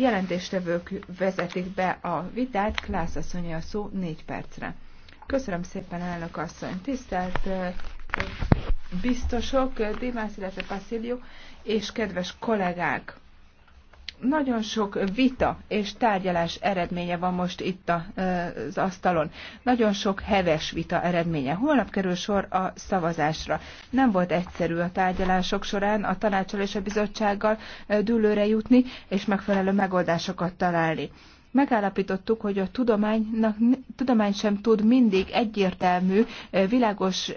jelentéstevők vezetik be a vitát, Klász a szó négy percre. Köszönöm szépen, elnök asszony. Tisztelt biztosok, Dimász, illetve Passzilió, és kedves kollégák! Nagyon sok vita és tárgyalás eredménye van most itt az asztalon. Nagyon sok heves vita eredménye. Holnap kerül sor a szavazásra. Nem volt egyszerű a tárgyalások során a tanácsal és a bizottsággal dőlőre jutni, és megfelelő megoldásokat találni megállapítottuk, hogy a tudománynak, tudomány sem tud mindig egyértelmű, világos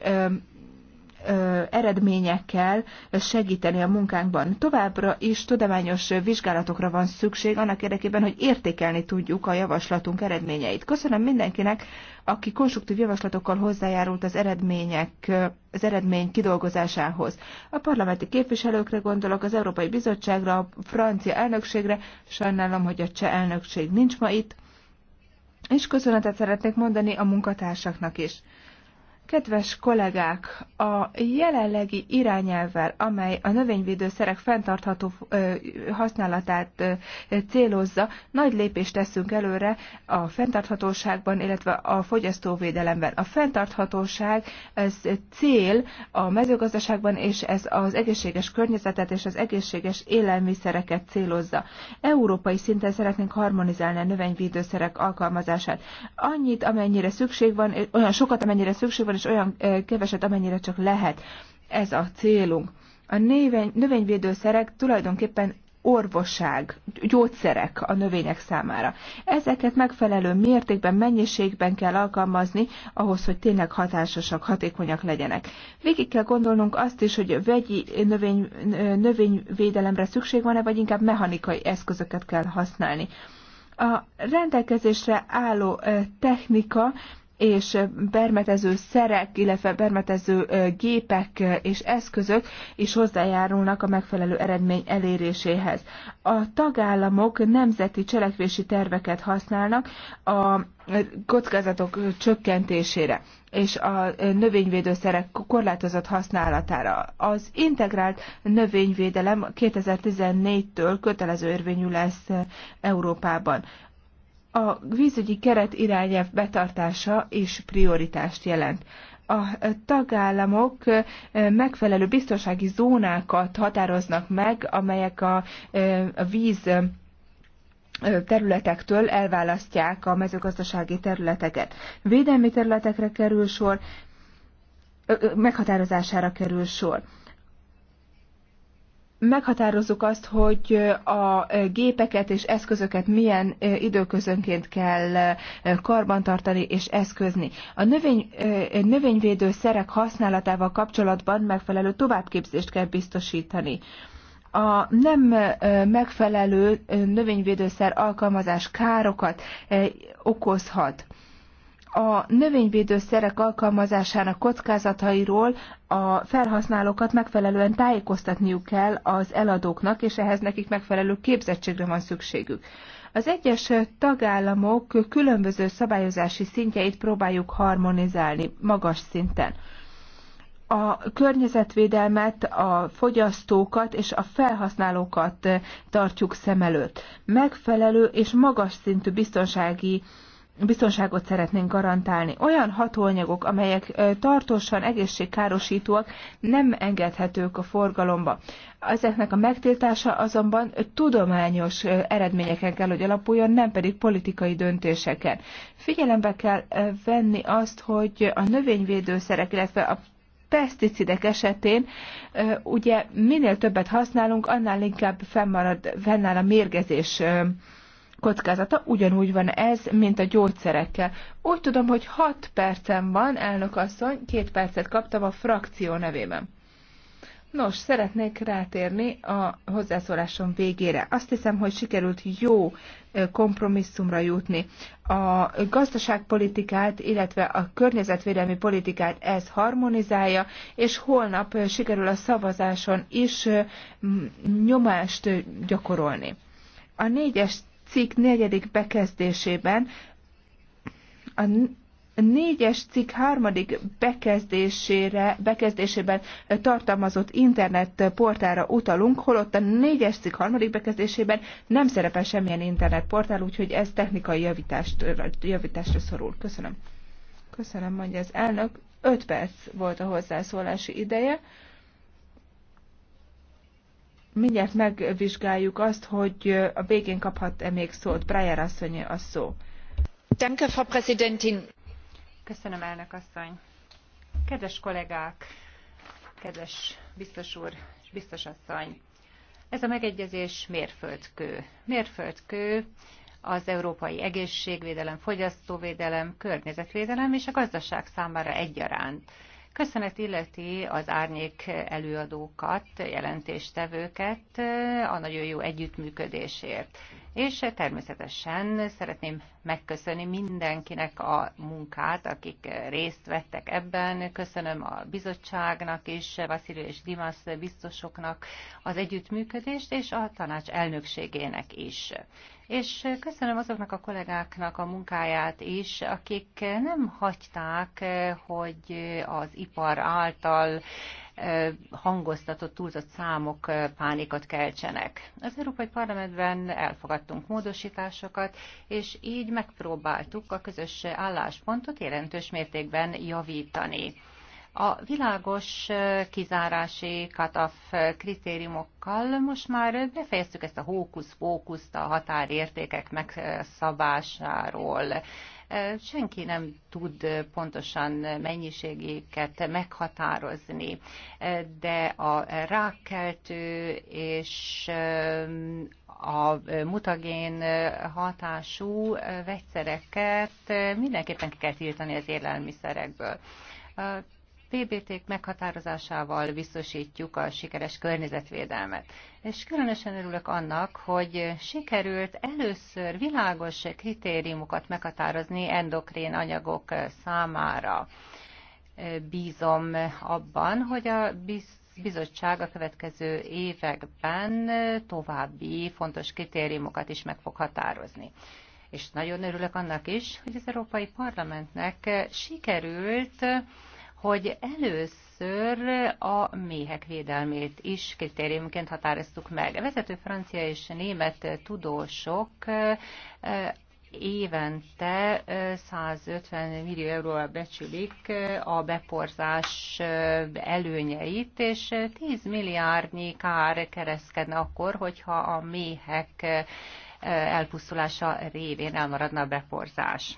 eredményekkel segíteni a munkánkban. Továbbra is tudományos vizsgálatokra van szükség annak érdekében, hogy értékelni tudjuk a javaslatunk eredményeit. Köszönöm mindenkinek, aki konstruktív javaslatokkal hozzájárult az eredmények, az eredmény kidolgozásához. A parlamenti képviselőkre gondolok, az Európai Bizottságra, a francia elnökségre, sajnálom, hogy a cseh elnökség nincs ma itt, és köszönetet szeretnék mondani a munkatársaknak is. Kedves kollégák, a jelenlegi irányelvvel, amely a növényvédőszerek fenntartható használatát célozza, nagy lépést teszünk előre a fenntarthatóságban, illetve a fogyasztóvédelemben. A fenntarthatóság ez cél a mezőgazdaságban, és ez az egészséges környezetet és az egészséges élelmiszereket célozza. Európai szinten szeretnénk harmonizálni a növényvédőszerek alkalmazását. Annyit, amennyire szükség van, olyan sokat, amennyire szükség van, és olyan keveset, amennyire csak lehet. Ez a célunk. A növény, növényvédőszerek tulajdonképpen orvosság, gyógyszerek a növények számára. Ezeket megfelelő mértékben, mennyiségben kell alkalmazni ahhoz, hogy tényleg hatásosak, hatékonyak legyenek. Végig kell gondolnunk azt is, hogy vegyi növény, növényvédelemre szükség van-e, vagy inkább mechanikai eszközöket kell használni. A rendelkezésre álló technika és permetező szerek, illetve permetező gépek és eszközök is hozzájárulnak a megfelelő eredmény eléréséhez. A tagállamok nemzeti cselekvési terveket használnak a kockázatok csökkentésére és a növényvédőszerek korlátozott használatára. Az integrált növényvédelem 2014-től kötelező érvényű lesz Európában a vízügyi keret irányelv betartása is prioritást jelent. A tagállamok megfelelő biztonsági zónákat határoznak meg, amelyek a, a víz területektől elválasztják a mezőgazdasági területeket. Védelmi területekre kerül sor, meghatározására kerül sor meghatározzuk azt, hogy a gépeket és eszközöket milyen időközönként kell karbantartani és eszközni. A növény, növényvédő szerek használatával kapcsolatban megfelelő továbbképzést kell biztosítani. A nem megfelelő növényvédőszer alkalmazás károkat okozhat a növényvédőszerek alkalmazásának kockázatairól a felhasználókat megfelelően tájékoztatniuk kell az eladóknak, és ehhez nekik megfelelő képzettségre van szükségük. Az egyes tagállamok különböző szabályozási szintjeit próbáljuk harmonizálni magas szinten. A környezetvédelmet, a fogyasztókat és a felhasználókat tartjuk szem előtt. Megfelelő és magas szintű biztonsági biztonságot szeretnénk garantálni. Olyan hatóanyagok, amelyek tartósan egészségkárosítóak, nem engedhetők a forgalomba. Ezeknek a megtiltása azonban tudományos eredményeken kell, hogy alapuljon, nem pedig politikai döntéseken. Figyelembe kell venni azt, hogy a növényvédőszerek, illetve a peszticidek esetén ugye minél többet használunk, annál inkább fennmarad fennáll a mérgezés kockázata. Ugyanúgy van ez, mint a gyógyszerekkel. Úgy tudom, hogy 6 percem van, elnök asszony, két percet kaptam a frakció nevében. Nos, szeretnék rátérni a hozzászólásom végére. Azt hiszem, hogy sikerült jó kompromisszumra jutni. A gazdaságpolitikát, illetve a környezetvédelmi politikát ez harmonizálja, és holnap sikerül a szavazáson is nyomást gyakorolni. A négyes cikk negyedik bekezdésében a négyes cikk harmadik bekezdésére, bekezdésében tartalmazott internetportára utalunk, holott a négyes cikk harmadik bekezdésében nem szerepel semmilyen internetportál, úgyhogy ez technikai javítást, javításra szorul. Köszönöm. Köszönöm, mondja az elnök. Öt perc volt a hozzászólási ideje mindjárt megvizsgáljuk azt, hogy a végén kaphat-e még szót. Breyer asszony a szó. Danke, Frau Präsidentin. Köszönöm, elnök asszony. Kedves kollégák, kedves biztos úr és biztos asszony, ez a megegyezés mérföldkő. Mérföldkő az európai egészségvédelem, fogyasztóvédelem, környezetvédelem és a gazdaság számára egyaránt. Köszönet illeti az árnyék előadókat, jelentéstevőket a nagyon jó együttműködésért. És természetesen szeretném megköszönni mindenkinek a munkát, akik részt vettek ebben. Köszönöm a bizottságnak is, Vasszilő és Dimas biztosoknak az együttműködést, és a tanács elnökségének is. És köszönöm azoknak a kollégáknak a munkáját is, akik nem hagyták, hogy az ipar által hangoztatott túlzott számok pánikot keltsenek. Az Európai Parlamentben elfogadtunk módosításokat, és így megpróbáltuk a közös álláspontot jelentős mértékben javítani. A világos kizárási kataf kritériumokkal most már befejeztük ezt a hókusz-fókuszt a határértékek megszabásáról. Senki nem tud pontosan mennyiségéket meghatározni, de a rákkeltő és a mutagén hatású vegyszereket mindenképpen ki kell tiltani az élelmiszerekből pbt k meghatározásával biztosítjuk a sikeres környezetvédelmet. És különösen örülök annak, hogy sikerült először világos kritériumokat meghatározni endokrén anyagok számára. Bízom abban, hogy a bizottság a következő években további fontos kritériumokat is meg fog határozni. És nagyon örülök annak is, hogy az Európai Parlamentnek sikerült hogy először a méhek védelmét is kritériumként határoztuk meg. A vezető francia és német tudósok eh, évente 150 eh, millió euróval becsülik eh, a beporzás előnyeit, és 10 milliárdnyi kár kereskedne akkor, hogyha a méhek elpusztulása révén elmaradna a beporzás.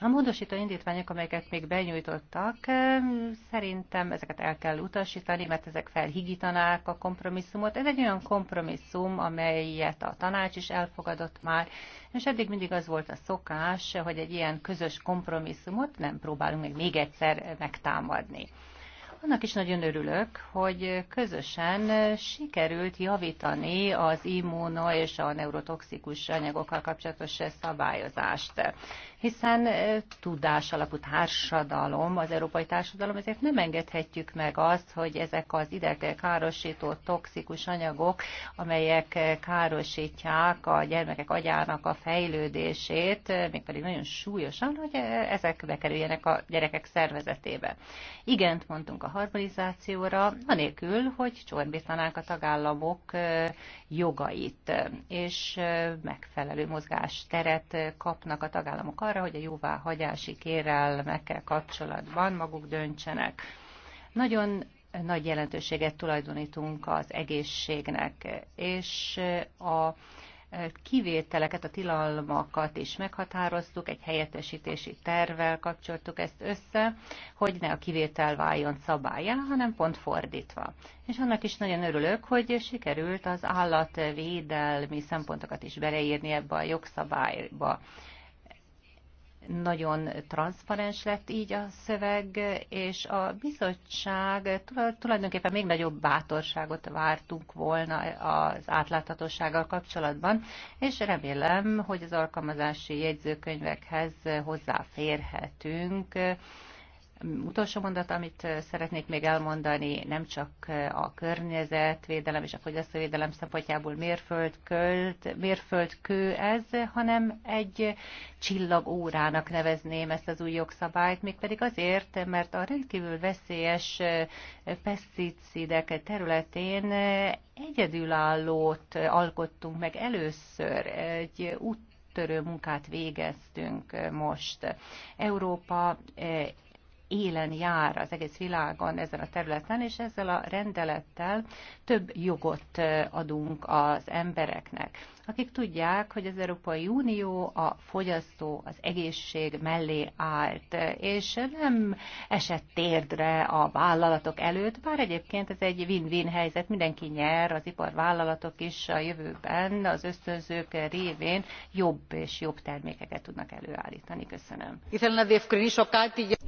A módosító indítványok, amelyeket még benyújtottak, szerintem ezeket el kell utasítani, mert ezek felhigítanák a kompromisszumot. Ez egy olyan kompromisszum, amelyet a tanács is elfogadott már, és eddig mindig az volt a szokás, hogy egy ilyen közös kompromisszumot nem próbálunk még még egyszer megtámadni. Annak is nagyon örülök, hogy közösen sikerült javítani az immuno és a neurotoxikus anyagokkal kapcsolatos szabályozást. Hiszen eh, tudás alapú társadalom, az európai társadalom, ezért nem engedhetjük meg azt, hogy ezek az idegkárosító toxikus anyagok, amelyek eh, károsítják a gyermekek agyának a fejlődését, eh, mégpedig nagyon súlyosan, hogy ezek bekerüljenek a gyerekek szervezetébe. Igent mondtunk a harmonizációra, anélkül, hogy csorbítanák a tagállamok jogait, és megfelelő teret kapnak a tagállamok arra, hogy a jóváhagyási kérelmekkel kapcsolatban maguk döntsenek. Nagyon nagy jelentőséget tulajdonítunk az egészségnek, és a kivételeket, a tilalmakat is meghatároztuk, egy helyettesítési tervvel kapcsoltuk ezt össze, hogy ne a kivétel váljon szabályá, hanem pont fordítva. És annak is nagyon örülök, hogy sikerült az állatvédelmi szempontokat is beleírni ebbe a jogszabályba nagyon transzparens lett így a szöveg, és a bizottság tulajdonképpen még nagyobb bátorságot vártunk volna az átláthatósággal kapcsolatban, és remélem, hogy az alkalmazási jegyzőkönyvekhez hozzáférhetünk, utolsó mondat, amit eh, szeretnék még elmondani, nem csak eh, a környezetvédelem és a fogyasztóvédelem szempontjából mérföldkölt, mérföldkő ez, hanem egy csillagórának nevezném ezt az új jogszabályt, mégpedig azért, mert a rendkívül veszélyes eh, peszticidek területén egyedülállót alkottunk meg először, egy út törő munkát végeztünk most. Európa élen jár az egész világon ezen a területen, és ezzel a rendelettel több jogot adunk az embereknek akik tudják, hogy az Európai Unió a fogyasztó, az egészség mellé állt, és nem esett térdre a vállalatok előtt, bár egyébként ez egy win-win helyzet, mindenki nyer, az iparvállalatok is a jövőben az ösztönzők révén jobb és jobb termékeket tudnak előállítani. Köszönöm.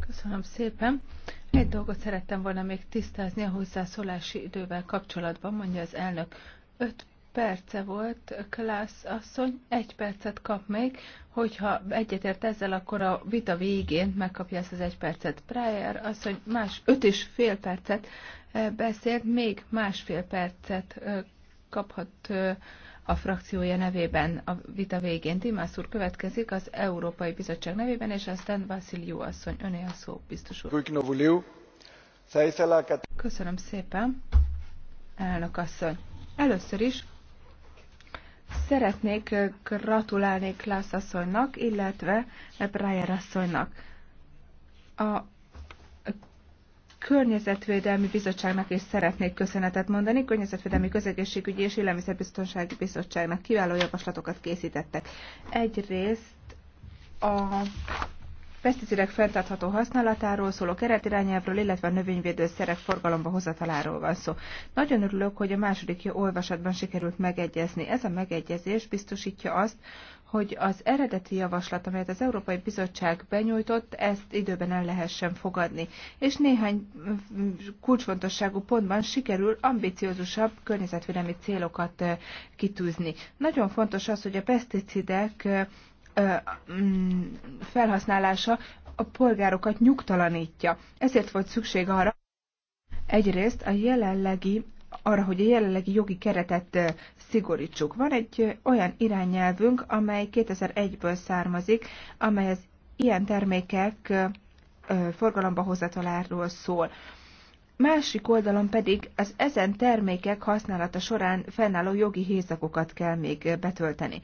Köszönöm szépen. Egy dolgot szerettem volna még tisztázni a hozzászólási idővel kapcsolatban, mondja az elnök. Öt perce volt, Klász asszony, egy percet kap még, hogyha egyetért ezzel, akkor a vita végén megkapja ezt az egy percet. Pryor asszony más öt és fél percet eh, beszélt, még másfél percet eh, kaphat eh, a frakciója nevében a vita végén. Timász úr következik az Európai Bizottság nevében, és aztán Vasziliu asszony, öné a szó, biztos úr. Köszönöm szépen, elnök asszony. Először is Szeretnék gratulálni Klász asszonynak, illetve Breyer asszonynak. A Környezetvédelmi Bizottságnak is szeretnék köszönetet mondani. Környezetvédelmi Közegészségügyi és Élelmiszerbiztonsági Bizottságnak kiváló javaslatokat készítettek. Egyrészt a Pesticidek fenntartható használatáról szóló keretirányelvről, illetve a növényvédőszerek forgalomba hozataláról van szó. Nagyon örülök, hogy a második olvasatban sikerült megegyezni. Ez a megegyezés biztosítja azt, hogy az eredeti javaslat, amelyet az Európai Bizottság benyújtott, ezt időben el lehessen fogadni. És néhány kulcsfontosságú pontban sikerül ambiciózusabb környezetvédelmi célokat kitűzni. Nagyon fontos az, hogy a peszticidek Mm, felhasználása a polgárokat nyugtalanítja. Ezért volt szükség arra, egyrészt a jelenlegi arra, hogy a jelenlegi jogi keretet szigorítsuk. Van egy olyan irányelvünk, amely 2001-ből származik, amely az ilyen termékek forgalomba hozataláról szól. Másik oldalon pedig az ezen termékek használata során fennálló jogi hézakokat kell még betölteni.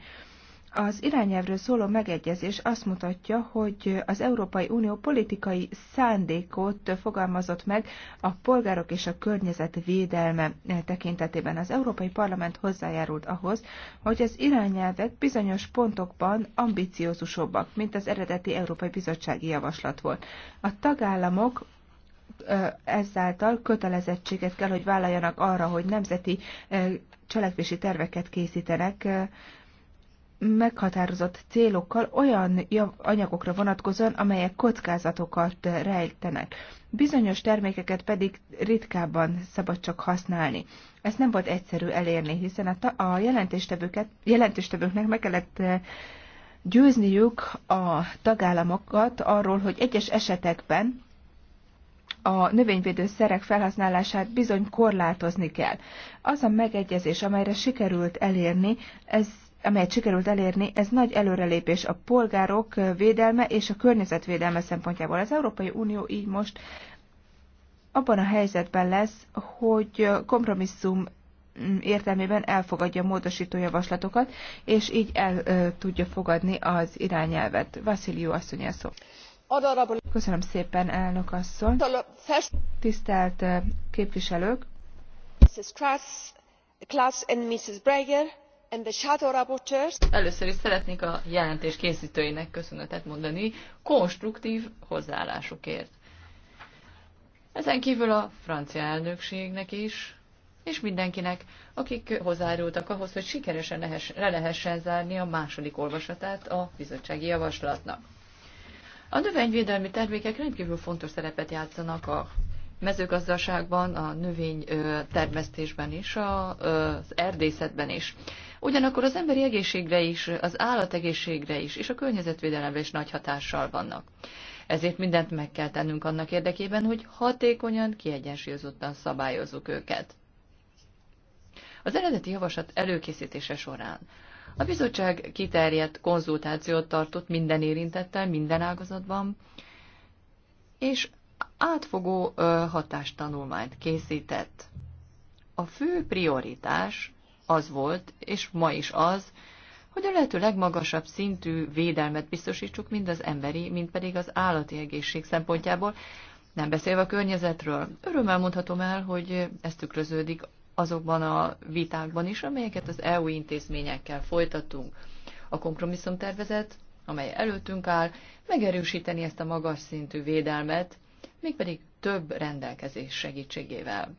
Az irányelvről szóló megegyezés azt mutatja, hogy az Európai Unió politikai szándékot fogalmazott meg a polgárok és a környezet védelme tekintetében. Az Európai Parlament hozzájárult ahhoz, hogy az irányelvek bizonyos pontokban ambiciózusabbak, mint az eredeti Európai Bizottsági Javaslat volt. A tagállamok ezáltal kötelezettséget kell, hogy vállaljanak arra, hogy nemzeti cselekvési terveket készítenek meghatározott célokkal olyan anyagokra vonatkozóan, amelyek kockázatokat rejtenek. Bizonyos termékeket pedig ritkábban szabad csak használni. Ezt nem volt egyszerű elérni, hiszen a, a jelentéstevőket, jelentéstevőknek meg kellett eh, győzniük a tagállamokat arról, hogy egyes esetekben a növényvédőszerek felhasználását bizony korlátozni kell. Az a megegyezés, amelyre sikerült elérni, ez amelyet sikerült elérni, ez nagy előrelépés a polgárok védelme és a környezetvédelme szempontjából. Az Európai Unió így most abban a helyzetben lesz, hogy kompromisszum értelmében elfogadja a módosító javaslatokat, és így el tudja fogadni az irányelvet. Vasziliu asszony szó. Köszönöm szépen, elnök asszony. Tisztelt képviselők! Mrs. Kras, Klaus and Mrs. Breger, Először is szeretnék a jelentés készítőinek köszönetet mondani konstruktív hozzáállásukért. Ezen kívül a francia elnökségnek is, és mindenkinek, akik hozzájárultak ahhoz, hogy sikeresen le lehessen zárni a második olvasatát a bizottsági javaslatnak. A növényvédelmi termékek rendkívül fontos szerepet játszanak a mezőgazdaságban, a növény termesztésben is, az erdészetben is. Ugyanakkor az emberi egészségre is, az állategészségre is, és a környezetvédelemre is nagy hatással vannak. Ezért mindent meg kell tennünk annak érdekében, hogy hatékonyan, kiegyensúlyozottan szabályozzuk őket. Az eredeti javaslat előkészítése során a bizottság kiterjedt konzultációt tartott minden érintettel, minden ágazatban, és átfogó hatástanulmányt készített. A fő prioritás az volt, és ma is az, hogy a lehető legmagasabb szintű védelmet biztosítsuk mind az emberi, mind pedig az állati egészség szempontjából, nem beszélve a környezetről. Örömmel mondhatom el, hogy ez tükröződik azokban a vitákban is, amelyeket az EU intézményekkel folytatunk. A kompromisszumtervezet, amely előttünk áll, megerősíteni ezt a magas szintű védelmet, mégpedig több rendelkezés segítségével.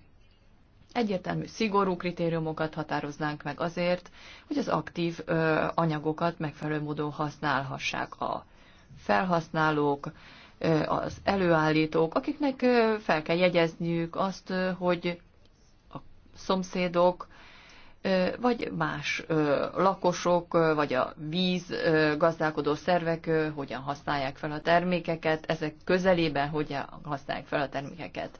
Egyértelmű, szigorú kritériumokat határoznánk meg azért, hogy az aktív ö, anyagokat megfelelő módon használhassák a felhasználók, ö, az előállítók, akiknek ö, fel kell jegyezniük azt, ö, hogy a szomszédok, vagy más lakosok, vagy a víz gazdálkodó szervek hogyan használják fel a termékeket, ezek közelében hogyan használják fel a termékeket.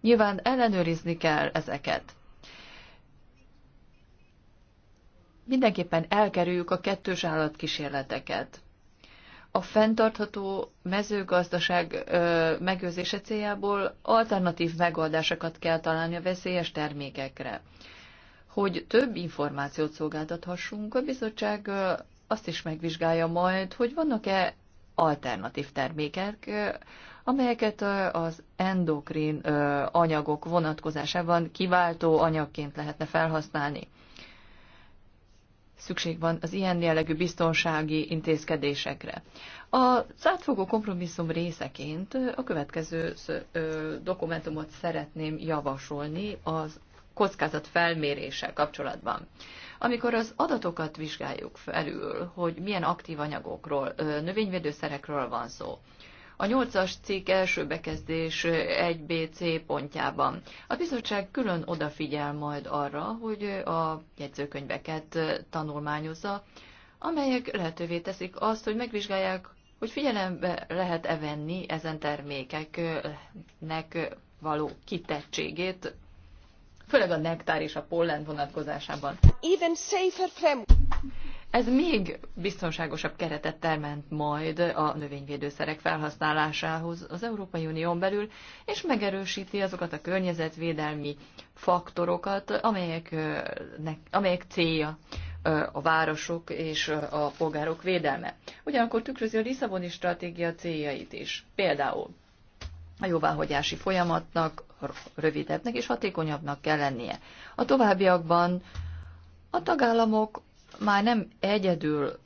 Nyilván ellenőrizni kell ezeket. Mindenképpen elkerüljük a kettős állatkísérleteket. A fenntartható mezőgazdaság megőrzése céljából alternatív megoldásokat kell találni a veszélyes termékekre hogy több információt szolgáltathassunk, a bizottság azt is megvizsgálja majd, hogy vannak-e alternatív termékek, amelyeket az endokrin anyagok vonatkozásában kiváltó anyagként lehetne felhasználni. Szükség van az ilyen jellegű biztonsági intézkedésekre. A átfogó kompromisszum részeként a következő dokumentumot szeretném javasolni az kockázat felmérése kapcsolatban. Amikor az adatokat vizsgáljuk felül, hogy milyen aktív anyagokról, növényvédőszerekről van szó, a nyolcas cikk első bekezdés 1BC pontjában. A bizottság külön odafigyel majd arra, hogy a jegyzőkönyveket tanulmányozza, amelyek lehetővé teszik azt, hogy megvizsgálják, hogy figyelembe lehet-e venni ezen termékeknek való kitettségét főleg a nektár és a pollen vonatkozásában. Even safer frame. Ez még biztonságosabb keretet teremt majd a növényvédőszerek felhasználásához az Európai Unión belül, és megerősíti azokat a környezetvédelmi faktorokat, amelyek, amelyek célja a városok és a polgárok védelme. Ugyanakkor tükrözi a Lisszaboni stratégia céljait is. Például a jóváhagyási folyamatnak rövidebbnek és hatékonyabbnak kell lennie. A továbbiakban a tagállamok már nem egyedül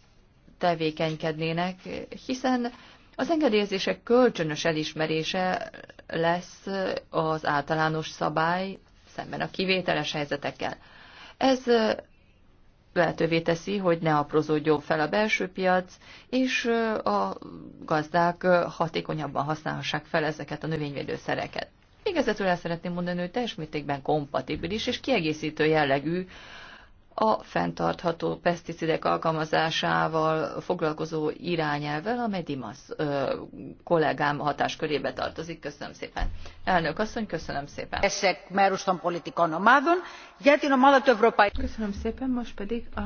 tevékenykednének, hiszen az engedélyezések kölcsönös elismerése lesz az általános szabály szemben a kivételes helyzetekkel. Ez lehetővé teszi, hogy ne aprózódjon fel a belső piac, és a gazdák hatékonyabban használhassák fel ezeket a növényvédőszereket. Végezetül el szeretném mondani, hogy teljes mértékben kompatibilis és kiegészítő jellegű a fenntartható peszticidek alkalmazásával foglalkozó irányelvel, amely Dimas ö, kollégám hatáskörébe tartozik. Köszönöm szépen. Elnök asszony, köszönöm szépen. Hát köszönöm szépen, most pedig a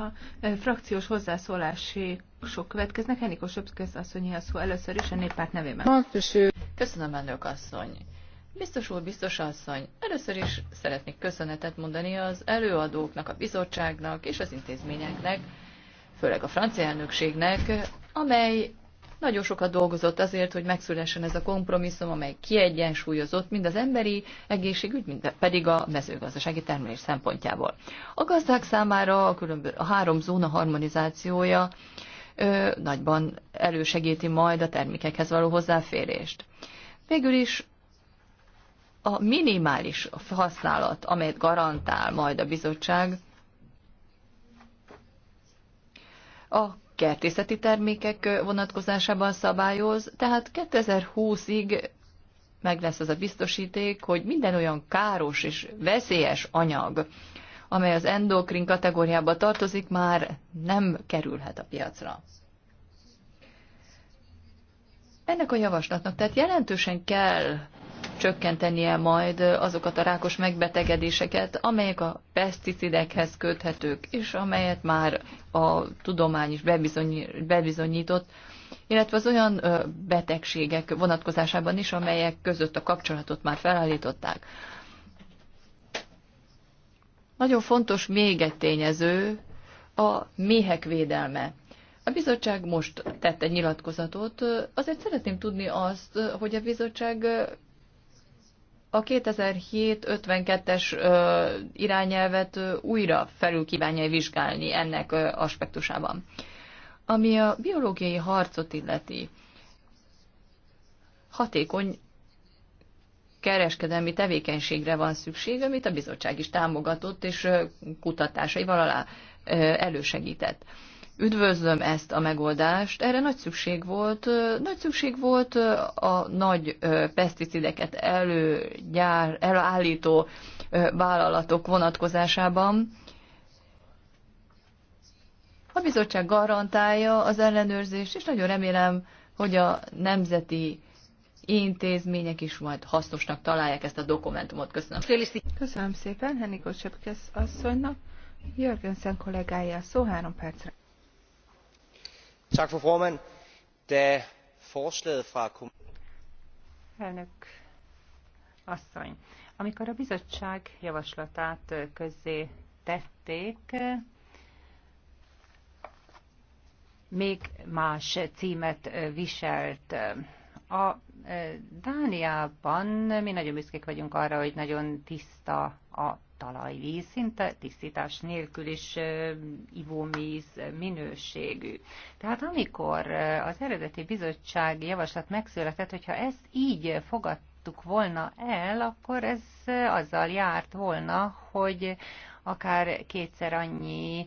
frakciós hozzászólási sok következnek. Enikó Söpszköz asszonyi a szó először is a néppárt nevében. Köszönöm, elnök asszony. Biztos úr, biztos asszony, először is szeretnék köszönetet mondani az előadóknak, a bizottságnak és az intézményeknek, főleg a francia elnökségnek, amely nagyon sokat dolgozott azért, hogy megszülessen ez a kompromisszum, amely kiegyensúlyozott mind az emberi egészségügy, mind pedig a mezőgazdasági termelés szempontjából. A gazdák számára a, különböző, a három zóna harmonizációja ö, nagyban elősegíti majd a termékekhez való hozzáférést. Végül is a minimális használat, amelyet garantál majd a bizottság, a kertészeti termékek vonatkozásában szabályoz, tehát 2020-ig meg lesz az a biztosíték, hogy minden olyan káros és veszélyes anyag, amely az endokrin kategóriába tartozik, már nem kerülhet a piacra. Ennek a javaslatnak tehát jelentősen kell csökkentenie majd azokat a rákos megbetegedéseket, amelyek a peszticidekhez köthetők, és amelyet már a tudomány is bebizonyított, illetve az olyan betegségek vonatkozásában is, amelyek között a kapcsolatot már felállították. Nagyon fontos még egy tényező, a méhek védelme. A bizottság most tette nyilatkozatot. Azért szeretném tudni azt, hogy a bizottság a 2007-52-es irányelvet újra felül kívánja vizsgálni ennek aspektusában. Ami a biológiai harcot illeti, hatékony kereskedelmi tevékenységre van szükség, amit a bizottság is támogatott, és kutatásaival alá elősegített. Üdvözlöm ezt a megoldást, erre nagy szükség volt. Nagy szükség volt a nagy peszticideket előgyár, elállító vállalatok vonatkozásában. A bizottság garantálja az ellenőrzést, és nagyon remélem, hogy a nemzeti intézmények is majd hasznosnak találják ezt a dokumentumot. Köszönöm. Köszönöm szépen Henikó Csöpkesz asszonynak. Jörgensen kollégája szó három percre da forslaget fra Elnök asszony, amikor a bizottság javaslatát közzé tették, még más címet viselt. A e, Dániában mi nagyon büszkék vagyunk arra, hogy nagyon tiszta a talajvíz, szinte tisztítás nélkül is ivóvíz minőségű. Tehát amikor az eredeti bizottsági javaslat megszületett, hogyha ezt így fogadtuk volna el, akkor ez azzal járt volna, hogy akár kétszer annyi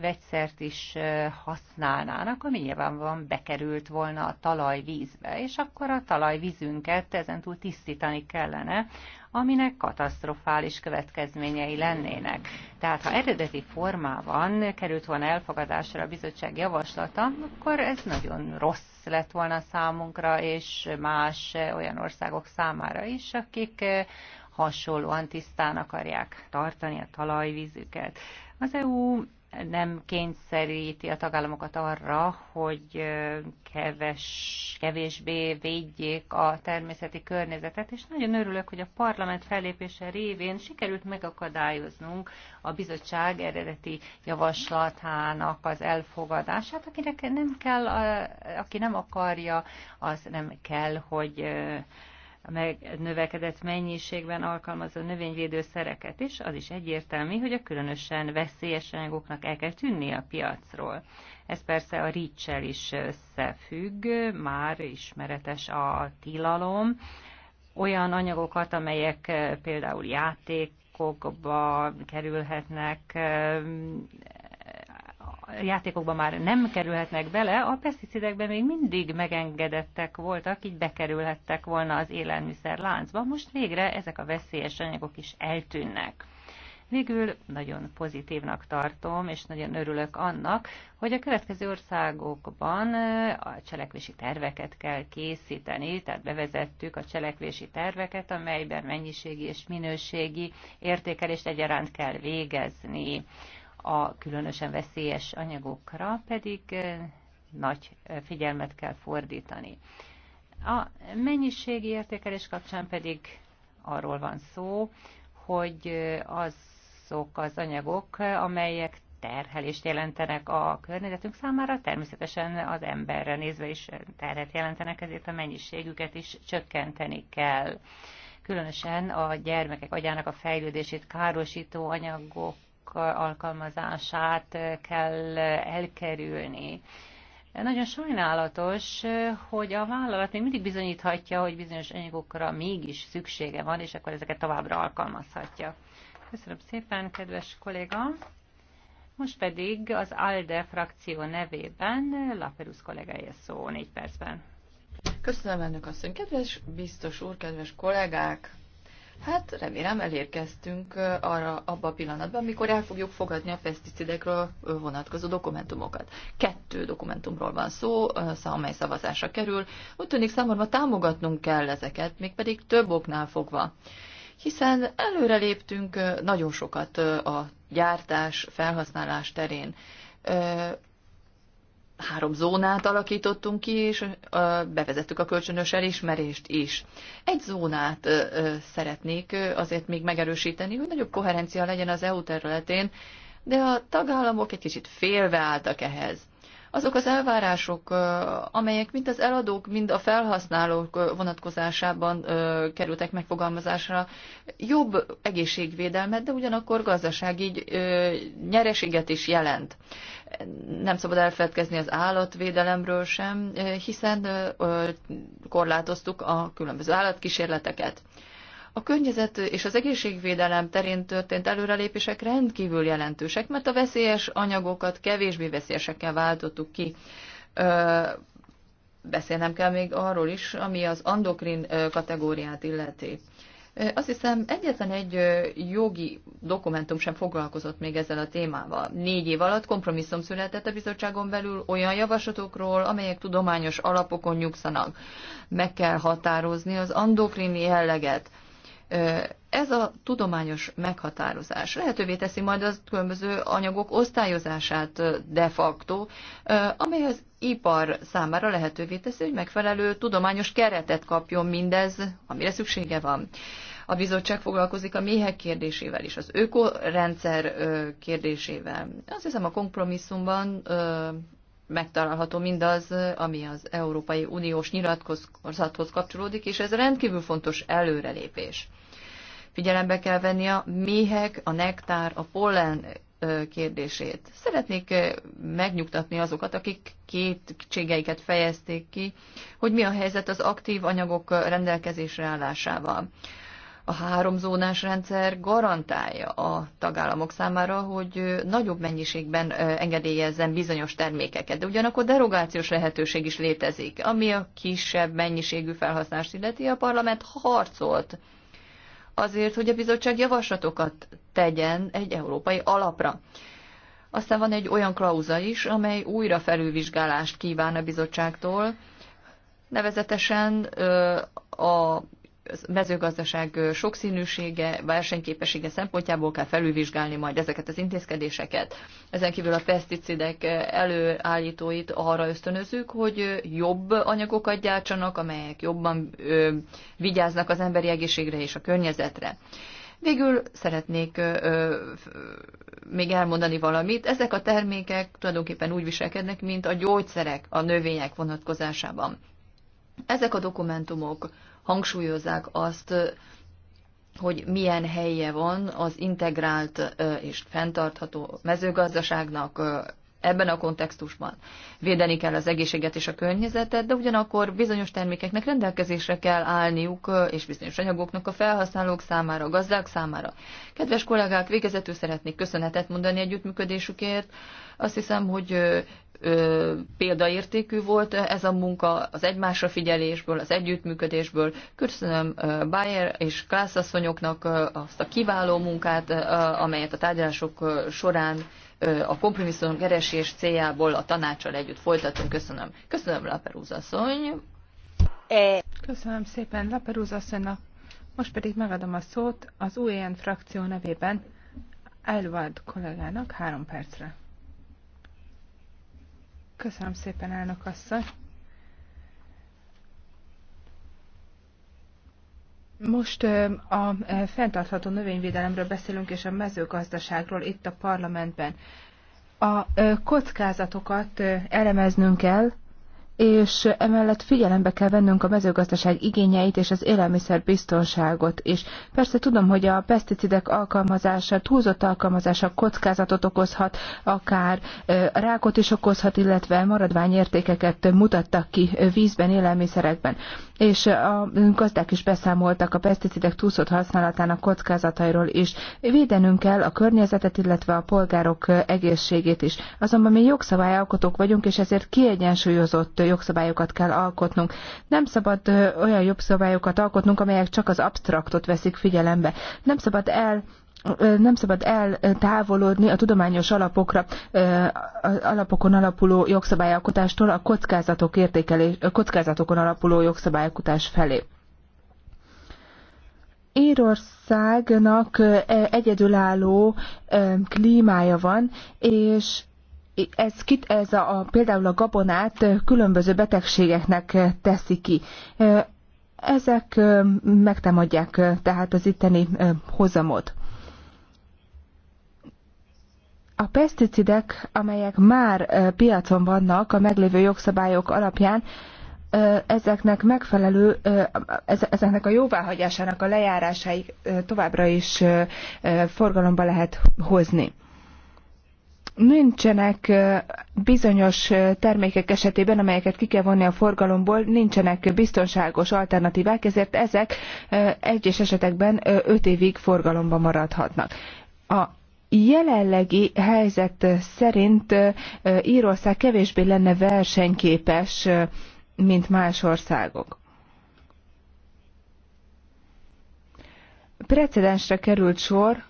vegyszert is használnának, ami nyilvánvalóan bekerült volna a talajvízbe, és akkor a talajvízünket ezentúl tisztítani kellene, aminek katasztrofális következményei lennének. Tehát ha eredeti formában került volna elfogadásra a bizottság javaslata, akkor ez nagyon rossz lett volna számunkra és más olyan országok számára is, akik eh, hasonlóan tisztán akarják tartani a talajvízüket. Az EU nem kényszeríti a tagállamokat arra, hogy keves, kevésbé védjék a természeti környezetet, és nagyon örülök, hogy a parlament fellépése révén sikerült megakadályoznunk a bizottság eredeti javaslatának az elfogadását, akinek nem kell, aki nem akarja, az nem kell, hogy a növekedett mennyiségben alkalmazó növényvédőszereket is, az is egyértelmű, hogy a különösen veszélyes anyagoknak el kell tűnni a piacról. Ez persze a ricsel is összefügg, már ismeretes a tilalom. Olyan anyagokat, amelyek eh, például játék, játékokba kerülhetnek, eh, játékokban már nem kerülhetnek bele, a peszticidekben még mindig megengedettek voltak, így bekerülhettek volna az élelmiszer láncba. Most végre ezek a veszélyes anyagok is eltűnnek. Végül nagyon pozitívnak tartom, és nagyon örülök annak, hogy a következő országokban a cselekvési terveket kell készíteni, tehát bevezettük a cselekvési terveket, amelyben mennyiségi és minőségi értékelést egyaránt kell végezni a különösen veszélyes anyagokra pedig nagy figyelmet kell fordítani. A mennyiségi értékelés kapcsán pedig arról van szó, hogy azok az anyagok, amelyek terhelést jelentenek a környezetünk számára, természetesen az emberre nézve is terhet jelentenek, ezért a mennyiségüket is csökkenteni kell. Különösen a gyermekek agyának a fejlődését károsító anyagok alkalmazását kell elkerülni. Nagyon sajnálatos, hogy a vállalat még mindig bizonyíthatja, hogy bizonyos anyagokra mégis szüksége van, és akkor ezeket továbbra alkalmazhatja. Köszönöm szépen, kedves kolléga! Most pedig az ALDE frakció nevében Laperusz kollégája szó négy percben. Köszönöm, önök asszony! Kedves biztos úr, kedves kollégák! Hát remélem elérkeztünk arra abba a pillanatban, amikor el fogjuk fogadni a peszticidekről vonatkozó dokumentumokat. Kettő dokumentumról van szó, amely szavazásra kerül. Úgy tűnik számomra támogatnunk kell ezeket, mégpedig több oknál fogva. Hiszen előreléptünk nagyon sokat a gyártás, felhasználás terén három zónát alakítottunk ki, és bevezettük a kölcsönös elismerést is. Egy zónát szeretnék azért még megerősíteni, hogy nagyobb koherencia legyen az EU területén, de a tagállamok egy kicsit álltak ehhez. Azok az elvárások, amelyek mind az eladók, mind a felhasználók vonatkozásában kerültek megfogalmazásra, jobb egészségvédelmet, de ugyanakkor gazdasági nyereséget is jelent nem szabad elfeledkezni az állatvédelemről sem, hiszen korlátoztuk a különböző állatkísérleteket. A környezet és az egészségvédelem terén történt előrelépések rendkívül jelentősek, mert a veszélyes anyagokat kevésbé veszélyesekkel váltottuk ki. Beszélnem kell még arról is, ami az endokrin kategóriát illeti. Azt hiszem, egyetlen egy jogi dokumentum sem foglalkozott még ezzel a témával. Négy év alatt kompromisszum született a bizottságon belül olyan javaslatokról, amelyek tudományos alapokon nyugszanak. Meg kell határozni az endokrini jelleget. Ez a tudományos meghatározás lehetővé teszi majd az különböző anyagok osztályozását de facto, amely az ipar számára lehetővé teszi, hogy megfelelő tudományos keretet kapjon mindez, amire szüksége van. A bizottság foglalkozik a méhek kérdésével is, az ökorendszer kérdésével. Azt hiszem a kompromisszumban megtalálható mindaz, ami az Európai Uniós nyilatkozathoz kapcsolódik, és ez rendkívül fontos előrelépés. Figyelembe kell venni a méhek, a nektár, a pollen kérdését. Szeretnék megnyugtatni azokat, akik két kétségeiket fejezték ki, hogy mi a helyzet az aktív anyagok rendelkezésre állásával. A háromzónás rendszer garantálja a tagállamok számára, hogy nagyobb mennyiségben engedélyezzen bizonyos termékeket, de ugyanakkor derogációs lehetőség is létezik, ami a kisebb mennyiségű felhasználást illeti. A parlament harcolt azért, hogy a bizottság javaslatokat tegyen egy európai alapra. Aztán van egy olyan klauza is, amely újra felülvizsgálást kíván a bizottságtól, nevezetesen a mezőgazdaság sokszínűsége, versenyképessége szempontjából kell felülvizsgálni majd ezeket az intézkedéseket. Ezen kívül a peszticidek előállítóit arra ösztönözzük, hogy jobb anyagokat gyártsanak, amelyek jobban vigyáznak az emberi egészségre és a környezetre. Végül szeretnék ö, ö, még elmondani valamit. Ezek a termékek tulajdonképpen úgy viselkednek, mint a gyógyszerek a növények vonatkozásában. Ezek a dokumentumok hangsúlyozzák azt, hogy milyen helye van az integrált és fenntartható mezőgazdaságnak ebben a kontextusban. Védeni kell az egészséget és a környezetet, de ugyanakkor bizonyos termékeknek rendelkezésre kell állniuk, és bizonyos anyagoknak a felhasználók számára, a gazdák számára. Kedves kollégák, végezetül szeretnék köszönetet mondani együttműködésükért. Azt hiszem, hogy ö, példaértékű volt ez a munka az egymásra figyelésből, az együttműködésből. Köszönöm ö, Bayer és Klász asszonyoknak ö, azt a kiváló munkát, ö, amelyet a tárgyalások ö, során ö, a kompromisszum keresés céljából a tanácsal együtt folytatunk. Köszönöm. Köszönöm Laperúz asszony. E. Köszönöm szépen Laperúz asszonynak. Most pedig megadom a szót az UEN frakció nevében Elvard kollégának három percre. Köszönöm szépen, elnök asszony. Most a fenntartható növényvédelemről beszélünk, és a mezőgazdaságról itt a parlamentben. A kockázatokat elemeznünk kell, és emellett figyelembe kell vennünk a mezőgazdaság igényeit és az biztonságot is. Persze tudom, hogy a peszticidek alkalmazása, túlzott alkalmazása kockázatot okozhat, akár rákot is okozhat, illetve maradványértékeket mutattak ki vízben, élelmiszerekben és a gazdák is beszámoltak a peszticidek túlszott használatának kockázatairól is. Védenünk kell a környezetet, illetve a polgárok egészségét is. Azonban mi jogszabályalkotók vagyunk, és ezért kiegyensúlyozott jogszabályokat kell alkotnunk. Nem szabad olyan jogszabályokat alkotnunk, amelyek csak az abstraktot veszik figyelembe. Nem szabad el nem szabad eltávolodni a tudományos alapokra, alapokon alapuló jogszabályalkotástól a kockázatok értékelés, kockázatokon alapuló jogszabályalkotás felé. Írországnak egyedülálló klímája van, és ez, kit, ez a, például a gabonát különböző betegségeknek teszi ki. Ezek megtámadják tehát az itteni hozamot a peszticidek, amelyek már piacon vannak a meglévő jogszabályok alapján, ezeknek megfelelő, ezeknek a jóváhagyásának a lejárásáig továbbra is forgalomba lehet hozni. Nincsenek bizonyos termékek esetében, amelyeket ki kell vonni a forgalomból, nincsenek biztonságos alternatívák, ezért ezek egyes esetekben 5 évig forgalomba maradhatnak. A jelenlegi helyzet szerint Írország kevésbé lenne versenyképes, mint más országok. Precedensre került sor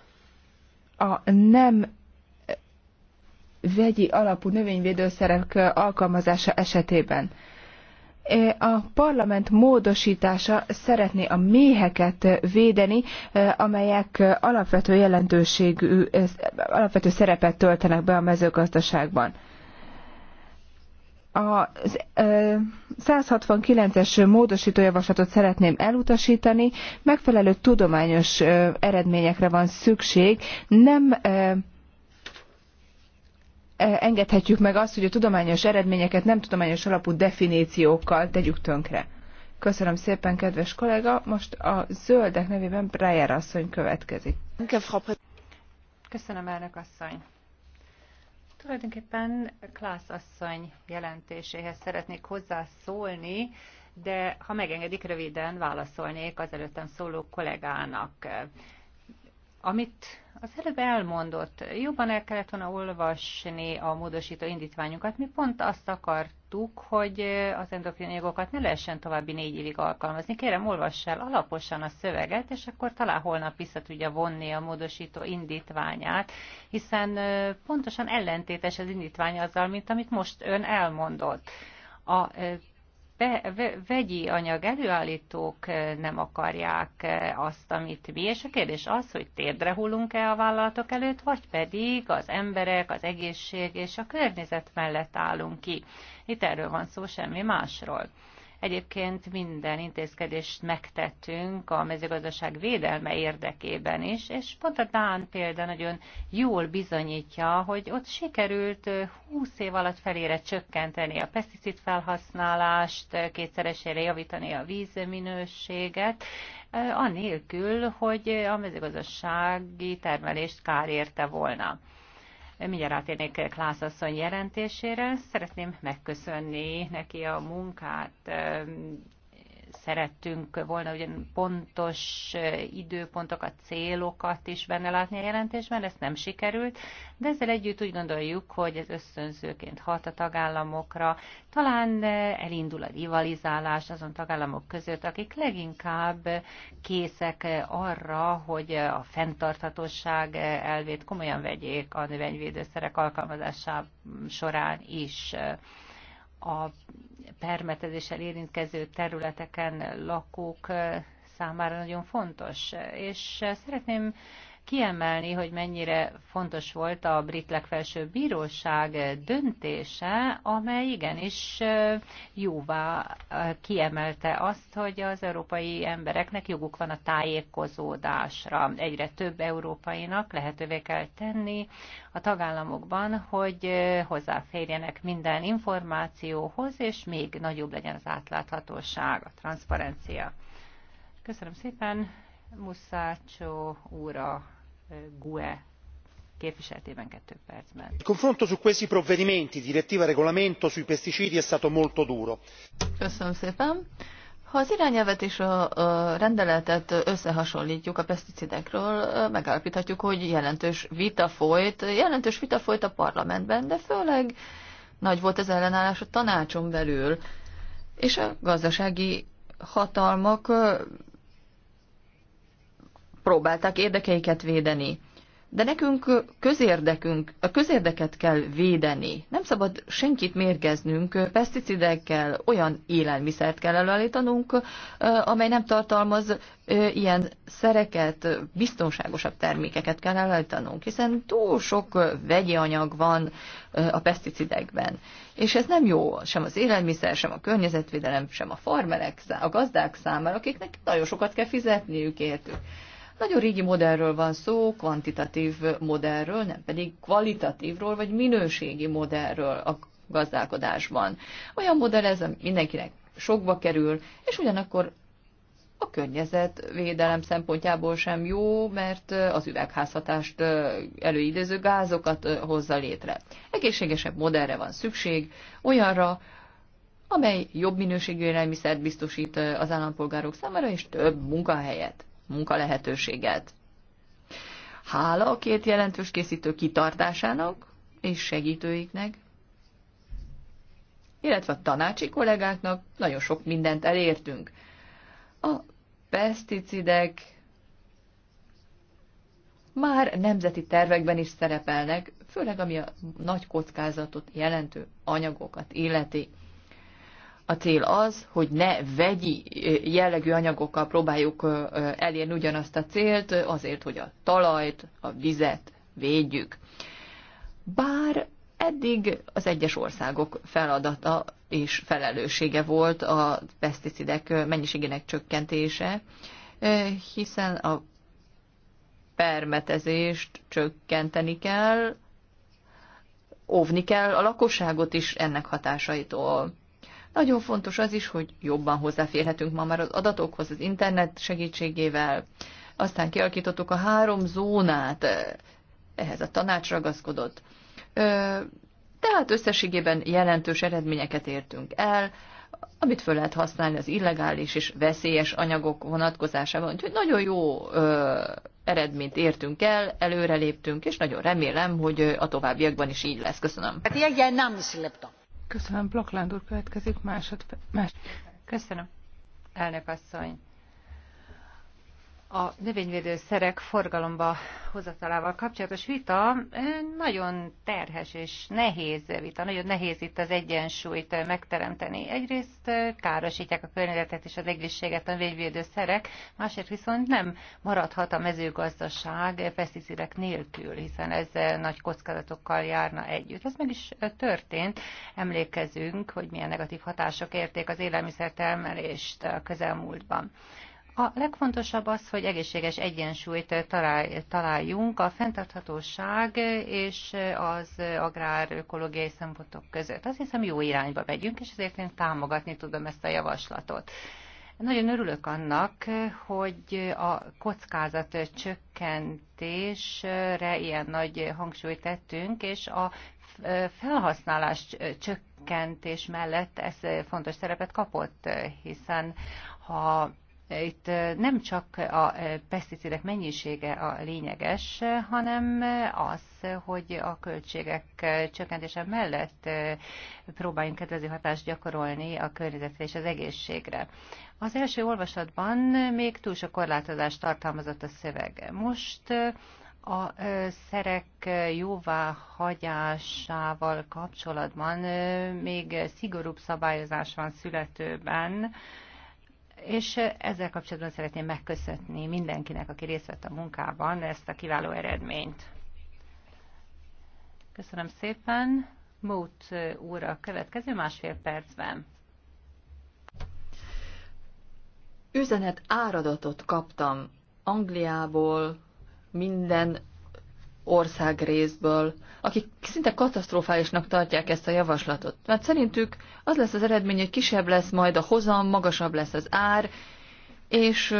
a nem vegyi alapú növényvédőszerek alkalmazása esetében. E, a parlament módosítása szeretné a méheket védeni, e, amelyek alapvető jelentőségű, e, alapvető szerepet töltenek be a mezőgazdaságban. A 169-es módosítójavaslatot szeretném elutasítani, megfelelő tudományos eredményekre van szükség, nem E, engedhetjük meg azt, hogy a tudományos eredményeket nem tudományos alapú definíciókkal tegyük tönkre. Köszönöm szépen, kedves kollega. Most a zöldek nevében Breyer asszony következik. Köszönöm, elnök asszony. Tulajdonképpen Klász asszony jelentéséhez szeretnék hozzászólni, de ha megengedik, röviden válaszolnék az előttem szóló kollégának. Amit az előbb elmondott, jobban el kellett volna olvasni a módosító indítványunkat. Mi pont azt akartuk, hogy az endokrinjogokat ne lehessen további négy évig alkalmazni. Kérem, olvass el alaposan a szöveget, és akkor talán holnap vissza tudja vonni a módosító indítványát, hiszen pontosan ellentétes az indítvány azzal, mint amit most ön elmondott. A be, ve, vegyi anyag előállítók eh, nem akarják eh, azt, amit mi, és a kérdés az, hogy térdre hullunk-e a vállalatok előtt, vagy pedig az emberek, az egészség és a környezet mellett állunk ki. Itt erről van szó, semmi másról. Egyébként minden intézkedést megtettünk a mezőgazdaság védelme érdekében is, és pont a Dán példa nagyon jól bizonyítja, hogy ott sikerült 20 év alatt felére csökkenteni a peszticid felhasználást, kétszeresére javítani a vízminőséget, anélkül, hogy a mezőgazdasági termelést kár érte volna. Mindjárt átérnék Klász asszony jelentésére. Szeretném megköszönni neki a munkát, szerettünk volna ugye pontos időpontokat, célokat is benne látni a jelentésben, ezt nem sikerült, de ezzel együtt úgy gondoljuk, hogy ez összönzőként hat a tagállamokra, talán elindul a rivalizálás azon tagállamok között, akik leginkább készek arra, hogy a fenntarthatóság elvét komolyan vegyék a növényvédőszerek alkalmazásában során is a permetezéssel érintkező területeken lakók eh, számára nagyon fontos. És eh, szeretném kiemelni, hogy mennyire fontos volt a brit legfelsőbb bíróság döntése, amely igenis jóvá kiemelte azt, hogy az európai embereknek joguk van a tájékozódásra. Egyre több európainak lehetővé kell tenni a tagállamokban, hogy hozzáférjenek minden információhoz, és még nagyobb legyen az átláthatóság, a transzparencia. Köszönöm szépen, Muszácsó úra GUE képviseletében kettő percben. Il confronto su questi provvedimenti, direttiva e regolamento sui pesticidi è stato molto duro. Köszönöm szépen. Ha az irányelvet és a, rendeletet összehasonlítjuk a peszticidekről, megállapíthatjuk, hogy jelentős vita folyt. Jelentős vita folyt a parlamentben, de főleg nagy volt az ellenállás a tanácson belül, és a gazdasági hatalmak próbálták érdekeiket védeni. De nekünk közérdekünk, a közérdeket kell védeni. Nem szabad senkit mérgeznünk, peszticidekkel olyan élelmiszert kell előállítanunk, amely nem tartalmaz ilyen szereket, biztonságosabb termékeket kell előállítanunk, hiszen túl sok vegyi anyag van a peszticidekben. És ez nem jó sem az élelmiszer, sem a környezetvédelem, sem a farmerek, a gazdák számára, akiknek nagyon sokat kell fizetniük értük. Nagyon régi modellről van szó, kvantitatív modellről, nem pedig kvalitatívról vagy minőségi modellről a gazdálkodásban. Olyan modell ez, ami mindenkinek sokba kerül, és ugyanakkor a környezetvédelem szempontjából sem jó, mert az üvegházhatást előidéző gázokat hozza létre. Egészségesebb modellre van szükség, olyanra, amely jobb minőségű élelmiszert biztosít az állampolgárok számára, és több munkahelyet munkalehetőséget. Hála a két jelentős készítő kitartásának és segítőiknek, illetve a tanácsi kollégáknak nagyon sok mindent elértünk. A peszticidek már nemzeti tervekben is szerepelnek, főleg ami a nagy kockázatot jelentő anyagokat illeti a cél az, hogy ne vegyi jellegű anyagokkal próbáljuk elérni ugyanazt a célt, azért, hogy a talajt, a vizet védjük. Bár eddig az egyes országok feladata és felelőssége volt a peszticidek mennyiségének csökkentése, hiszen a permetezést csökkenteni kell, óvni kell a lakosságot is ennek hatásaitól nagyon fontos az is, hogy jobban hozzáférhetünk ma már az adatokhoz az internet segítségével. Aztán kialakítottuk a három zónát, eh, ehhez a tanács ragaszkodott. Tehát összességében jelentős eredményeket értünk el, amit föl lehet használni az illegális és veszélyes anyagok vonatkozásában. Úgyhogy nagyon jó ö, eredményt értünk el, előreléptünk, és nagyon remélem, hogy a továbbiakban is így lesz. Köszönöm. Hát ilyen nem szleptem. Köszönöm, Blokland úr következik másod. Más... Köszönöm, elnök asszony a növényvédőszerek forgalomba hozatalával kapcsolatos vita nagyon terhes és nehéz vita, nagyon nehéz itt az egyensúlyt megteremteni. Egyrészt károsítják a környezetet és az egészséget a növényvédőszerek, másrészt viszont nem maradhat a mezőgazdaság peszticidek nélkül, hiszen ez nagy kockázatokkal járna együtt. Ez meg is történt, emlékezünk, hogy milyen negatív hatások érték az élelmiszertermelést a közelmúltban. A legfontosabb az, hogy egészséges egyensúlyt találjunk a fenntarthatóság és az agrárökológiai szempontok között. Azt hiszem, jó irányba megyünk, és ezért én támogatni tudom ezt a javaslatot. Nagyon örülök annak, hogy a kockázat csökkentésre ilyen nagy hangsúlyt tettünk, és a felhasználás csökkentés mellett ez fontos szerepet kapott, hiszen ha itt nem csak a peszticidek mennyisége a lényeges, hanem az, hogy a költségek csökkentése mellett próbáljunk kedvező hatást gyakorolni a környezetre és az egészségre. Az első olvasatban még túl sok korlátozást tartalmazott a szöveg. Most a szerek jóváhagyásával kapcsolatban még szigorúbb szabályozás van születőben, és ezzel kapcsolatban szeretném megköszönni mindenkinek, aki részt vett a munkában ezt a kiváló eredményt. Köszönöm szépen. Mót úr a következő másfél percben. Üzenet áradatot kaptam Angliából, minden országrészből, akik szinte katasztrofálisnak tartják ezt a javaslatot. Mert szerintük az lesz az eredmény, hogy kisebb lesz majd a hozam, magasabb lesz az ár, és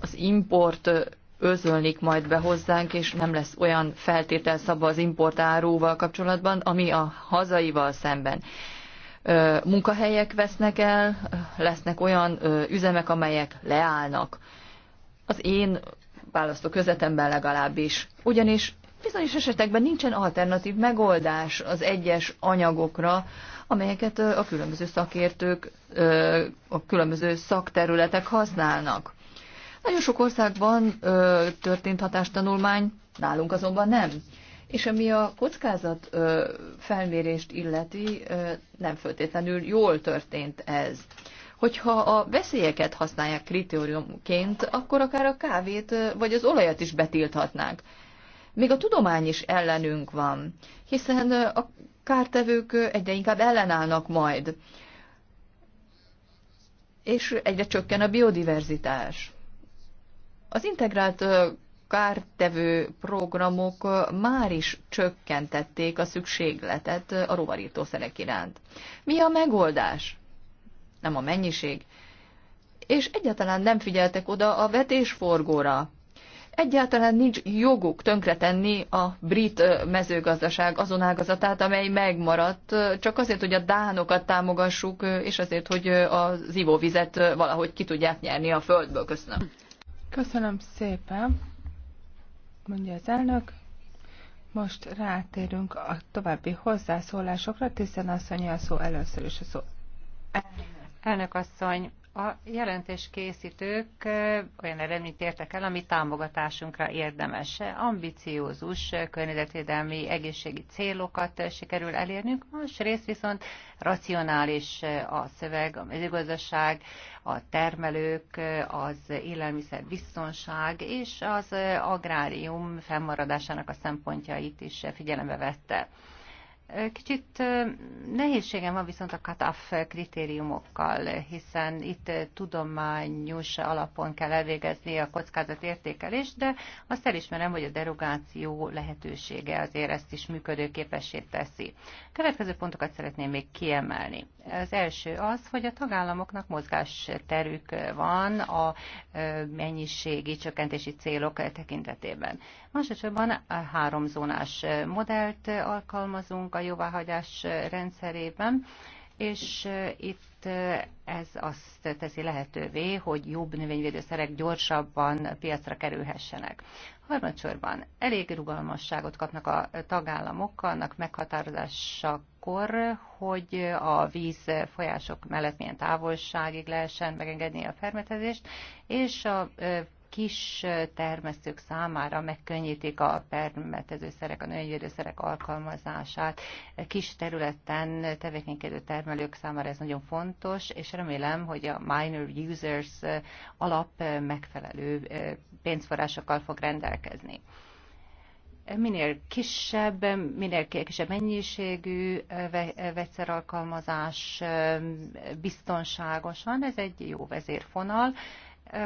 az import özölnik majd be hozzánk, és nem lesz olyan feltétel szabva az importáróval kapcsolatban, ami a hazaival szemben. Munkahelyek vesznek el, lesznek olyan üzemek, amelyek leállnak. Az én választó közetemben legalábbis. Ugyanis bizonyos esetekben nincsen alternatív megoldás az egyes anyagokra, amelyeket a különböző szakértők, a különböző szakterületek használnak. Nagyon sok országban történt hatástanulmány, nálunk azonban nem. És ami a kockázat felmérést illeti, nem föltétlenül jól történt ez hogyha a veszélyeket használják kritériumként, akkor akár a kávét vagy az olajat is betilthatnák. Még a tudomány is ellenünk van, hiszen a kártevők egyre inkább ellenállnak majd, és egyre csökken a biodiverzitás. Az integrált kártevő programok már is csökkentették a szükségletet a rovarítószerek iránt. Mi a megoldás? nem a mennyiség. És egyáltalán nem figyeltek oda a vetésforgóra. Egyáltalán nincs joguk tönkretenni a brit mezőgazdaság azon ágazatát, amely megmaradt, csak azért, hogy a dánokat támogassuk, és azért, hogy az ivóvizet valahogy ki tudják nyerni a földből. Köszönöm. Köszönöm szépen, mondja az elnök. Most rátérünk a további hozzászólásokra. azt mondja a szó először is a szó. Elnök asszony, a jelentés készítők olyan eredményt értek el, ami támogatásunkra érdemes. Ambiciózus környezetvédelmi egészségi célokat sikerül elérnünk, másrészt viszont racionális a szöveg, a mezőgazdaság, a termelők, az élelmiszer biztonság és az agrárium fennmaradásának a szempontjait is figyelembe vette. Kicsit nehézségem van viszont a kataf kritériumokkal, hiszen itt tudományos alapon kell elvégezni a kockázat értékelést, de azt elismerem, hogy a derogáció lehetősége azért ezt is működőképessé teszi. Következő pontokat szeretném még kiemelni. Az első az, hogy a tagállamoknak mozgásterük van a mennyiségi csökkentési célok tekintetében. Másodszorban három zónás modellt alkalmazunk, jóváhagyás rendszerében, és itt ez azt teszi lehetővé, hogy jobb növényvédőszerek gyorsabban piacra kerülhessenek. Harmadsorban elég rugalmasságot kapnak a tagállamok annak meghatározásakor, hogy a víz folyások mellett milyen távolságig lehessen megengedni a fermetezést, és a kis termesztők számára megkönnyítik a permetezőszerek, a növényvédőszerek alkalmazását. Kis területen tevékenykedő termelők számára ez nagyon fontos, és remélem, hogy a minor users alap megfelelő pénzforrásokkal fog rendelkezni minél kisebb, minél kisebb mennyiségű vegyszeralkalmazás biztonságosan, ez egy jó vezérfonal,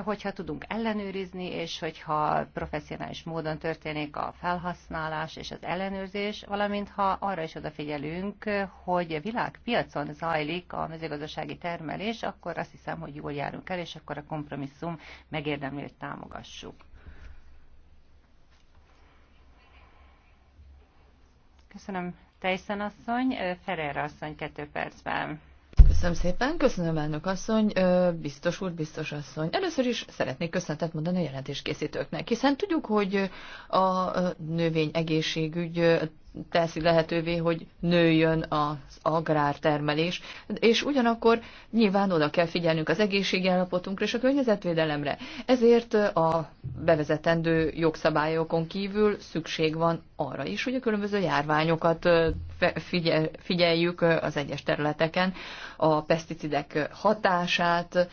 hogyha tudunk ellenőrizni, és hogyha professzionális módon történik a felhasználás és az ellenőrzés, valamint ha arra is odafigyelünk, hogy a világpiacon zajlik a mezőgazdasági termelés, akkor azt hiszem, hogy jól járunk el, és akkor a kompromisszum megérdemlét támogassuk. Köszönöm, Tejszen asszony. Ferrer asszony, kettő percben. Köszönöm szépen, köszönöm elnök asszony, biztos úr, biztos asszony. Először is szeretnék köszönetet mondani a jelentéskészítőknek, hiszen tudjuk, hogy a növény egészségügy teszi lehetővé, hogy nőjön az agrártermelés, és ugyanakkor nyilván oda kell figyelnünk az egészségi állapotunkra és a környezetvédelemre. Ezért a bevezetendő jogszabályokon kívül szükség van arra is, hogy a különböző járványokat figyeljük az egyes területeken, a peszticidek hatását,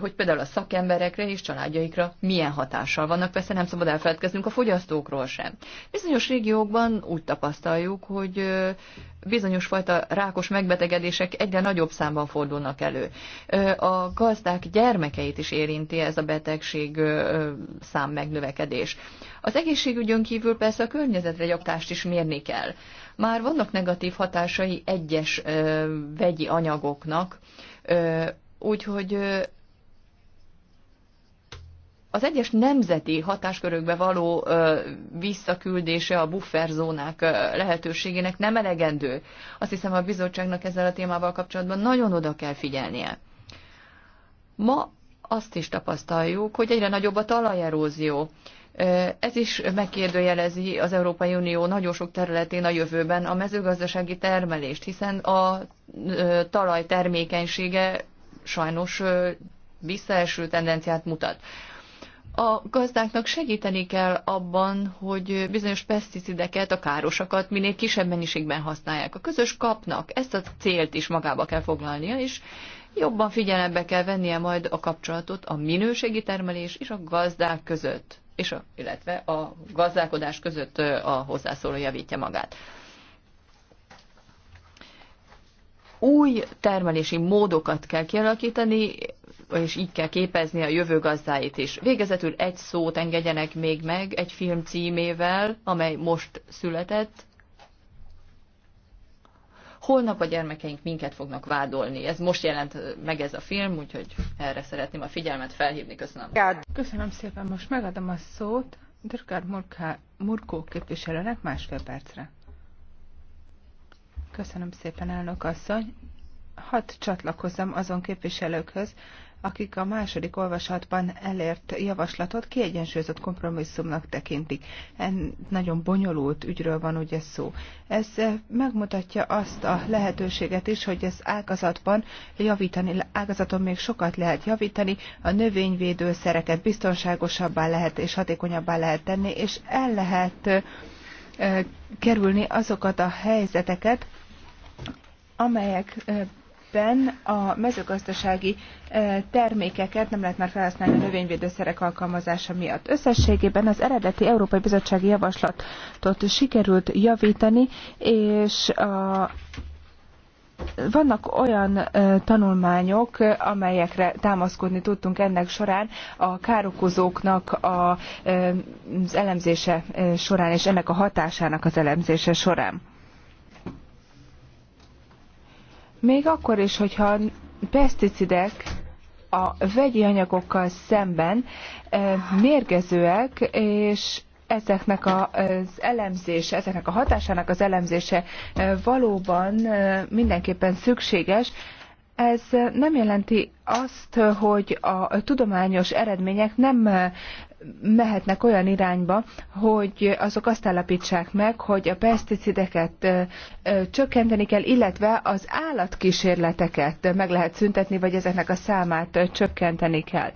hogy például a szakemberekre és családjaikra milyen hatással vannak. Persze nem szabad elfeledkeznünk a fogyasztókról sem. Bizonyos régiókban úgy tapasztaljuk, hogy bizonyos fajta rákos megbetegedések egyre nagyobb számban fordulnak elő. A gazdák gyermekeit is érinti ez a betegség szám megnövekedés. Az egészségügyön kívül persze a környezetre gyaktást is mérni kell. Már vannak negatív hatásai egyes vegyi anyagoknak, úgyhogy az egyes nemzeti hatáskörökbe való ö, visszaküldése a bufferzónák lehetőségének nem elegendő. Azt hiszem a bizottságnak ezzel a témával kapcsolatban nagyon oda kell figyelnie. Ma azt is tapasztaljuk, hogy egyre nagyobb a talajerózió. Ez is megkérdőjelezi az Európai Unió nagyon sok területén a jövőben a mezőgazdasági termelést, hiszen a talaj termékenysége sajnos visszaeső tendenciát mutat a gazdáknak segíteni kell abban, hogy bizonyos peszticideket, a károsakat minél kisebb mennyiségben használják. A közös kapnak ezt a célt is magába kell foglalnia, és jobban figyelembe kell vennie majd a kapcsolatot a minőségi termelés és a gazdák között, és a, illetve a gazdálkodás között a hozzászóló javítja magát. Új termelési módokat kell kialakítani, és így kell képezni a jövő gazdáit is. Végezetül egy szót engedjenek még meg egy film címével, amely most született. Holnap a gyermekeink minket fognak vádolni. Ez most jelent meg ez a film, úgyhogy erre szeretném a figyelmet felhívni. Köszönöm. Köszönöm szépen, most megadom a szót Dörgár Murkó képviselőnek másfél percre. Köszönöm szépen, elnök asszony hadd csatlakozzam azon képviselőkhöz, akik a második olvasatban elért javaslatot kiegyensúlyozott kompromisszumnak tekintik. En nagyon bonyolult ügyről van ugye szó. Ez eh, megmutatja azt a lehetőséget is, hogy ez ágazatban javítani, ágazaton még sokat lehet javítani, a növényvédőszereket biztonságosabbá lehet és hatékonyabbá lehet tenni, és el lehet eh, eh, kerülni azokat a helyzeteket, amelyek ebben a mezőgazdasági e, termékeket nem lehet már felhasználni a növényvédőszerek alkalmazása miatt. Összességében az eredeti Európai Bizottsági Javaslatot sikerült javítani, és a vannak olyan e, tanulmányok, amelyekre támaszkodni tudtunk ennek során a károkozóknak a, e, az elemzése során és ennek a hatásának az elemzése során. Még akkor is, hogyha peszticidek a vegyi anyagokkal szemben mérgezőek, és ezeknek az elemzése, ezeknek a hatásának az elemzése valóban mindenképpen szükséges. Ez nem jelenti azt, hogy a tudományos eredmények nem mehetnek olyan irányba, hogy azok azt állapítsák meg, hogy a peszticideket csökkenteni kell, illetve az állatkísérleteket meg lehet szüntetni, vagy ezeknek a számát csökkenteni kell.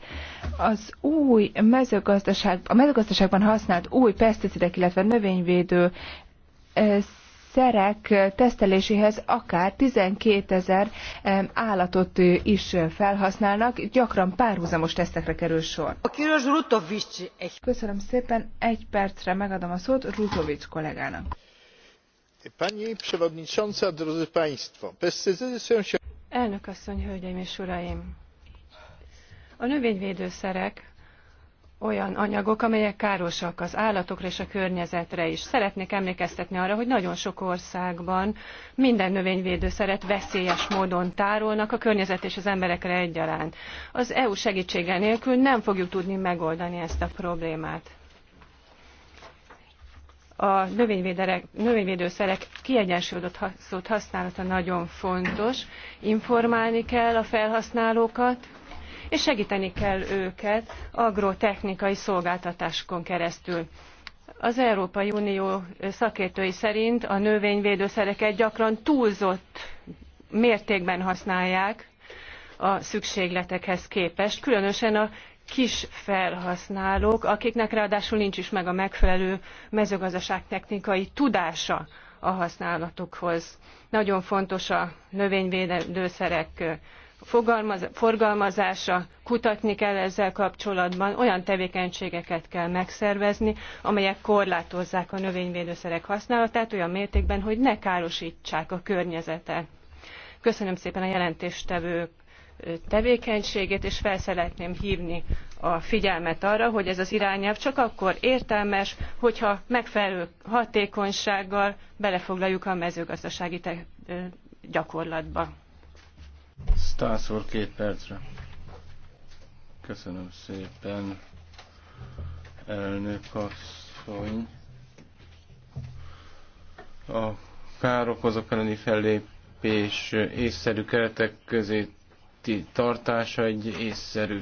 Az új mezőgazdaság, a mezőgazdaságban használt új peszticidek, illetve növényvédő szerek teszteléséhez akár 12 ezer állatot is felhasználnak, gyakran párhuzamos tesztekre kerül sor. Köszönöm szépen, egy percre megadom a szót Rutovics kollégának. Pani przewodnicząca, drodzy państwo, pestycydy są się... Elnök asszony, hölgyeim és uraim! A növényvédőszerek olyan anyagok, amelyek károsak az állatokra és a környezetre is. Szeretnék emlékeztetni arra, hogy nagyon sok országban minden növényvédőszeret veszélyes módon tárolnak a környezet és az emberekre egyaránt. Az EU segítsége nélkül nem fogjuk tudni megoldani ezt a problémát. A növényvédőszerek kiegyensúlyozott használata nagyon fontos. Informálni kell a felhasználókat, és segíteni kell őket agrotechnikai szolgáltatásokon keresztül. Az Európai Unió szakértői szerint a növényvédőszereket gyakran túlzott mértékben használják a szükségletekhez képest, különösen a kis felhasználók, akiknek ráadásul nincs is meg a megfelelő mezőgazdaságtechnikai tudása a használatukhoz. Nagyon fontos a növényvédőszerek forgalmazása, kutatni kell ezzel kapcsolatban, olyan tevékenységeket kell megszervezni, amelyek korlátozzák a növényvédőszerek használatát olyan mértékben, hogy ne károsítsák a környezetet. Köszönöm szépen a jelentéstevő tevékenységét, és fel szeretném hívni a figyelmet arra, hogy ez az irányelv csak akkor értelmes, hogyha megfelelő hatékonysággal belefoglaljuk a mezőgazdasági gyakorlatba. Stászor két percre. Köszönöm szépen, elnök asszony. A károkozók elleni fellépés észszerű keretek közé tartása egy észszerű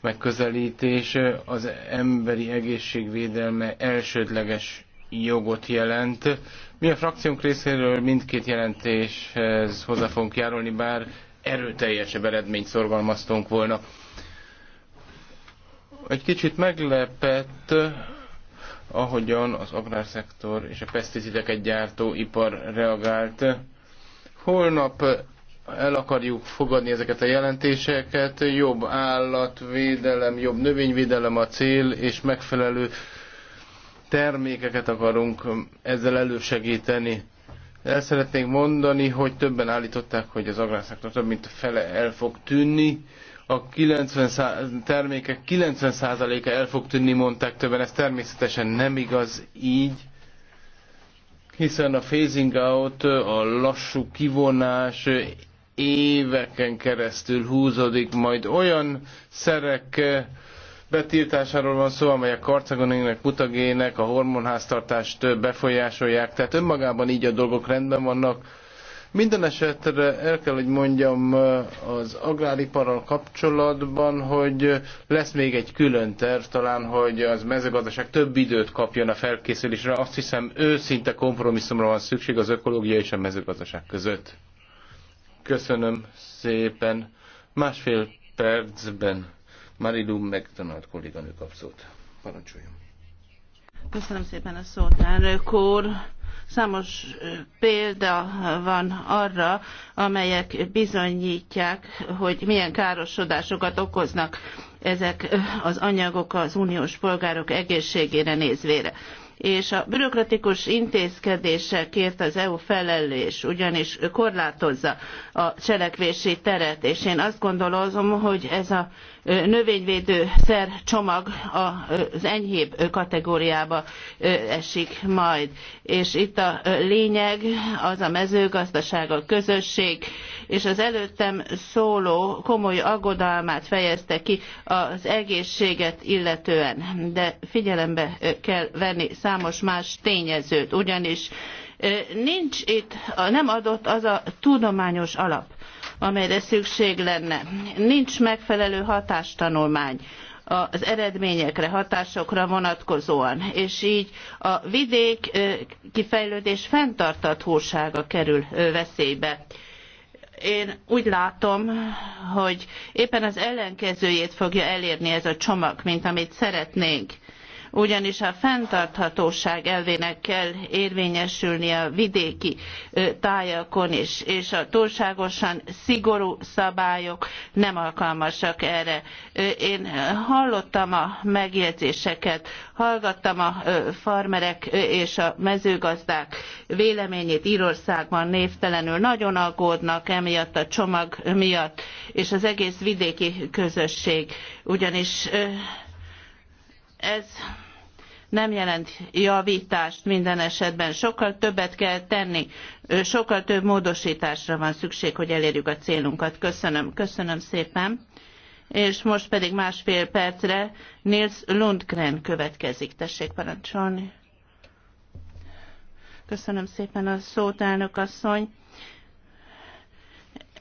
megközelítés. Az emberi egészségvédelme elsődleges jogot jelent. Mi a frakciónk részéről mindkét jelentéshez hozzá fogunk járulni, bár erőteljesebb eredményt szorgalmaztunk volna. Egy kicsit meglepett, ahogyan az agrárszektor és a peszticideket gyártó ipar reagált. Holnap el akarjuk fogadni ezeket a jelentéseket, jobb állatvédelem, jobb növényvédelem a cél, és megfelelő termékeket akarunk ezzel elősegíteni. El szeretnék mondani, hogy többen állították, hogy az agrárszektor több mint a fele el fog tűnni. A 90 termékek 90%-a el fog tűnni, mondták többen. Ez természetesen nem igaz így hiszen a phasing out, a lassú kivonás éveken keresztül húzódik, majd olyan szerek betiltásáról van szó, amely a karcagonének, mutagének, a hormonháztartást befolyásolják, tehát önmagában így a dolgok rendben vannak. Minden esetre el kell, hogy mondjam az agráriparral kapcsolatban, hogy lesz még egy külön terv talán, hogy az mezőgazdaság több időt kapjon a felkészülésre. Azt hiszem őszinte kompromisszumra van szükség az ökológia és a mezőgazdaság között. Köszönöm szépen. Másfél percben Marilu McDonald kolléganő kap szót. Parancsoljon. Köszönöm szépen a szót, elnök úr. Számos példa van arra, amelyek bizonyítják, hogy milyen károsodásokat okoznak ezek az anyagok az uniós polgárok egészségére nézvére és a bürokratikus intézkedésekért az EU felelős, ugyanis korlátozza a cselekvési teret, és én azt gondolom, hogy ez a szer csomag az enyhébb kategóriába esik majd. És itt a lényeg az a mezőgazdaság, a közösség, és az előttem szóló komoly aggodalmát fejezte ki az egészséget illetően, de figyelembe kell venni számít számos más tényezőt, ugyanis nincs itt, nem adott az a tudományos alap, amelyre szükség lenne. Nincs megfelelő hatástanulmány az eredményekre, hatásokra vonatkozóan, és így a vidék kifejlődés fenntartathatósága kerül veszélybe én úgy látom, hogy éppen az ellenkezőjét fogja elérni ez a csomag, mint amit szeretnénk ugyanis a fenntarthatóság elvének kell érvényesülnie a vidéki tájakon is, és a túlságosan szigorú szabályok nem alkalmasak erre. Én hallottam a megjegyzéseket, hallgattam a farmerek és a mezőgazdák véleményét Írországban névtelenül. Nagyon aggódnak emiatt a csomag miatt, és az egész vidéki közösség. Ugyanis ez nem jelent javítást minden esetben. Sokkal többet kell tenni, sokkal több módosításra van szükség, hogy elérjük a célunkat. Köszönöm, köszönöm szépen. És most pedig másfél percre Nils Lundgren következik. Tessék parancsolni. Köszönöm szépen a szót, elnök asszony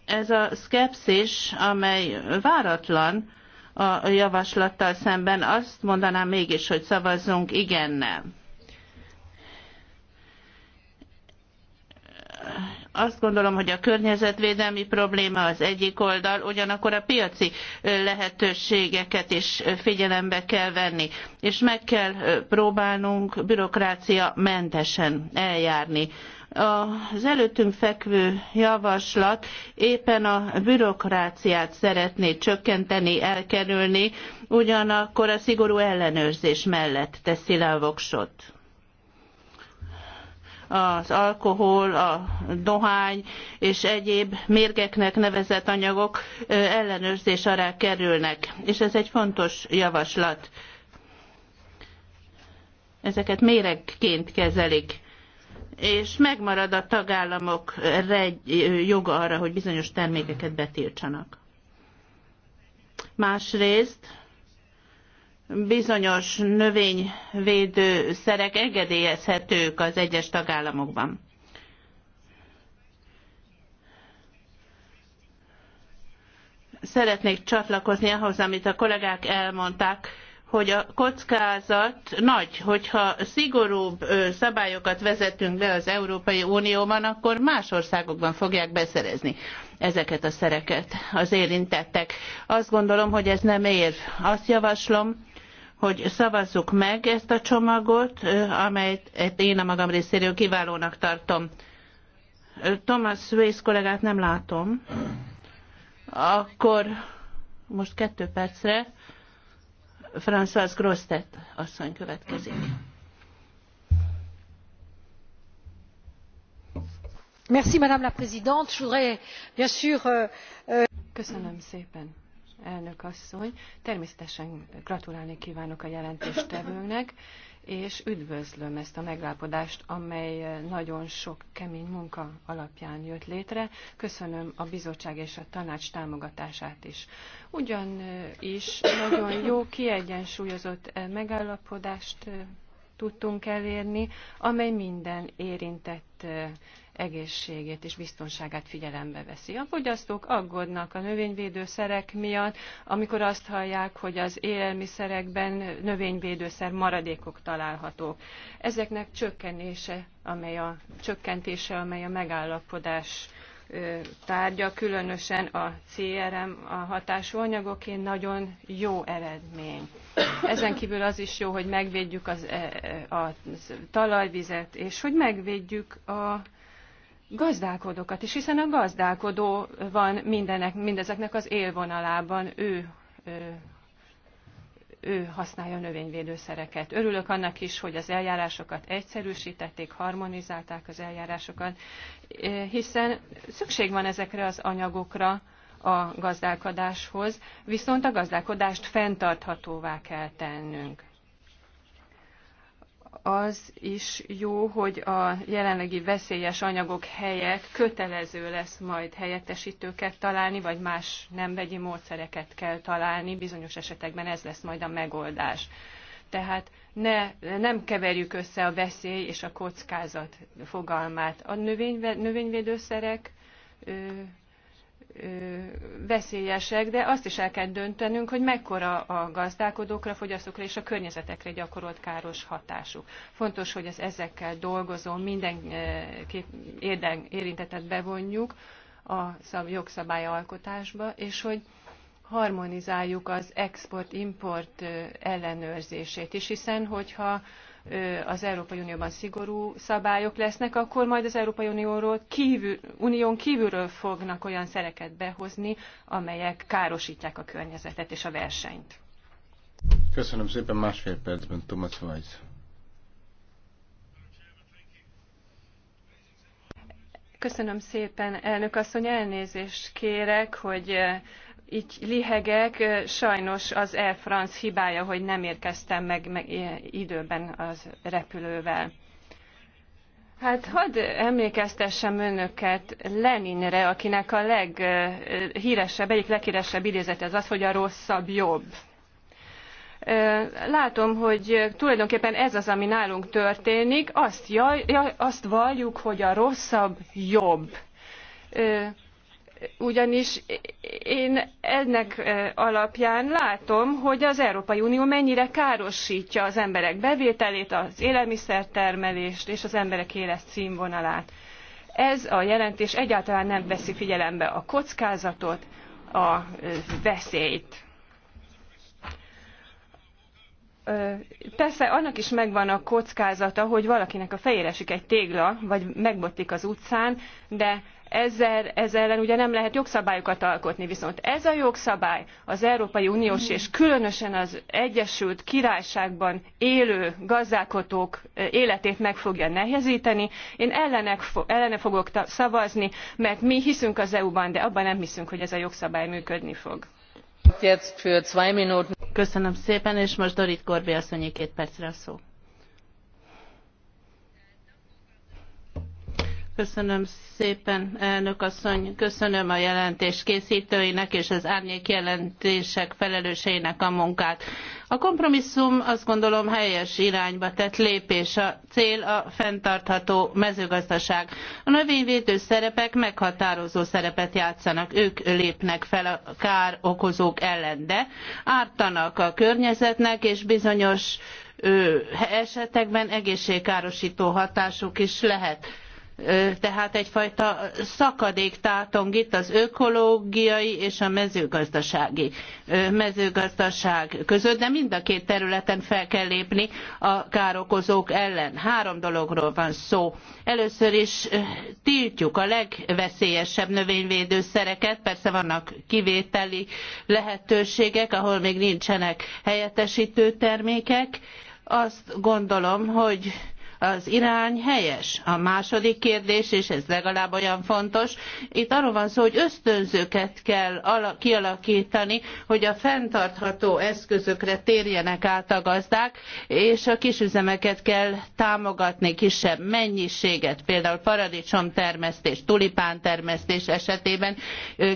ez a szkepszis, amely váratlan, a javaslattal szemben. Azt mondanám mégis, hogy szavazzunk igennel. azt gondolom, hogy a környezetvédelmi probléma az egyik oldal, ugyanakkor a piaci lehetőségeket is figyelembe kell venni, és meg kell próbálnunk bürokrácia mentesen eljárni az előttünk fekvő javaslat éppen a bürokráciát szeretné csökkenteni, elkerülni, ugyanakkor a szigorú ellenőrzés mellett teszi le a voksot az alkohol, a dohány és egyéb mérgeknek nevezett anyagok ellenőrzés alá kerülnek. És ez egy fontos javaslat. Ezeket méregként kezelik és megmarad a tagállamok joga arra, hogy bizonyos termékeket betiltsanak. Másrészt bizonyos növényvédő szerek engedélyezhetők az egyes tagállamokban. Szeretnék csatlakozni ahhoz, amit a kollégák elmondták, hogy a kockázat nagy, hogyha szigorúbb szabályokat vezetünk be az Európai Unióban, akkor más országokban fogják beszerezni ezeket a szereket az érintettek. Azt gondolom, hogy ez nem ér. Azt javaslom, hogy szavazzuk meg ezt a csomagot, amelyet hát én a magam részéről kiválónak tartom. Thomas Weiss kollégát nem látom. Akkor most kettő percre. François Grostet asszony következik. Merci, Madame la Présidente. Je voudrais, bien sûr, euh, euh Köszönöm szépen, elnök asszony. Természetesen gratulálni kívánok a jelentéstevőnek. Euh, és üdvözlöm ezt a megállapodást, amely eh, nagyon sok kemény munka alapján jött létre. Köszönöm a bizottság és a tanács támogatását is. Ugyanis eh, nagyon jó, kiegyensúlyozott eh, megállapodást tudtunk elérni, amely minden érintett egészségét és biztonságát figyelembe veszi. A fogyasztók aggódnak a növényvédőszerek miatt, amikor azt hallják, hogy az élelmiszerekben növényvédőszer maradékok találhatók. Ezeknek csökkenése, amely a, csökkentése, amely a megállapodás tárgya, különösen a CRM a hatású anyagoké nagyon jó eredmény. Ezen kívül az is jó, hogy megvédjük az, e, e, a talajvizet, és hogy megvédjük a gazdálkodókat is, hiszen a gazdálkodó van mindenek, mindezeknek az élvonalában, ő, ő, ő használja a növényvédőszereket. Örülök annak is, hogy az eljárásokat egyszerűsítették, harmonizálták az eljárásokat, hiszen szükség van ezekre az anyagokra, a gazdálkodáshoz, viszont a gazdálkodást fenntarthatóvá kell tennünk az is jó, hogy a jelenlegi veszélyes anyagok helyett kötelező lesz majd helyettesítőket találni, vagy más nem vegyi módszereket kell találni, bizonyos esetekben ez lesz majd a megoldás. Tehát ne, nem keverjük össze a veszély és a kockázat fogalmát. A növényvédőszerek veszélyesek, de azt is el kell döntenünk, hogy mekkora a gazdálkodókra, fogyasztókra és a környezetekre gyakorolt káros hatásuk. Fontos, hogy az ezekkel dolgozó minden érintetet bevonjuk a jogszabály alkotásba, és hogy harmonizáljuk az export-import ellenőrzését is, hiszen hogyha az Európai Unióban szigorú szabályok lesznek, akkor majd az Európai Unióról kívül, Unión kívülről fognak olyan szereket behozni, amelyek károsítják a környezetet és a versenyt. Köszönöm szépen, másfél percben Thomas Weiss. Köszönöm szépen, elnök asszony, elnézést kérek, hogy így lihegek, sajnos az Air France hibája, hogy nem érkeztem meg, meg időben az repülővel. Hát hadd emlékeztessem önöket Leninre, akinek a leghíresebb, egyik leghíresebb idézete az az, hogy a rosszabb jobb. Látom, hogy tulajdonképpen ez az, ami nálunk történik, azt, jaj, azt valljuk, hogy a rosszabb jobb ugyanis én ennek e, alapján látom, hogy az Európai Unió mennyire károsítja az emberek bevételét, az élelmiszertermelést és az emberek életsznvonalát. Ez a jelentés egyáltalán nem veszi figyelembe a kockázatot, a e, veszélyt. E, persze annak is megvan a kockázata, hogy valakinek a fejére esik egy tégla, vagy megbotlik az utcán, de ezzel, ez ellen ugye nem lehet jogszabályokat alkotni, viszont ez a jogszabály az Európai Uniós és különösen az Egyesült Királyságban élő gazdálkodók életét meg fogja nehezíteni. Én ellenek, ellene fogok szavazni, mert mi hiszünk az EU-ban, de abban nem hiszünk, hogy ez a jogszabály működni fog. Köszönöm szépen, és most Dorit Korbi asszonyi két percre a szó Köszönöm szépen, elnök asszony. Köszönöm a jelentés készítőinek és az árnyék jelentések felelőseinek a munkát. A kompromisszum azt gondolom helyes irányba tett lépés. A cél a fenntartható mezőgazdaság. A növényvédő szerepek meghatározó szerepet játszanak. Ők lépnek fel a kár okozók ellen, de ártanak a környezetnek és bizonyos ö, esetekben egészségkárosító hatásuk is lehet tehát egyfajta szakadék tátong itt az ökológiai és a mezőgazdasági mezőgazdaság között, de mind a két területen fel kell lépni a károkozók ellen. Három dologról van szó. Először is tiltjuk a legveszélyesebb növényvédőszereket, persze vannak kivételi lehetőségek, ahol még nincsenek helyettesítő termékek. Azt gondolom, hogy az irány helyes. A második kérdés, és ez legalább olyan fontos, itt arról van szó, hogy ösztönzőket kell kialakítani, hogy a fenntartható eszközökre térjenek át a gazdák, és a kisüzemeket kell támogatni kisebb mennyiséget, például termesztés, tulipán termesztés esetében,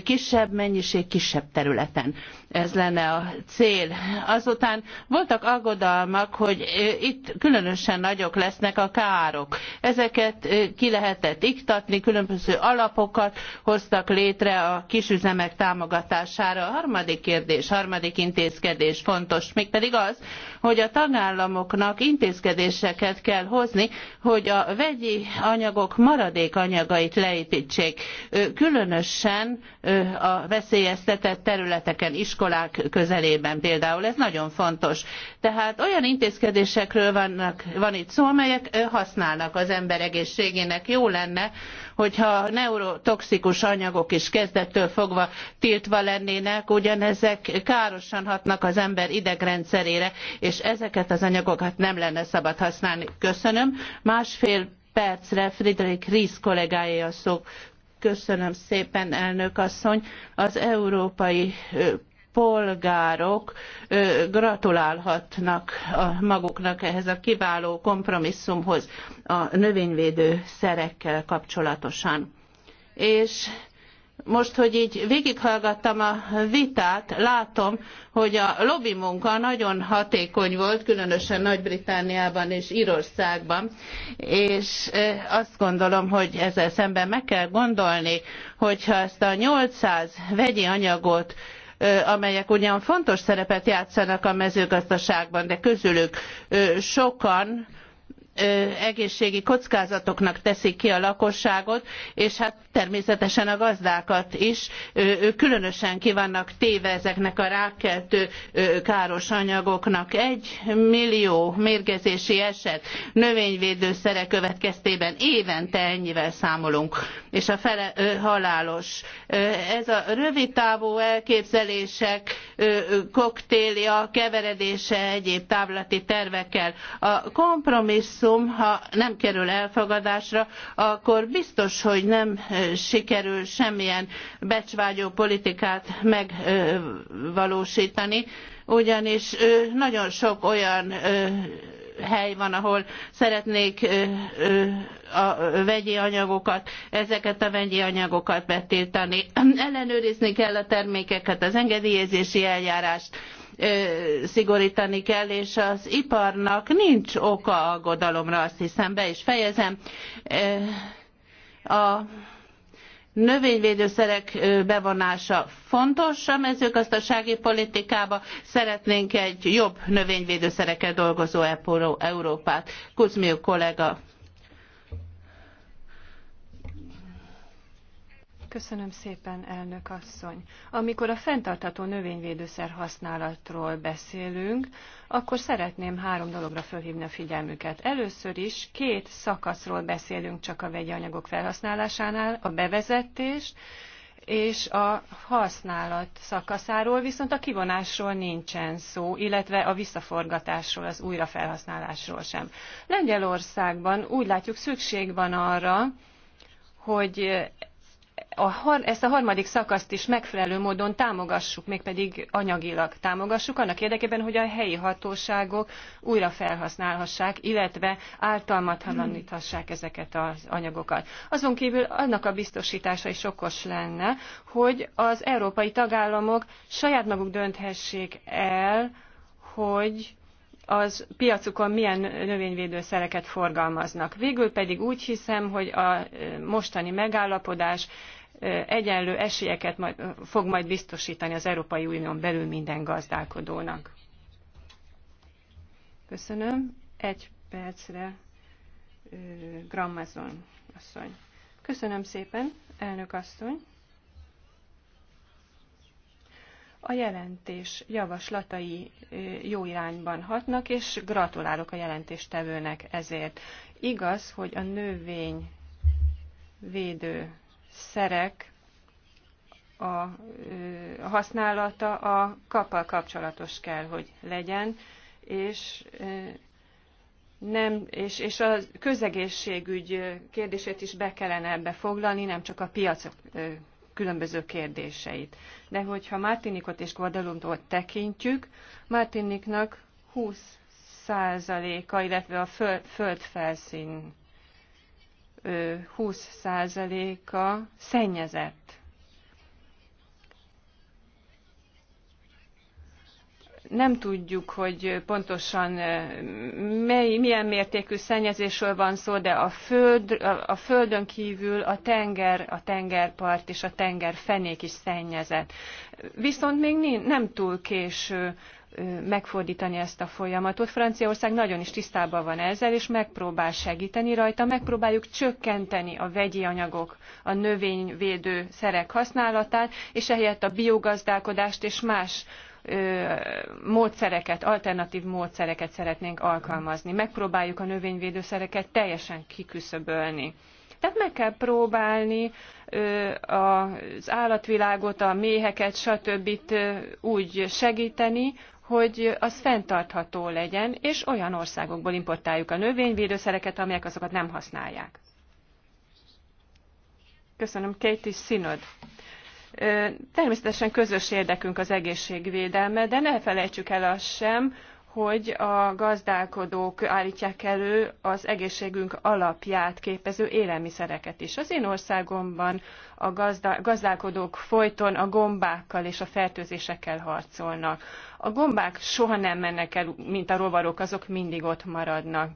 kisebb mennyiség kisebb területen ez lenne a cél. Azután voltak aggodalmak, hogy itt különösen nagyok lesznek a károk. Ezeket ki lehetett iktatni, különböző alapokat hoztak létre a kisüzemek támogatására. A harmadik kérdés, harmadik intézkedés fontos, mégpedig az, hogy a tagállamoknak intézkedéseket kell hozni, hogy a vegyi anyagok maradékanyagait leépítsék, különösen a veszélyeztetett területeken, iskolák közelében például. Ez nagyon fontos. Tehát olyan intézkedésekről vannak, van itt szó, amelyek használnak az ember egészségének. Jó lenne, hogyha neurotoxikus anyagok is kezdettől fogva tiltva lennének, ugyanezek károsan hatnak az ember idegrendszerére, és ezeket az anyagokat nem lenne szabad használni. Köszönöm. Másfél percre Friedrich Ries kollégáé a szó. Köszönöm szépen, elnök asszony. Az európai polgárok gratulálhatnak maguknak ehhez a kiváló kompromisszumhoz a növényvédő szerekkel kapcsolatosan. És most, hogy így végighallgattam a vitát, látom, hogy a lobby munka nagyon hatékony volt, különösen Nagy-Britániában és Írországban, és azt gondolom, hogy ezzel szemben meg kell gondolni, hogyha ezt a 800 vegyi anyagot amelyek ugyan fontos szerepet játszanak a mezőgazdaságban, de közülük sokan egészségi kockázatoknak teszik ki a lakosságot, és hát természetesen a gazdákat is, ők különösen kivannak téve ezeknek a rákkeltő káros anyagoknak. Egy millió mérgezési eset növényvédőszere következtében évente ennyivel számolunk, és a fele halálos. Ez a rövidtávú elképzelések koktélja, keveredése egyéb távlati tervekkel. A kompromisszum, ha nem kerül elfogadásra, akkor biztos, hogy nem sikerül semmilyen becsvágyó politikát megvalósítani, ugyanis nagyon sok olyan hely van, ahol szeretnék a vegyi anyagokat, ezeket a vegyi anyagokat betiltani. Ellenőrizni kell a termékeket, az engedélyezési eljárást szigorítani kell, és az iparnak nincs oka aggodalomra, azt hiszem, be is fejezem. A növényvédőszerek bevonása fontos a mezőgazdasági politikába. Szeretnénk egy jobb növényvédőszerekkel dolgozó Európát. Kuzmiuk kollega Köszönöm szépen, elnök asszony. Amikor a fenntartató növényvédőszer használatról beszélünk, akkor szeretném három dologra fölhívni a figyelmüket. Először is két szakaszról beszélünk csak a vegyi anyagok felhasználásánál, a bevezetés és a használat szakaszáról, viszont a kivonásról nincsen szó, illetve a visszaforgatásról, az újrafelhasználásról sem. Lengyelországban úgy látjuk szükség van arra, hogy a, ezt a harmadik szakaszt is megfelelő módon támogassuk, mégpedig anyagilag támogassuk, annak érdekében, hogy a helyi hatóságok újra felhasználhassák, illetve általmatlaníthassák ezeket az anyagokat. Azon kívül annak a biztosítása is okos lenne, hogy az európai tagállamok saját maguk dönthessék el, hogy az piacukon milyen növényvédőszereket forgalmaznak. Végül pedig úgy hiszem, hogy a mostani megállapodás egyenlő esélyeket majd, fog majd biztosítani az Európai Unión belül minden gazdálkodónak. Köszönöm. Egy percre Grammazon asszony. Köszönöm szépen, elnök asszony. A jelentés javaslatai jó irányban hatnak, és gratulálok a jelentéstevőnek ezért. Igaz, hogy a növény védő szerek a, használata a kappal kapcsolatos kell, hogy legyen, és nem, és, és a közegészségügy kérdését is be kellene ebbe foglalni, nem csak a piac különböző kérdéseit. De hogyha Martinikot és Guadalumtól tekintjük, Martiniknak 20 százaléka, illetve a föl, földfelszín 20 százaléka szennyezett. nem tudjuk, hogy pontosan mely, milyen mértékű szennyezésről van szó, de a, föld, a földön kívül a tenger, a tengerpart és a tengerfenék is szennyezett. Viszont még nem túl késő megfordítani ezt a folyamatot. Franciaország nagyon is tisztában van ezzel, és megpróbál segíteni rajta, megpróbáljuk csökkenteni a vegyi anyagok, a növényvédő szerek használatát, és ehelyett a biogazdálkodást és más módszereket, alternatív módszereket szeretnénk alkalmazni. Megpróbáljuk a növényvédőszereket teljesen kiküszöbölni. Tehát meg kell próbálni az állatvilágot, a méheket, stb. úgy segíteni, hogy az fenntartható legyen, és olyan országokból importáljuk a növényvédőszereket, amelyek azokat nem használják. Köszönöm, Katie Synod. Természetesen közös érdekünk az egészségvédelme, de ne felejtsük el azt sem, hogy a gazdálkodók állítják elő az egészségünk alapját képező élelmiszereket is. Az én országomban a gazda, gazdálkodók folyton a gombákkal és a fertőzésekkel harcolnak. A gombák soha nem mennek el, mint a rovarok, azok mindig ott maradnak.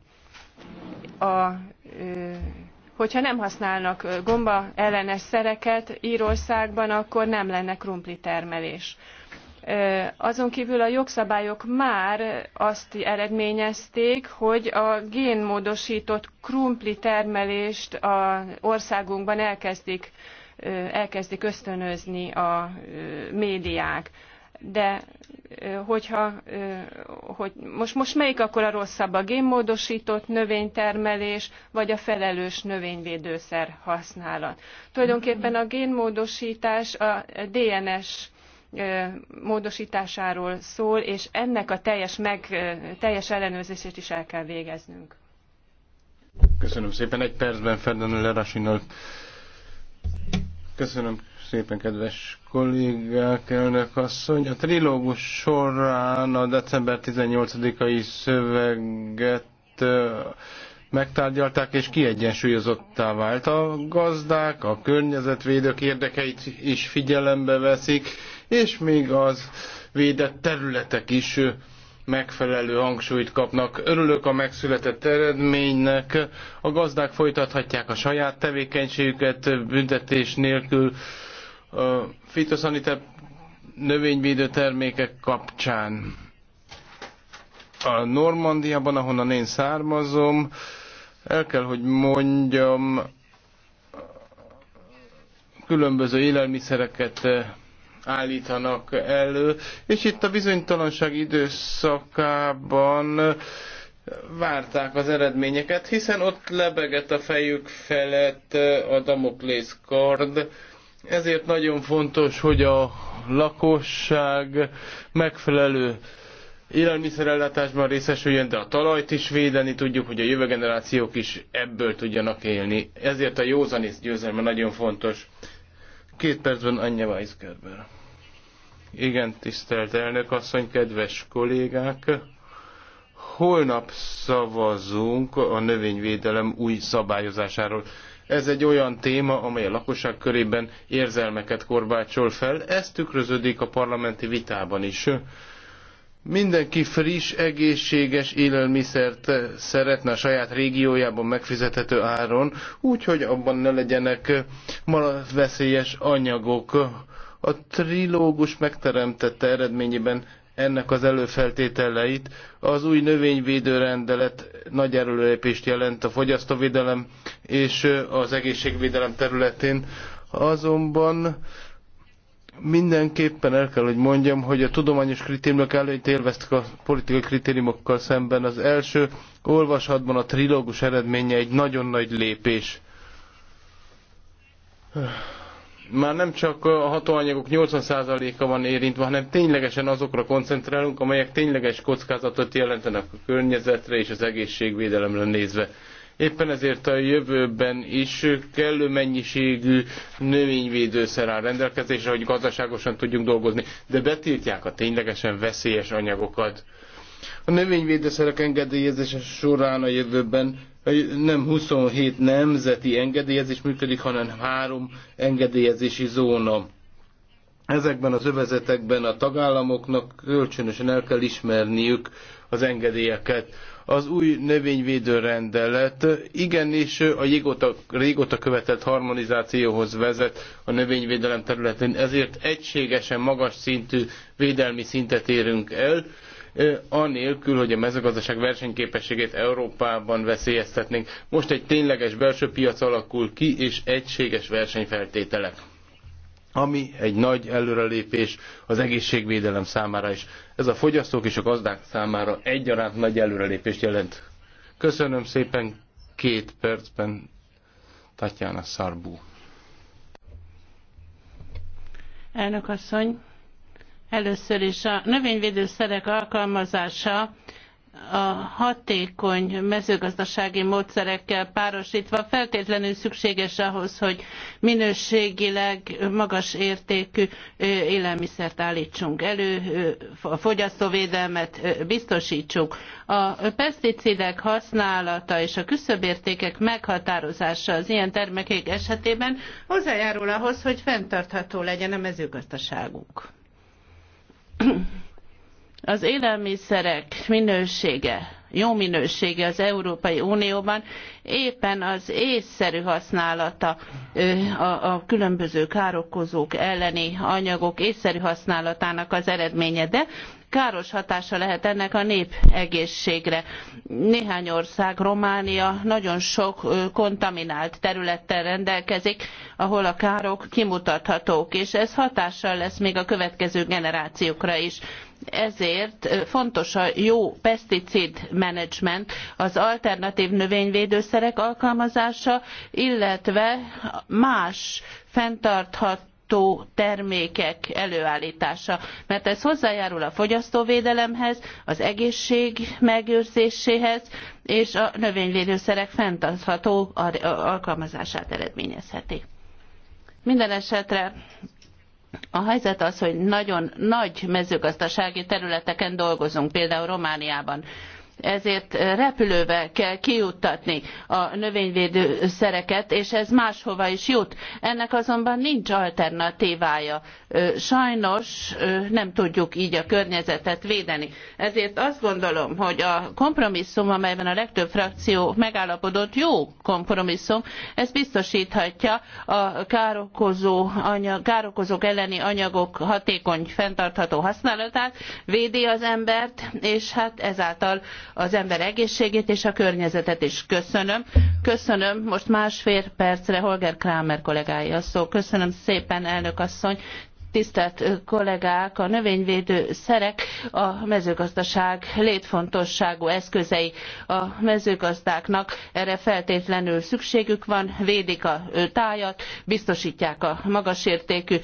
A, ö, hogyha nem használnak gomba ellenes szereket Írországban, akkor nem lenne krumplitermelés. Azon kívül a jogszabályok már azt eredményezték, hogy a génmódosított krumpli termelést a országunkban elkezdik, elkezdik ösztönözni a médiák de hogyha hogy most, most melyik akkor a rosszabb a génmódosított növénytermelés vagy a felelős növényvédőszer használat. Tulajdonképpen a génmódosítás a DNS módosításáról szól, és ennek a teljes, meg, teljes ellenőrzését is el kell végeznünk. Köszönöm szépen. Egy percben Ferdinand Lerasinnal. Köszönöm szépen, kedves kollégák, elnök asszony. A trilógus során a december 18-ai szöveget megtárgyalták és kiegyensúlyozottá vált. A gazdák, a környezetvédők érdekeit is figyelembe veszik, és még az védett területek is megfelelő hangsúlyt kapnak. Örülök a megszületett eredménynek. A gazdák folytathatják a saját tevékenységüket büntetés nélkül, fitoszaniter növényvédő termékek kapcsán. A Normandiában, ahonnan én származom, el kell, hogy mondjam, különböző élelmiszereket eh, állítanak elő, és itt a bizonytalanság időszakában eh, várták az eredményeket, hiszen ott lebegett a fejük felett eh, a Damoklész kard, ezért nagyon fontos, hogy a lakosság megfelelő élelmiszerellátásban részesüljön, de a talajt is védeni tudjuk, hogy a jövő generációk is ebből tudjanak élni. Ezért a józanész győzelme nagyon fontos. Két percben Anya Weisgerber. Igen, tisztelt elnök asszony, kedves kollégák! Holnap szavazunk a növényvédelem új szabályozásáról. Ez egy olyan téma, amely a lakosság körében érzelmeket korbácsol fel. Ez tükröződik a parlamenti vitában is. Mindenki friss, egészséges élelmiszert szeretne a saját régiójában megfizethető áron, úgyhogy abban ne legyenek veszélyes anyagok. A trilógus megteremtette eredményében ennek az előfeltételeit. Az új növényvédőrendelet nagy erőlépést jelent a fogyasztóvédelem és az egészségvédelem területén. Azonban mindenképpen el kell, hogy mondjam, hogy a tudományos kritériumok előnyt élveztek a politikai kritériumokkal szemben. Az első olvashatban a trilógus eredménye egy nagyon nagy lépés már nem csak a hatóanyagok 80%-a van érintve, hanem ténylegesen azokra koncentrálunk, amelyek tényleges kockázatot jelentenek a környezetre és az egészségvédelemre nézve. Éppen ezért a jövőben is kellő mennyiségű növényvédőszer áll rendelkezésre, hogy gazdaságosan tudjunk dolgozni, de betiltják a ténylegesen veszélyes anyagokat. A növényvédőszerek engedélyezése során a jövőben nem 27 nemzeti engedélyezés működik, hanem három engedélyezési zóna. Ezekben az övezetekben a tagállamoknak kölcsönösen el kell ismerniük az engedélyeket. Az új növényvédő rendelet igenis a régóta, régóta követett harmonizációhoz vezet a növényvédelem területén, ezért egységesen magas szintű védelmi szintet érünk el anélkül, hogy a mezőgazdaság versenyképességét Európában veszélyeztetnénk. Most egy tényleges belső piac alakul ki, és egységes versenyfeltételek ami egy nagy előrelépés az egészségvédelem számára is. Ez a fogyasztók és a gazdák számára egyaránt nagy előrelépést jelent. Köszönöm szépen két percben Tatjana Szarbú. Elnök asszony, Először is a növényvédőszerek alkalmazása a hatékony mezőgazdasági módszerekkel párosítva feltétlenül szükséges ahhoz, hogy minőségileg magas értékű élelmiszert állítsunk elő, a fogyasztóvédelmet biztosítsuk. A peszticidek használata és a küszöbértékek meghatározása az ilyen termékek esetében hozzájárul ahhoz, hogy fenntartható legyen a mezőgazdaságunk az élelmiszerek minősége jó minősége az Európai Unióban éppen az észszerű használata a, a különböző károkozók elleni anyagok észszerű használatának az eredménye, de káros hatása lehet ennek a népegészségre. Néhány ország, Románia nagyon sok kontaminált területtel rendelkezik, ahol a károk kimutathatók, és ez hatással lesz még a következő generációkra is. Ezért fontos a jó peszticid management, az alternatív növényvédőszerek alkalmazása, illetve más fenntartható termékek előállítása, mert ez hozzájárul a fogyasztóvédelemhez, az egészség megőrzéséhez és a növényvédőszerek fenntartható alkalmazását eredményezheti. Minden esetre a helyzet az, hogy nagyon nagy mezőgazdasági területeken dolgozunk, például Romániában ezért eh, repülővel kell kijuttatni a növényvédőszereket, és ez máshova is jut. Ennek azonban nincs alternatívája. Sajnos nem tudjuk így a környezetet védeni. Ezért azt gondolom, hogy a kompromisszum, amelyben a legtöbb frakció megállapodott, jó kompromisszum, ez biztosíthatja a károkozó anyag, károkozók elleni anyagok hatékony, fenntartható használatát, védi az embert, és hát ezáltal az ember egészségét és a környezetet is. Köszönöm. Köszönöm. Most másfél percre Holger Kramer kollégája szó. Köszönöm szépen, elnök asszony tisztelt kollégák, a növényvédő szerek a mezőgazdaság létfontosságú eszközei a mezőgazdáknak. Erre feltétlenül szükségük van, védik a tájat, biztosítják a magasértékű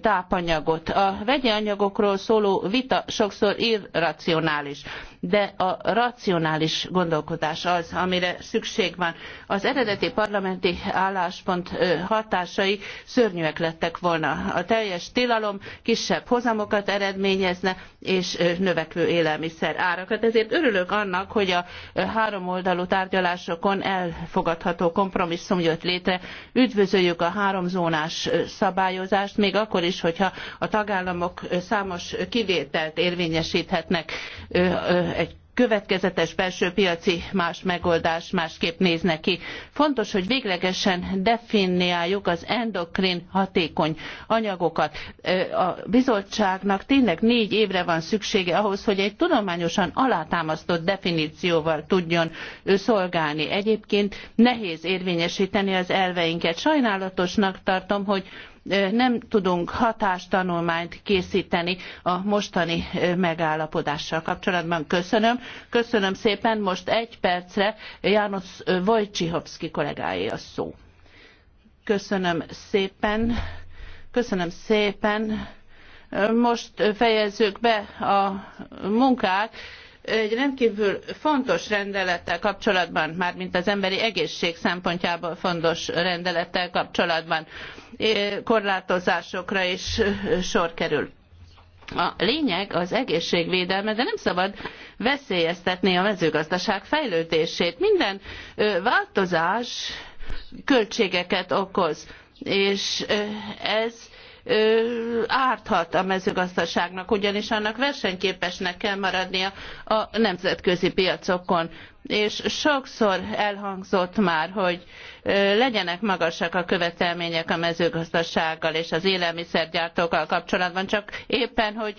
tápanyagot. A vegyi anyagokról szóló vita sokszor irracionális de a racionális gondolkodás az, amire szükség van. Az eredeti parlamenti álláspont hatásai szörnyűek lettek volna. A teljes tilalom tilalom kisebb hozamokat eredményezne, és növekvő élelmiszer árakat. Ezért örülök annak, hogy a háromoldalú tárgyalásokon elfogadható kompromisszum jött létre. Üdvözöljük a háromzónás szabályozást, még akkor is, hogyha a tagállamok számos kivételt érvényesíthetnek egy következetes belső piaci más megoldás másképp néz neki. Fontos, hogy véglegesen definiáljuk az endokrin hatékony anyagokat. A bizottságnak tényleg négy évre van szüksége ahhoz, hogy egy tudományosan alátámasztott definícióval tudjon szolgálni. Egyébként nehéz érvényesíteni az elveinket. Sajnálatosnak tartom, hogy nem tudunk hatástanulmányt készíteni a mostani megállapodással kapcsolatban. Köszönöm. Köszönöm szépen. Most egy percre János Wojciechowski kollégáé a szó. Köszönöm szépen. Köszönöm szépen. Most fejezzük be a munkát egy rendkívül fontos rendelettel kapcsolatban, mármint az emberi egészség szempontjából fontos rendelettel kapcsolatban korlátozásokra is sor kerül. A lényeg az egészségvédelme, de nem szabad veszélyeztetni a mezőgazdaság fejlődését. Minden változás költségeket okoz, és ez árthat a mezőgazdaságnak, ugyanis annak versenyképesnek kell maradnia a nemzetközi piacokon és sokszor elhangzott már, hogy legyenek magasak a követelmények a mezőgazdasággal és az élelmiszergyártókkal kapcsolatban, csak éppen, hogy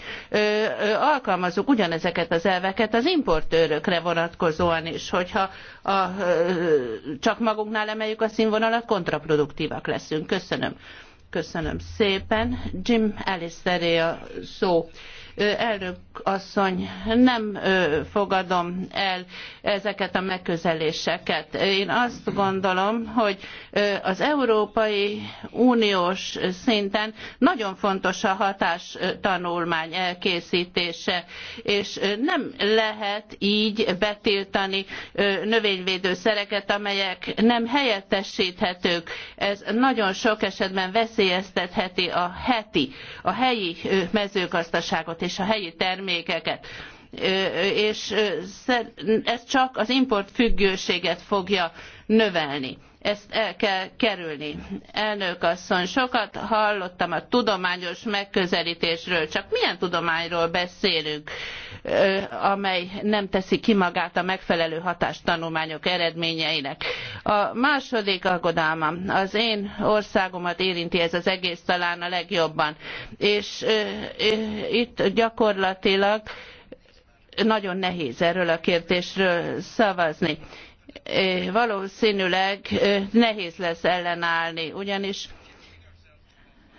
alkalmazzuk ugyanezeket az elveket az importőrökre vonatkozóan is, hogyha a, csak magunknál emeljük a színvonalat, kontraproduktívak leszünk. Köszönöm. Köszönöm szépen. Jim Alisteré a szó. Elnök asszony, nem fogadom el ezeket a megközeléseket. Én azt gondolom, hogy az Európai Uniós szinten nagyon fontos a hatástanulmány elkészítése, és nem lehet így betiltani növényvédőszereket, amelyek nem helyettesíthetők. Ez nagyon sok esetben veszélyeztetheti a heti, a helyi mezőgazdaságot és a helyi termékeket és ez csak az importfüggőséget fogja növelni. Ezt el kell kerülni. Elnök asszony, sokat hallottam a tudományos megközelítésről, csak milyen tudományról beszélünk, amely nem teszi ki magát a megfelelő hatástanulmányok eredményeinek. A második aggodalmam, az én országomat érinti ez az egész talán a legjobban, és itt gyakorlatilag nagyon nehéz erről a kérdésről szavazni valószínűleg nehéz lesz ellenállni, ugyanis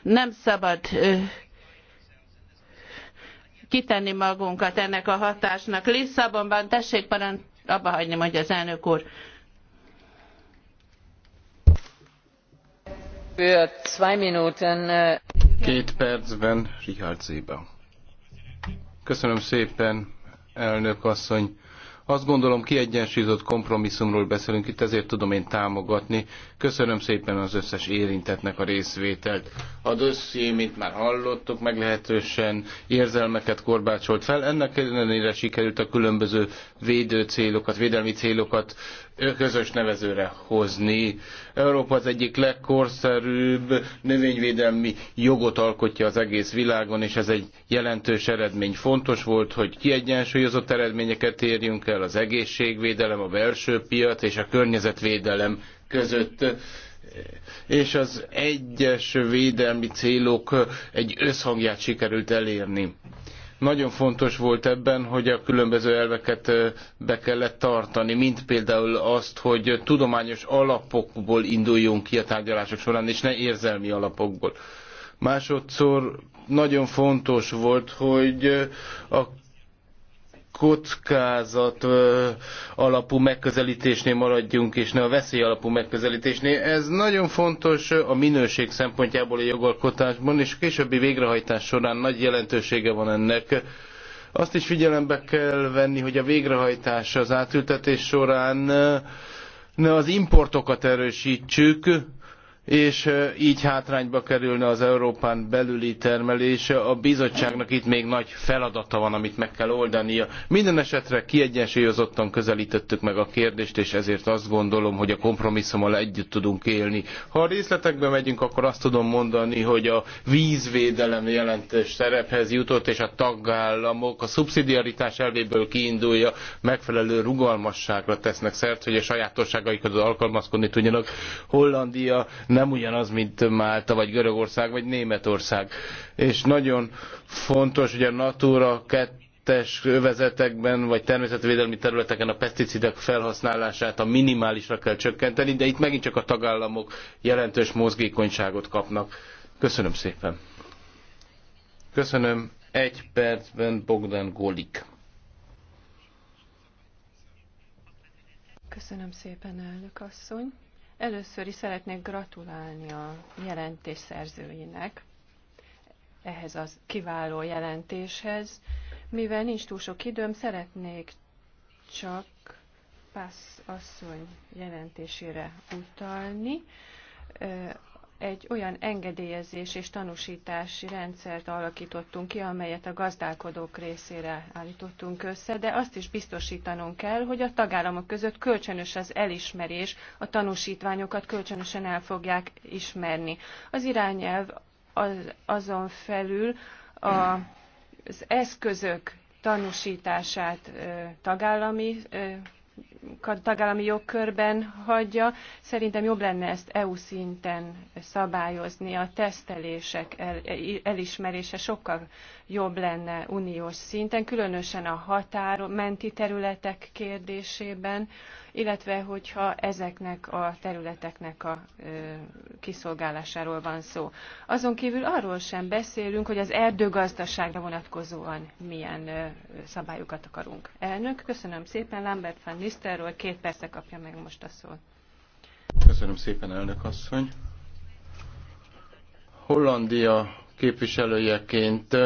nem szabad kitenni magunkat ennek a hatásnak. Lisszabonban tessék parancs, abba hagyni, mondja az elnök úr. Két percben Richard Zéba. Köszönöm szépen, elnök asszony. Azt gondolom kiegyensúlyozott kompromisszumról beszélünk itt, ezért tudom én támogatni, Köszönöm szépen az összes érintetnek a részvételt. A dosszié, mint már hallottuk, meglehetősen érzelmeket korbácsolt fel. Ennek ellenére sikerült a különböző védő célokat, védelmi célokat közös nevezőre hozni. Európa az egyik legkorszerűbb növényvédelmi jogot alkotja az egész világon, és ez egy jelentős eredmény. Fontos volt, hogy kiegyensúlyozott eredményeket érjünk el, az egészségvédelem, a belső piac és a környezetvédelem között és az egyes védelmi célok egy összhangját sikerült elérni. Nagyon fontos volt ebben, hogy a különböző elveket be kellett tartani, mint például azt, hogy tudományos alapokból induljunk ki a tárgyalások során, és ne érzelmi alapokból. Másodszor nagyon fontos volt, hogy a kockázat alapú megközelítésnél maradjunk, és ne a veszély alapú megközelítésnél. Ez nagyon fontos a minőség szempontjából a jogalkotásban, és a későbbi végrehajtás során nagy jelentősége van ennek. Azt is figyelembe kell venni, hogy a végrehajtás az átültetés során ne az importokat erősítsük, és így hátrányba kerülne az Európán belüli termelés A bizottságnak itt még nagy feladata van, amit meg kell oldania. Minden esetre kiegyensúlyozottan közelítettük meg a kérdést, és ezért azt gondolom, hogy a kompromisszummal együtt tudunk élni. Ha a részletekbe megyünk, akkor azt tudom mondani, hogy a vízvédelem jelentős szerephez jutott, és a tagállamok a szubszidiaritás elvéből kiindulja, megfelelő rugalmasságra tesznek szert, hogy a sajátosságaikat alkalmazkodni tudjanak. Hollandia nem ugyanaz, mint Málta, vagy Görögország, vagy Németország. És nagyon fontos, hogy a Natura 2-es övezetekben, vagy természetvédelmi területeken a peszticidek felhasználását a minimálisra kell csökkenteni, de itt megint csak a tagállamok jelentős mozgékonyságot kapnak. Köszönöm szépen. Köszönöm. Egy percben Bogdan Golik. Köszönöm szépen, elnök asszony. Először is szeretnék gratulálni a jelentés szerzőinek ehhez a kiváló jelentéshez. Mivel nincs túl sok időm, szeretnék csak Pász asszony jelentésére utalni egy olyan engedélyezés és tanúsítási rendszert alakítottunk ki, amelyet a gazdálkodók részére állítottunk össze, de azt is biztosítanunk kell, hogy a tagállamok között kölcsönös az elismerés, a tanúsítványokat kölcsönösen el fogják ismerni. Az irányelv az, azon felül a, az eszközök tanúsítását tagállami tagállami jogkörben hagyja. Szerintem jobb lenne ezt EU szinten szabályozni, a tesztelések el, elismerése sokkal jobb lenne uniós szinten, különösen a határon menti területek kérdésében, illetve hogyha ezeknek a területeknek a kiszolgálásáról van szó. Azon kívül arról sem beszélünk, hogy az erdőgazdaságra vonatkozóan milyen szabályokat akarunk. Elnök, köszönöm szépen, Lambert van Nisterről két percre kapja meg most a szót. Köszönöm szépen, elnök asszony. Hollandia képviselőjeként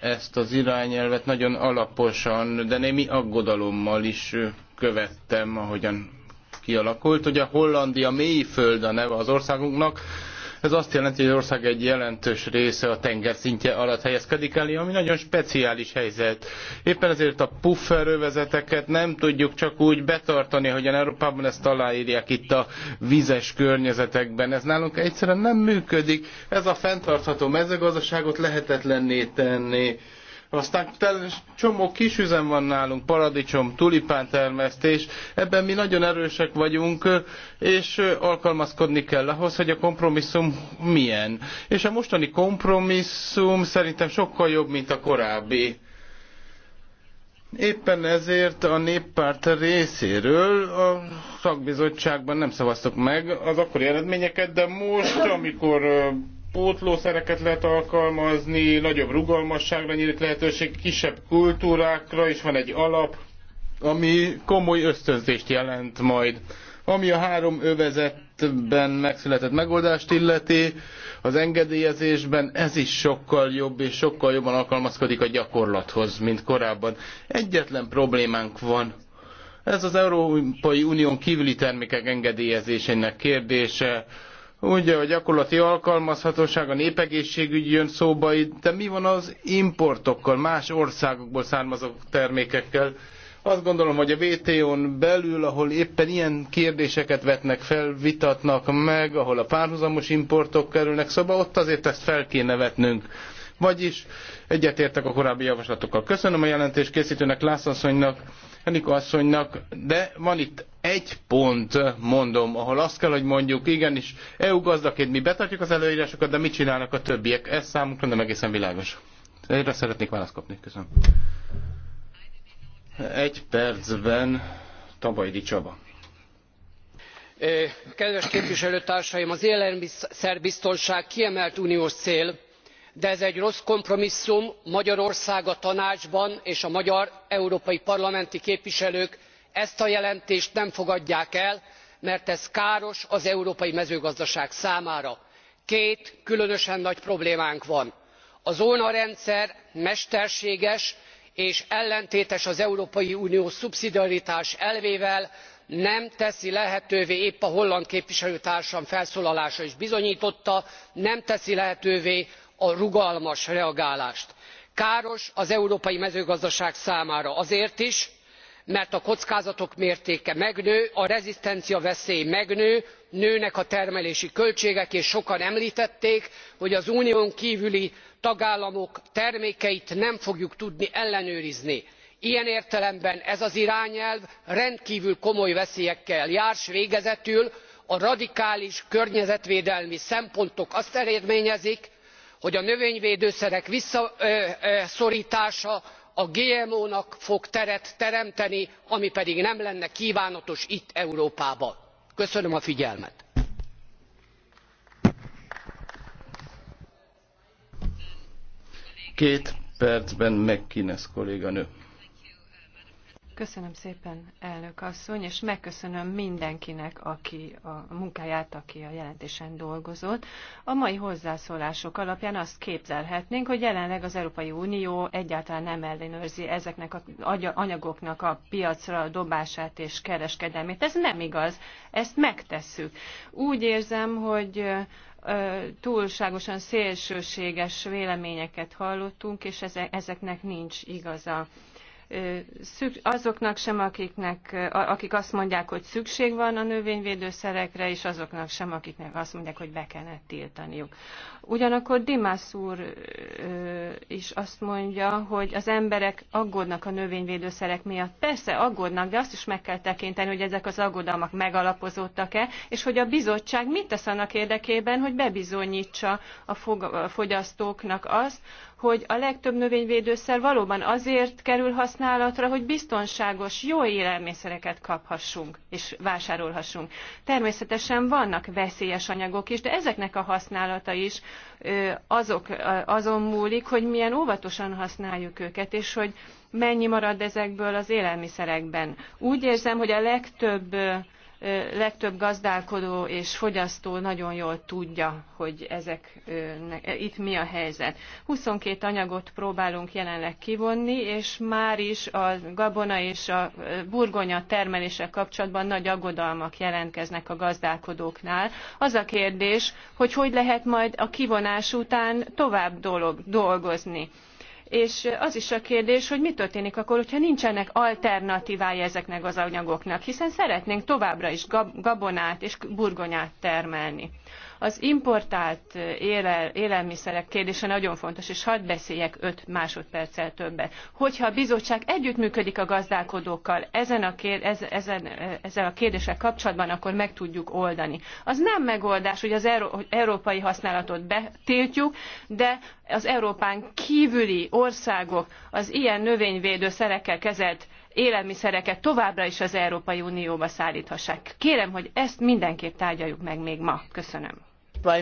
ezt az irányelvet nagyon alaposan, de némi aggodalommal is követtem, ahogyan kialakult. Ugye Hollandia mélyföld a neve az országunknak, ez azt jelenti, hogy az ország egy jelentős része a tengerszintje alatt helyezkedik el, ami nagyon speciális helyzet. Éppen ezért a pufferövezeteket nem tudjuk csak úgy betartani, hogyan Európában ezt aláírják itt a vizes környezetekben. Ez nálunk egyszerűen nem működik. Ez a fenntartható mezőgazdaságot lehetetlenné tenni aztán csomó kisüzem van nálunk, paradicsom, tulipántermesztés, ebben mi nagyon erősek vagyunk, és alkalmazkodni kell ahhoz, hogy a kompromisszum milyen. És a mostani kompromisszum szerintem sokkal jobb, mint a korábbi. Éppen ezért a néppárt részéről a szakbizottságban nem szavaztuk meg az akkori eredményeket, de most, amikor pótlószereket lehet alkalmazni, nagyobb rugalmasságra nyílik lehetőség, kisebb kultúrákra is van egy alap, ami komoly ösztönzést jelent majd. Ami a három övezetben megszületett megoldást illeti, az engedélyezésben ez is sokkal jobb és sokkal jobban alkalmazkodik a gyakorlathoz, mint korábban. Egyetlen problémánk van. Ez az Európai Unión kívüli termékek engedélyezésének kérdése Ugye a gyakorlati alkalmazhatóság, a népegészségügy jön szóba itt, de mi van az importokkal, más országokból származó termékekkel? Azt gondolom, hogy a WTO-n belül, ahol éppen ilyen kérdéseket vetnek fel, vitatnak meg, ahol a párhuzamos importok kerülnek szóba, ott azért ezt fel kéne vetnünk. Vagyis egyetértek a korábbi javaslatokkal. Köszönöm a jelentés készítőnek, Lászaszonynak Enikó asszonynak, de van itt egy pont, mondom, ahol azt kell, hogy mondjuk, igenis, EU gazdaként mi betartjuk az előírásokat, de mit csinálnak a többiek? Ez számunkra nem egészen világos. Erre szeretnék választ kapni. Köszönöm. Egy percben Tabajdi Csaba kedves képviselőtársaim az élelmiszerbiztonság kiemelt uniós cél de ez egy rossz kompromisszum magyarország a tanácsban és a magyar európai parlamenti képviselők ezt a jelentést nem fogadják el mert ez káros az európai mezőgazdaság számára. két különösen nagy problémánk van a zónarendszer mesterséges és ellentétes az európai unió szubszidiaritás elvével nem teszi lehetővé épp a holland képviselőtársam felszólalása is bizonytotta nem teszi lehetővé a rugalmas reagálást. káros az európai mezőgazdaság számára azért is mert a kockázatok mértéke megnő a rezisztenciaveszély megnő nőnek a termelési költségek és sokan emltették hogy az unión kvüli tagállamok termékeit nem fogjuk tudni ellenőrizni. ilyen értelemben ez az irányelv rendkvül komoly veszélyekkel jár s végezetül a radikális környezetvédelmi szempontok azt eredményezik hogy a növényvédőszerek visszaszortása a gmo nak fog teret teremteni ami pedig nem lenne kvánatos itt európában. köszönöm a figyelmet. két percben Köszönöm szépen, elnök asszony, és megköszönöm mindenkinek, aki a munkáját, aki a jelentésen dolgozott. A mai hozzászólások alapján azt képzelhetnénk, hogy jelenleg az Európai Unió egyáltalán nem ellenőrzi ezeknek az anyagoknak a piacra dobását és kereskedelmét. Ez nem igaz, ezt megtesszük. Úgy érzem, hogy túlságosan szélsőséges véleményeket hallottunk, és ezeknek nincs igaza azoknak sem, akiknek, akik azt mondják, hogy szükség van a növényvédőszerekre, és azoknak sem, akiknek azt mondják, hogy be kellene tiltaniuk. Ugyanakkor Dimász úr is azt mondja, hogy az emberek aggódnak a növényvédőszerek miatt. Persze aggódnak, de azt is meg kell tekinteni, hogy ezek az aggodalmak megalapozódtak-e, és hogy a bizottság mit tesz annak érdekében, hogy bebizonyítsa a fogyasztóknak azt, hogy a legtöbb növényvédőszer valóban azért kerül használatra, hogy biztonságos, jó élelmiszereket kaphassunk és vásárolhassunk. Természetesen vannak veszélyes anyagok is, de ezeknek a használata is azok, azon múlik, hogy milyen óvatosan használjuk őket, és hogy mennyi marad ezekből az élelmiszerekben. Úgy érzem, hogy a legtöbb legtöbb gazdálkodó és fogyasztó nagyon jól tudja, hogy ezek, e, itt mi a helyzet. 22 anyagot próbálunk jelenleg kivonni, és már is a gabona és a burgonya termelése kapcsolatban nagy aggodalmak jelentkeznek a gazdálkodóknál. Az a kérdés, hogy hogy lehet majd a kivonás után tovább dolgozni és az is a kérdés, hogy mi történik akkor, hogyha nincsenek alternatívája ezeknek az anyagoknak, hiszen szeretnénk továbbra is gabonát és burgonyát termelni. Az importált élel, élelmiszerek kérdése nagyon fontos, és hadd beszéljek 5 másodperccel többet. Hogyha a bizottság együttműködik a gazdálkodókkal ezen a, kér, ez, ezen, ezzel a kérdéssel kapcsolatban, akkor meg tudjuk oldani. Az nem megoldás, hogy az euró, európai használatot betiltjuk, de az Európán kívüli országok az ilyen növényvédőszerekkel kezelt élelmiszereket továbbra is az Európai Unióba szállíthassák. Kérem, hogy ezt mindenképp tárgyaljuk meg még ma. Köszönöm. Äh,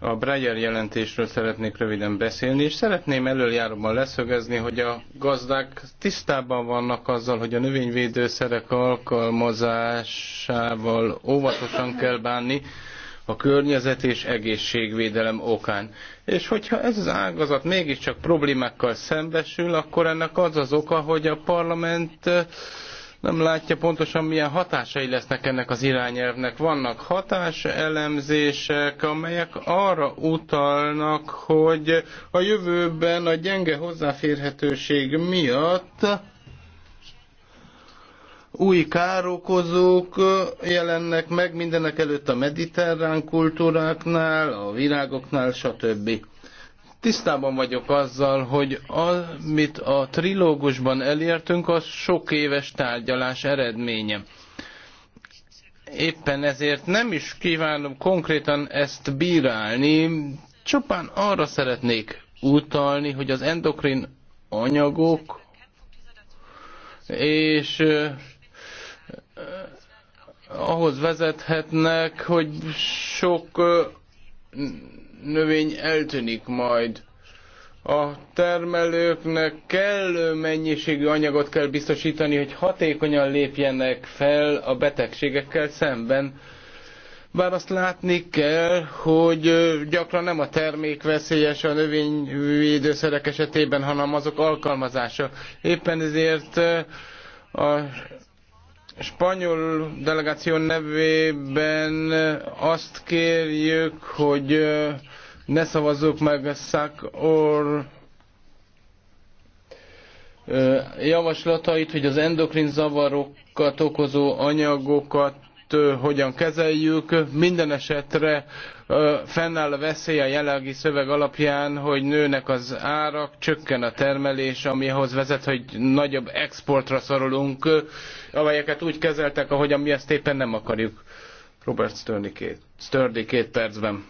a Breyer jelentésről szeretnék röviden beszélni, és szeretném előjáróban leszögezni, hogy a gazdák tisztában vannak azzal, hogy a növényvédőszerek alkalmazásával óvatosan kell bánni, a környezet és egészségvédelem okán. És hogyha ez az ágazat mégiscsak problémákkal szembesül, akkor ennek az az oka, hogy a parlament eh, nem látja pontosan milyen hatásai lesznek ennek az irányelvnek. Vannak hatáselemzések, amelyek arra utalnak, hogy a jövőben a gyenge hozzáférhetőség miatt új károkozók jelennek meg mindenek előtt a mediterrán kultúráknál, a virágoknál, stb. Tisztában vagyok azzal, hogy amit a trilógusban elértünk, az sok éves tárgyalás eredménye. Éppen ezért nem is kívánom konkrétan ezt bírálni, csupán arra szeretnék utalni, hogy az endokrin anyagok és ahhoz vezethetnek, hogy sok növény eltűnik majd. A termelőknek kellő mennyiségű anyagot kell biztosítani, hogy hatékonyan lépjenek fel a betegségekkel szemben. Bár azt látni kell, hogy gyakran nem a termék veszélyes a növényvédőszerek esetében, hanem azok alkalmazása. Éppen ezért a spanyol delegáció nevében azt kérjük, hogy ne szavazzuk meg Szak or javaslatait, hogy az endokrin zavarokat okozó anyagokat hogyan kezeljük. Minden esetre fennáll a veszély a jelenlegi szöveg alapján, hogy nőnek az árak, csökken a termelés, ami ahhoz vezet, hogy nagyobb exportra szorulunk, amelyeket úgy kezeltek, ahogyan mi ezt éppen nem akarjuk. Robert Sturdy két, Sturdy két percben.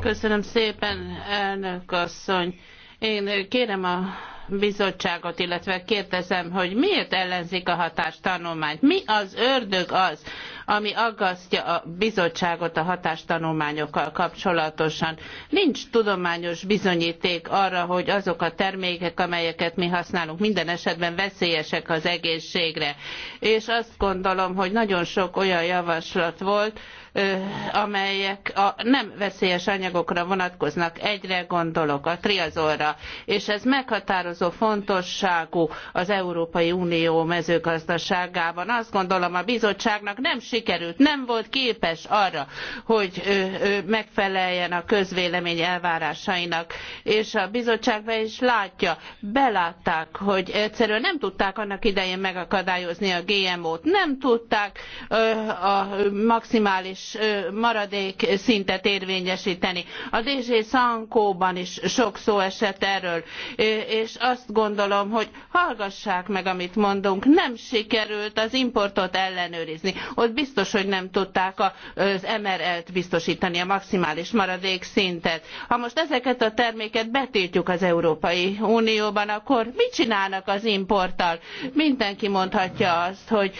Köszönöm szépen, elnök asszony. Én kérem a bizottságot, illetve kérdezem, hogy miért ellenzik a hatástanulmányt? Mi az ördög az, ami aggasztja a bizottságot a hatástanulmányokkal kapcsolatosan. Nincs tudományos bizonyíték arra, hogy azok a termékek, amelyeket mi használunk, minden esetben veszélyesek az egészségre. És azt gondolom, hogy nagyon sok olyan javaslat volt, amelyek a nem veszélyes anyagokra vonatkoznak, egyre gondolok a triazolra, és ez meghatározó fontosságú az Európai Unió mezőgazdaságában. Azt gondolom a bizottságnak nem sikerült, nem volt képes arra, hogy megfeleljen a közvélemény elvárásainak, és a bizottság be is látja, belátták, hogy egyszerűen nem tudták annak idején megakadályozni a GMO-t, nem tudták a maximális maradék szintet érvényesteni. A DG Szankóban is sok szó esett erről, és azt gondolom, hogy hallgassák meg, amit mondunk. Nem sikerült az importot ellenőrizni. Ott biztos, hogy nem tudták az MRL-t biztosítani, a maximális maradék szintet. Ha most ezeket a terméket betiltjuk az Európai Unióban, akkor mit csinálnak az importtal? Mindenki mondhatja azt, hogy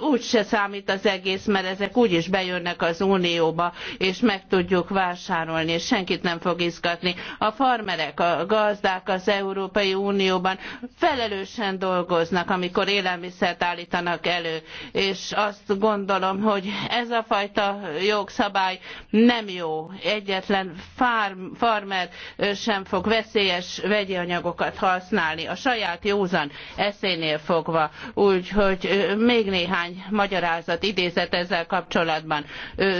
úgy se számít az egész, mert ezek úgyis bejönnek jönnek az unióba, és meg tudjuk vásárolni, és senkit nem fog izgatni. A farmerek, a gazdák az Európai Unióban felelősen dolgoznak, amikor élelmiszert állítanak elő, és azt gondolom, hogy ez a fajta jogszabály nem jó. Egyetlen farm, farmer sem fog veszélyes vegyi anyagokat használni, a saját józan eszénél fogva. Úgyhogy még néhány magyarázat idézet ezzel kapcsolatban.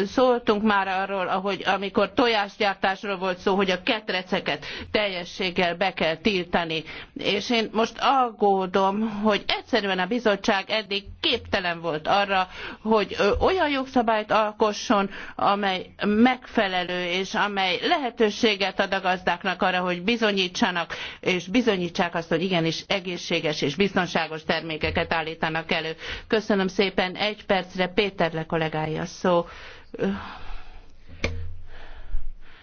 Szóltunk már arról, ahogy amikor tojásgyártásról volt szó, hogy a ketreceket teljességgel be kell tiltani. És én most aggódom, hogy egyszerűen a bizottság eddig képtelen volt arra, hogy olyan jogszabályt alkosson, amely megfelelő, és amely lehetőséget ad a gazdáknak arra, hogy bizonyítsanak, és bizonyítsák azt, hogy igenis egészséges és biztonságos termékeket állítanak elő. Köszönöm szépen, egy percre Péter le kollégája szó.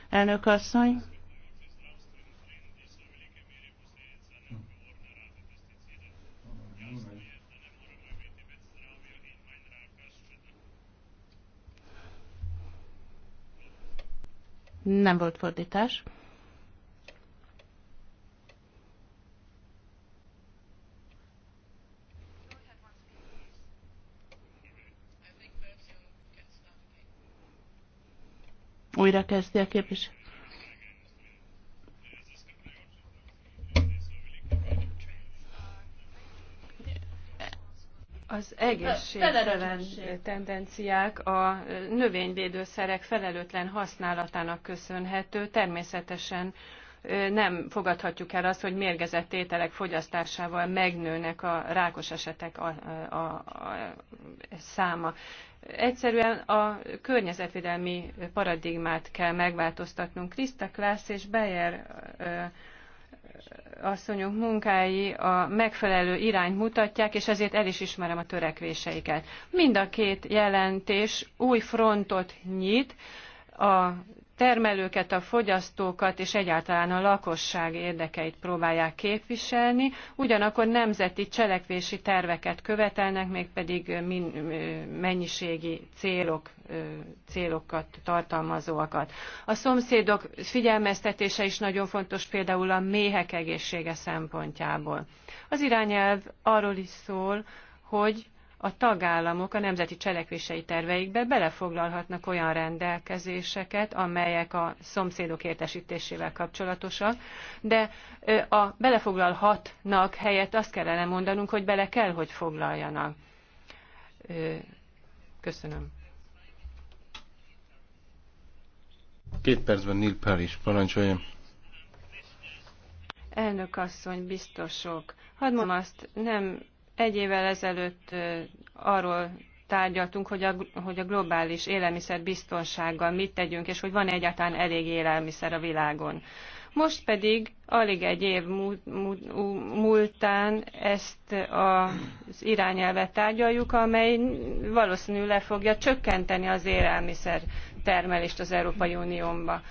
Elnök asszony. Nem volt fordítás. Újra kezdi a képvis. Az egészségtelen tendenciák a növényvédőszerek felelőtlen használatának köszönhető, természetesen nem fogadhatjuk el azt, hogy mérgezett ételek fogyasztásával megnőnek a rákos esetek a, a, a, száma. Egyszerűen a környezetvédelmi paradigmát kell megváltoztatnunk. Krista Klász és Beyer asszonyok munkái a megfelelő irányt mutatják, és ezért el is ismerem a törekvéseiket. Mind a két jelentés új frontot nyit, a termelőket, a fogyasztókat és egyáltalán a lakosság érdekeit próbálják képviselni, ugyanakkor nemzeti cselekvési terveket követelnek, mégpedig mennyiségi célokat tartalmazóakat. A szomszédok figyelmeztetése is nagyon fontos például a méhek egészsége szempontjából. Az irányelv arról is szól, hogy a tagállamok a nemzeti cselekvései terveikbe belefoglalhatnak olyan rendelkezéseket, amelyek a szomszédok értesítésével kapcsolatosak, de a belefoglalhatnak helyett azt kellene mondanunk, hogy bele kell, hogy foglaljanak. Köszönöm. Két percben Neil Paris, parancsolja. Elnök asszony, biztosok. Hadd mondom azt, nem egy évvel ezelőtt arról tárgyaltunk, hogy a, hogy a globális élelmiszerbiztonsággal mit tegyünk, és hogy van -e egyáltalán elég élelmiszer a világon. Most pedig alig egy év múltán ezt az irányelvet tárgyaljuk, amely valószínűleg le fogja csökkenteni az élelmiszer termelést az Európai Uniónba.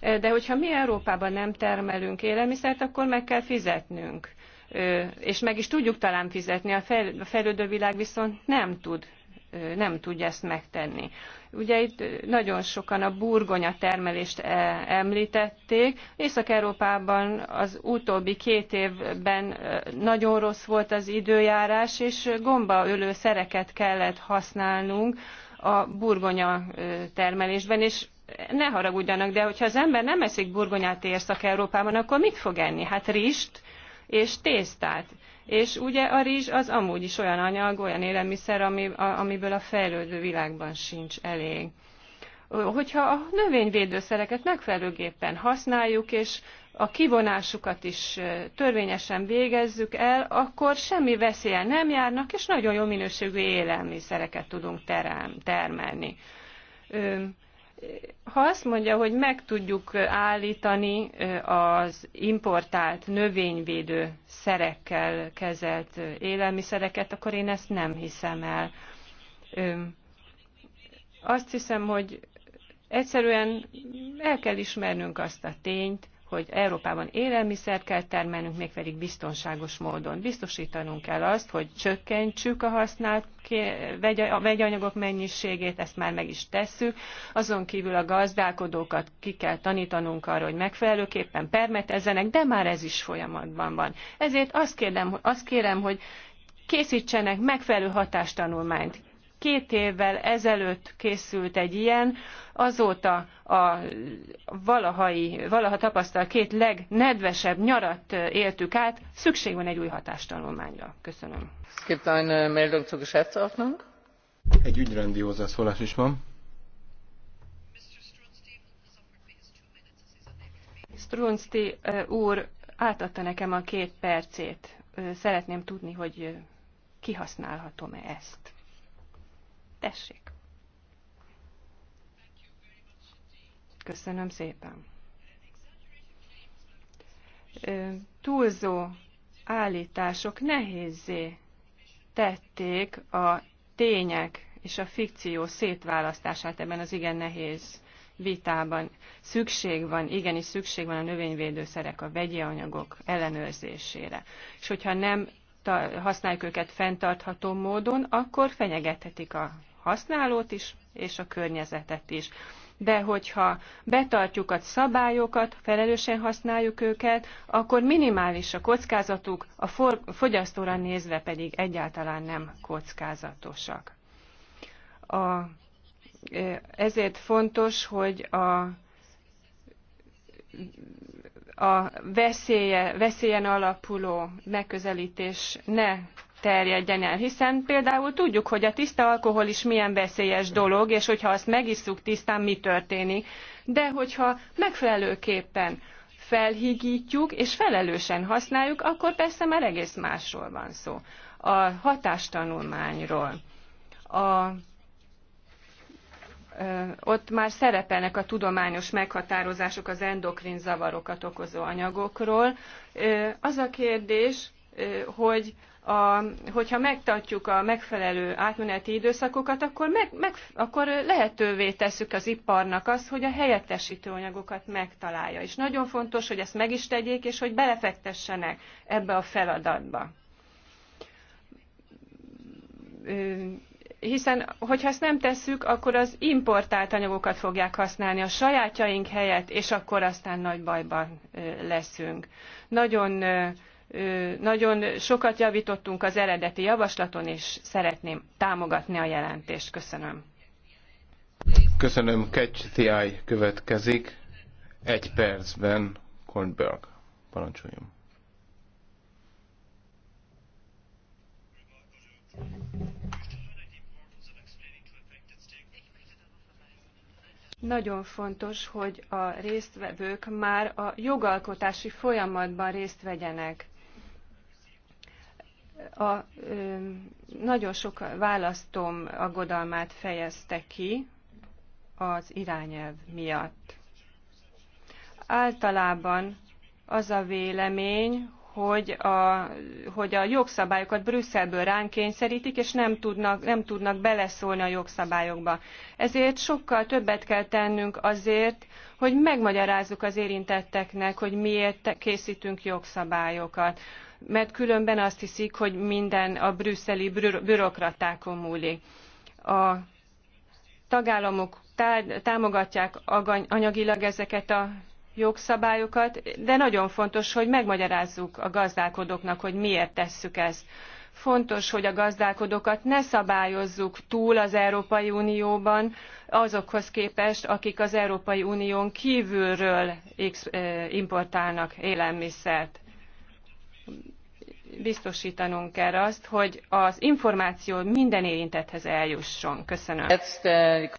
De hogyha mi Európában nem termelünk élelmiszert, akkor meg kell fizetnünk és meg is tudjuk talán fizetni, a fejlődő világ viszont nem tud nem tudja ezt megtenni. Ugye itt nagyon sokan a burgonya termelést e, említették. Észak-Európában az utóbbi két évben nagyon rossz volt az időjárás, és gombaölő szereket kellett használnunk a burgonya termelésben, és ne haragudjanak, de hogyha az ember nem eszik burgonyát Észak-Európában, akkor mit fog enni? Hát rist, és tésztát. És ugye a rizs az amúgy is olyan anyag, olyan élelmiszer, ami, a, amiből a fejlődő világban sincs elég. Hogyha a növényvédőszereket megfelelőképpen használjuk, és a kivonásukat is törvényesen végezzük el, akkor semmi veszélyen nem járnak, és nagyon jó minőségű élelmiszereket tudunk terem, termelni ha azt mondja, hogy meg tudjuk állítani az importált növényvédő szerekkel kezelt élelmiszereket, akkor én ezt nem hiszem el. Azt hiszem, hogy egyszerűen el kell ismernünk azt a tényt, hogy Európában élelmiszert kell termelnünk, mégpedig biztonságos módon. Biztosítanunk kell azt, hogy csökkentsük a használt a vegyanyagok mennyiségét, ezt már meg is tesszük. Azon kívül a gazdálkodókat ki kell tanítanunk arra, hogy megfelelőképpen permetezzenek, de már ez is folyamatban van. Ezért azt, kérdem, azt kérem, hogy készítsenek megfelelő hatástanulmányt, Két évvel ezelőtt készült egy ilyen, azóta a valahai, valaha tapasztalt két legnedvesebb nyarat éltük át, szükség van egy új hatástanulmányra. Köszönöm. Es gibt eine Meldung Geschäftsordnung. Egy ügyrendi hozzászólás is van. Strunsti úr átadta nekem a két percét. Szeretném tudni, hogy kihasználhatom-e ezt. Tessék! Köszönöm szépen! Túlzó állítások nehézé tették a tények és a fikció szétválasztását ebben az igen nehéz vitában. Szükség van, igenis szükség van a növényvédőszerek, a vegyi anyagok ellenőrzésére. És hogyha nem használjuk őket fenntartható módon, akkor fenyegethetik a használót is, és a környezetet is. De hogyha betartjuk a szabályokat, felelősen használjuk őket, akkor minimális a kockázatuk, a fogyasztóra nézve pedig egyáltalán nem kockázatosak. A, e, ezért fontos, hogy a a veszélye, veszélyen alapuló megközelítés ne terjedjen el, hiszen például tudjuk, hogy a tiszta alkohol is milyen veszélyes dolog, és hogyha azt megisszuk tisztán, mi történik. De hogyha megfelelőképpen felhigítjuk és felelősen használjuk, akkor persze már egész másról van szó. A hatástanulmányról. A ott már szerepelnek a tudományos meghatározások az endokrin zavarokat okozó anyagokról. Az a kérdés, hogy a, hogyha megtartjuk a megfelelő átmeneti időszakokat, akkor, meg, meg, akkor lehetővé tesszük az iparnak azt, hogy a helyettesítő anyagokat megtalálja. És nagyon fontos, hogy ezt meg is tegyék, és hogy belefektessenek ebbe a feladatba hiszen hogyha ezt nem tesszük, akkor az importált anyagokat fogják használni a sajátjaink helyett, és akkor aztán nagy bajban leszünk. Nagyon, nagyon sokat javítottunk az eredeti javaslaton, és szeretném támogatni a jelentést. Köszönöm. Köszönöm. Catch the Eye következik. Egy percben Kornberg. Parancsoljon. Nagyon fontos, hogy a résztvevők már a jogalkotási folyamatban részt vegyenek. A, ö, nagyon sok választom aggodalmát fejezte ki az irányelv miatt. Általában az a vélemény, hogy a, hogy a jogszabályokat Brüsszelből ránk kényszerítik, és nem tudnak, nem tudnak beleszólni a jogszabályokba. Ezért sokkal többet kell tennünk azért, hogy megmagyarázzuk az érintetteknek, hogy miért készítünk jogszabályokat. Mert különben azt hiszik, hogy minden a brüsszeli bürokratákon múlik. A tagállamok támogatják anyagilag ezeket a jogszabályokat, de nagyon fontos, hogy megmagyarázzuk a gazdálkodóknak, hogy miért tesszük ezt. Fontos, hogy a gazdálkodókat ne szabályozzuk túl az Európai Unióban azokhoz képest, akik az Európai Unión kívülről eh, importálnak élelmiszert biztosítanunk kell azt, hogy az információ minden érintetthez eljusson. Köszönöm. Eh,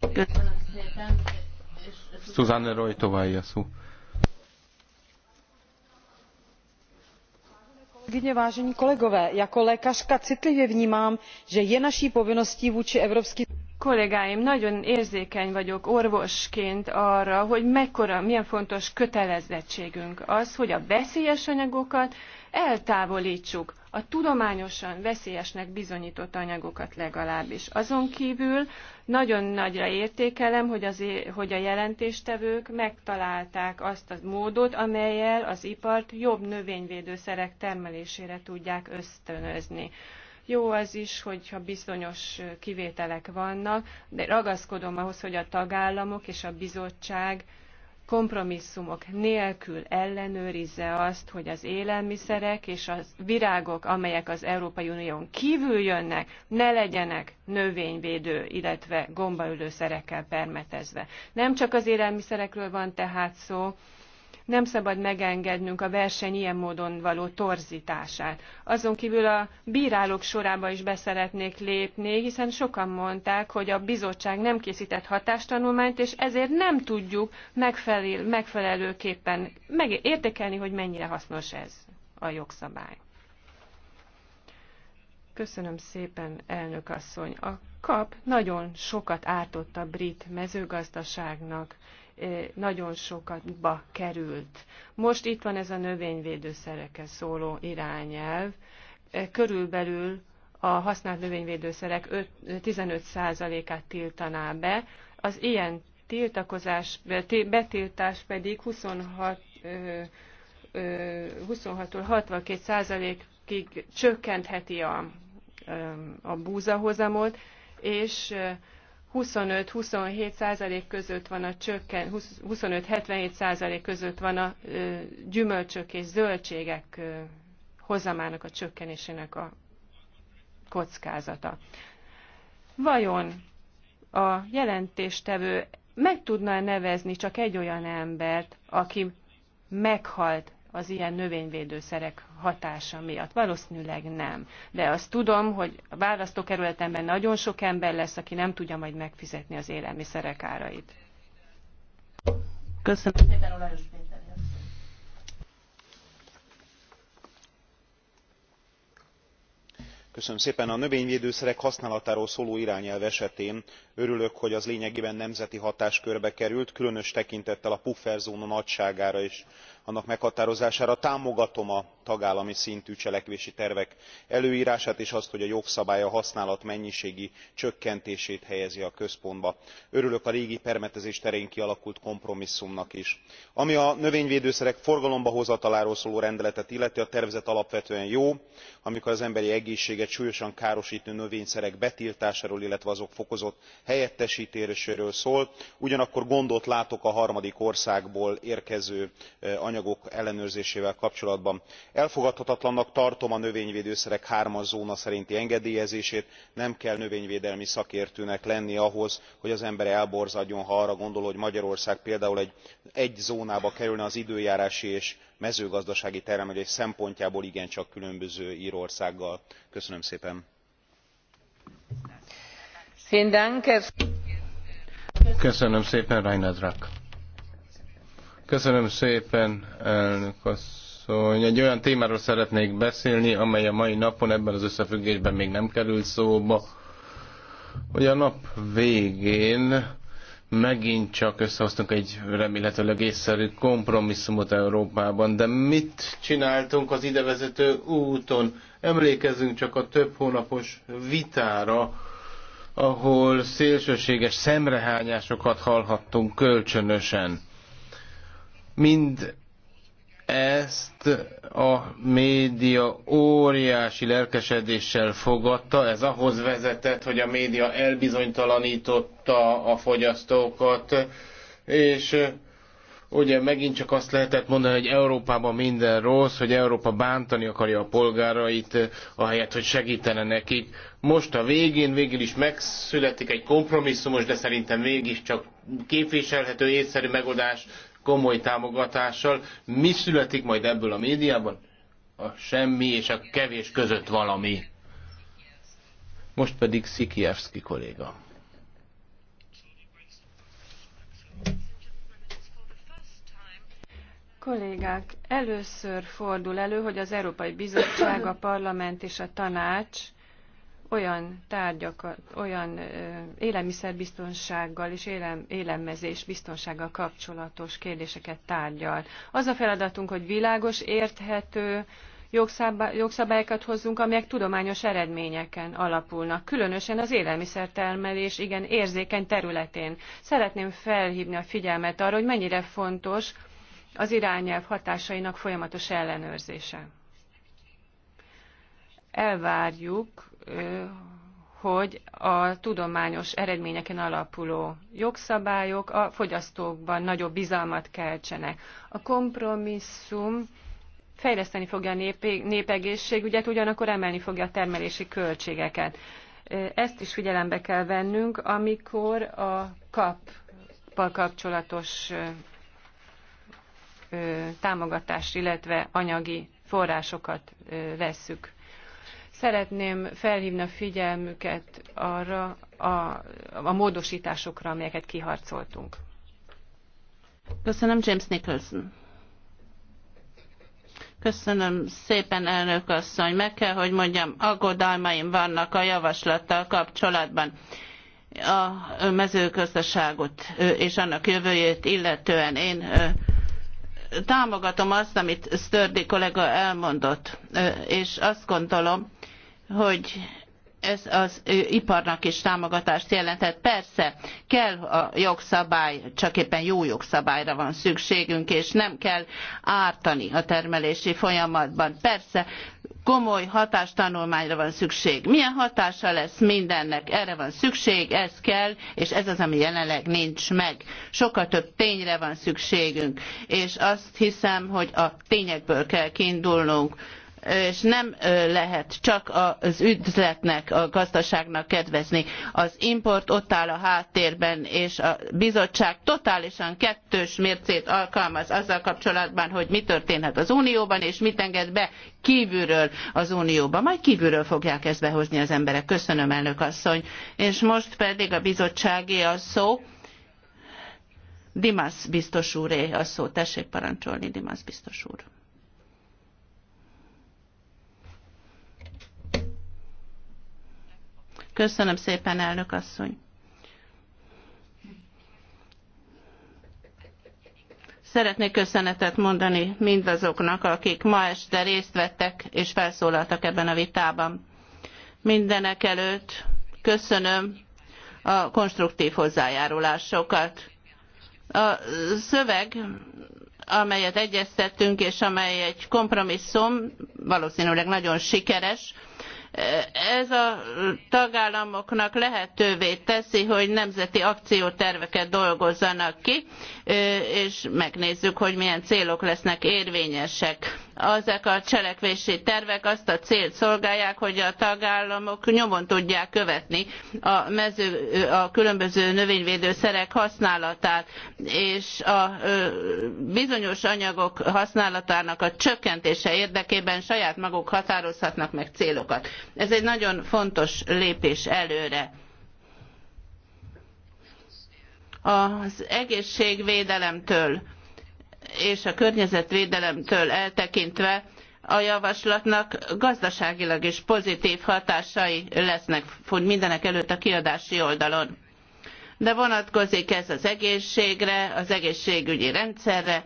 vážení kolegové jako lékařka citlivě vnímám že je naší povinností vůči evropským. kollégáim nagyon érzékeny vagyok orvosként arra hogy mekkora milyen fontos kötelezettségünk az hogy a veszélyes anyagokat eltávoltsuk a tudományosan veszélyesnek bizonytott anyagokat legalábbis. azon kvül nagyon nagyra értékelem, hogy, az, hogy a jelentéstevők megtalálták azt a módot, amelyel az ipart jobb növényvédőszerek termelésére tudják ösztönözni. Jó az is, hogyha bizonyos kivételek vannak, de ragaszkodom ahhoz, hogy a tagállamok és a bizottság kompromisszumok nélkül ellenőrizze azt, hogy az élelmiszerek és a virágok, amelyek az Európai Unión kívül jönnek, ne legyenek növényvédő, illetve gombaülőszerekkel permetezve. Nem csak az élelmiszerekről van tehát szó, nem szabad megengednünk a verseny ilyen módon való torzítását. Azon kívül a bírálók sorába is beszeretnék lépni, hiszen sokan mondták, hogy a bizottság nem készített hatástanulmányt, és ezért nem tudjuk megfelel, megfelelőképpen értékelni, hogy mennyire hasznos ez a jogszabály. Köszönöm szépen, elnök asszony. A kap nagyon sokat ártott a brit mezőgazdaságnak, nagyon sokatba került. Most itt van ez a növényvédőszerekkel szóló irányelv. Körülbelül a használt növényvédőszerek 15%-át tiltaná be. Az ilyen tiltakozás, betiltás pedig 26 26-tól 62 százalékig csökkentheti a, a búzahozamot, és 25-27 százalék között van a csökken, 25-77 százalék között van a gyümölcsök és zöldségek hozamának a csökkenésének a kockázata. Vajon a jelentéstevő meg tudna nevezni csak egy olyan embert, aki meghalt az ilyen növényvédőszerek hatása miatt? Valószínűleg nem. De azt tudom, hogy a választókerületemben nagyon sok ember lesz, aki nem tudja majd megfizetni az élelmiszerek árait. Köszönöm szépen, Olajos Péter. Köszönöm szépen. a növényvédőszerek használatáról szóló irányelv esetén örülök hogy az lényegében nemzeti hatáskörbe került különös tekintettel a pufferzóna nagyságára és annak meghatározására támogatom a tagállami szintű cselekvési tervek előrását és azt hogy a jogszabály a használat mennyiségi csökkentését helyezi a központba. örülök a régi permetezés terén kialakult kompromisszumnak is. ami a növényvédőszerek forgalomba hozataláról szóló rendeletet illeti a tervezet alapvetően jó amikor az emberi egészséget súlyosan károstó növényszerek betiltásáról illetve azok fokozott helyettestéséről szól ugyanakkor gondot látok a harmadik országból érkező eh, anyagok ellenőrzésével kapcsolatban elfogadhatatlannak tartom a növényvédőszerek hármas zóna szerinti engedélyezését nem kell növényvédelmi szakértőnek lenni ahhoz hogy az ember elborzadjon ha arra gondol hogy magyarország például egy zónába kerülne az időjárási és mezőgazdasági termelés szempontjából igencsak különböző rországgal. köszönöm szépen! köszönöm szépen Köszönöm szépen, elnök asszony. Egy olyan témáról szeretnék beszélni, amely a mai napon ebben az összefüggésben még nem került szóba, hogy a nap végén megint csak összehoztunk egy remélhetőleg észszerű kompromisszumot Európában, de mit csináltunk az idevezető úton? Emlékezzünk csak a több hónapos vitára, ahol szélsőséges szemrehányásokat hallhattunk kölcsönösen. Mind ezt a média óriási lelkesedéssel fogadta, ez ahhoz vezetett, hogy a média elbizonytalanította a fogyasztókat, és ugye megint csak azt lehetett mondani, hogy Európában minden rossz, hogy Európa bántani akarja a polgárait, ahelyett, hogy segítene nekik. Most a végén végül is megszületik egy kompromisszumos, de szerintem végig csak képviselhető, észszerű megoldás, komoly támogatással. Mi születik majd ebből a médiában? A semmi és a kevés között valami. Most pedig Szikijevszki kolléga. Kollégák, először fordul elő, hogy az Európai Bizottság, a Parlament és a Tanács olyan tárgyakat, olyan élelmiszerbiztonsággal és élem, élelmezés biztonsággal kapcsolatos kérdéseket tárgyal. Az a feladatunk, hogy világos, érthető jogszabály, jogszabályokat hozzunk, amelyek tudományos eredményeken alapulnak, különösen az élelmiszertermelés igen érzékeny területén. Szeretném felhívni a figyelmet arra, hogy mennyire fontos az irányelv hatásainak folyamatos ellenőrzése elvárjuk, hogy a tudományos eredményeken alapuló jogszabályok a fogyasztókban nagyobb bizalmat keltsenek. A kompromisszum fejleszteni fogja a népegészségügyet, ugyanakkor emelni fogja a termelési költségeket. Ezt is figyelembe kell vennünk, amikor a kappal kapcsolatos támogatást, illetve anyagi forrásokat vesszük Szeretném felhívni a figyelmüket arra a, a módosításokra, amelyeket kiharcoltunk. Köszönöm, James Nicholson. Köszönöm szépen, elnök asszony. Meg kell, hogy mondjam, aggodalmaim vannak a javaslattal kapcsolatban a mezőgazdaságot és annak jövőjét illetően. Én támogatom azt, amit Sztördi kollega elmondott, és azt gondolom, hogy ez az iparnak is támogatást jelenthet. Persze, kell a jogszabály, csak éppen jó jogszabályra van szükségünk, és nem kell ártani a termelési folyamatban. Persze, komoly hatástanulmányra van szükség. Milyen hatása lesz mindennek? Erre van szükség, ez kell, és ez az, ami jelenleg nincs meg. Sokkal több tényre van szükségünk, és azt hiszem, hogy a tényekből kell kiindulnunk és nem lehet csak az üzletnek, a gazdaságnak kedvezni. Az import ott áll a háttérben, és a bizottság totálisan kettős mércét alkalmaz azzal kapcsolatban, hogy mi történhet az Unióban, és mit enged be kívülről az Unióba. Majd kívülről fogják ezt behozni az emberek. Köszönöm, elnök asszony. És most pedig a bizottságé a szó. Dimas biztos úré a szó. Tessék parancsolni, Dimas biztos úr. Köszönöm szépen, elnök asszony. Szeretnék köszönetet mondani mindazoknak, akik ma este részt vettek és felszólaltak ebben a vitában. mindenek előtt köszönöm a konstruktív hozzájárulásokat. A szöveg amelyet egyeztettünk és amely egy kompromisszum valószínűleg nagyon sikeres ez a tagállamoknak lehetővé teszi, hogy nemzeti akcióterveket dolgozzanak ki, és megnézzük, hogy milyen célok lesznek érvényesek ezek a cselekvési tervek azt a célt szolgálják, hogy a tagállamok nyomon tudják követni a, mező, a különböző növényvédőszerek használatát, és a bizonyos anyagok használatának a csökkentése érdekében saját maguk határozhatnak meg célokat. Ez egy nagyon fontos lépés előre az egészségvédelemtől és a környezetvédelemtől eltekintve a javaslatnak gazdaságilag is pozitív hatásai lesznek mindenekelőtt a kiadási oldalon. De vonatkozik ez az egészségre, az egészségügyi rendszerre,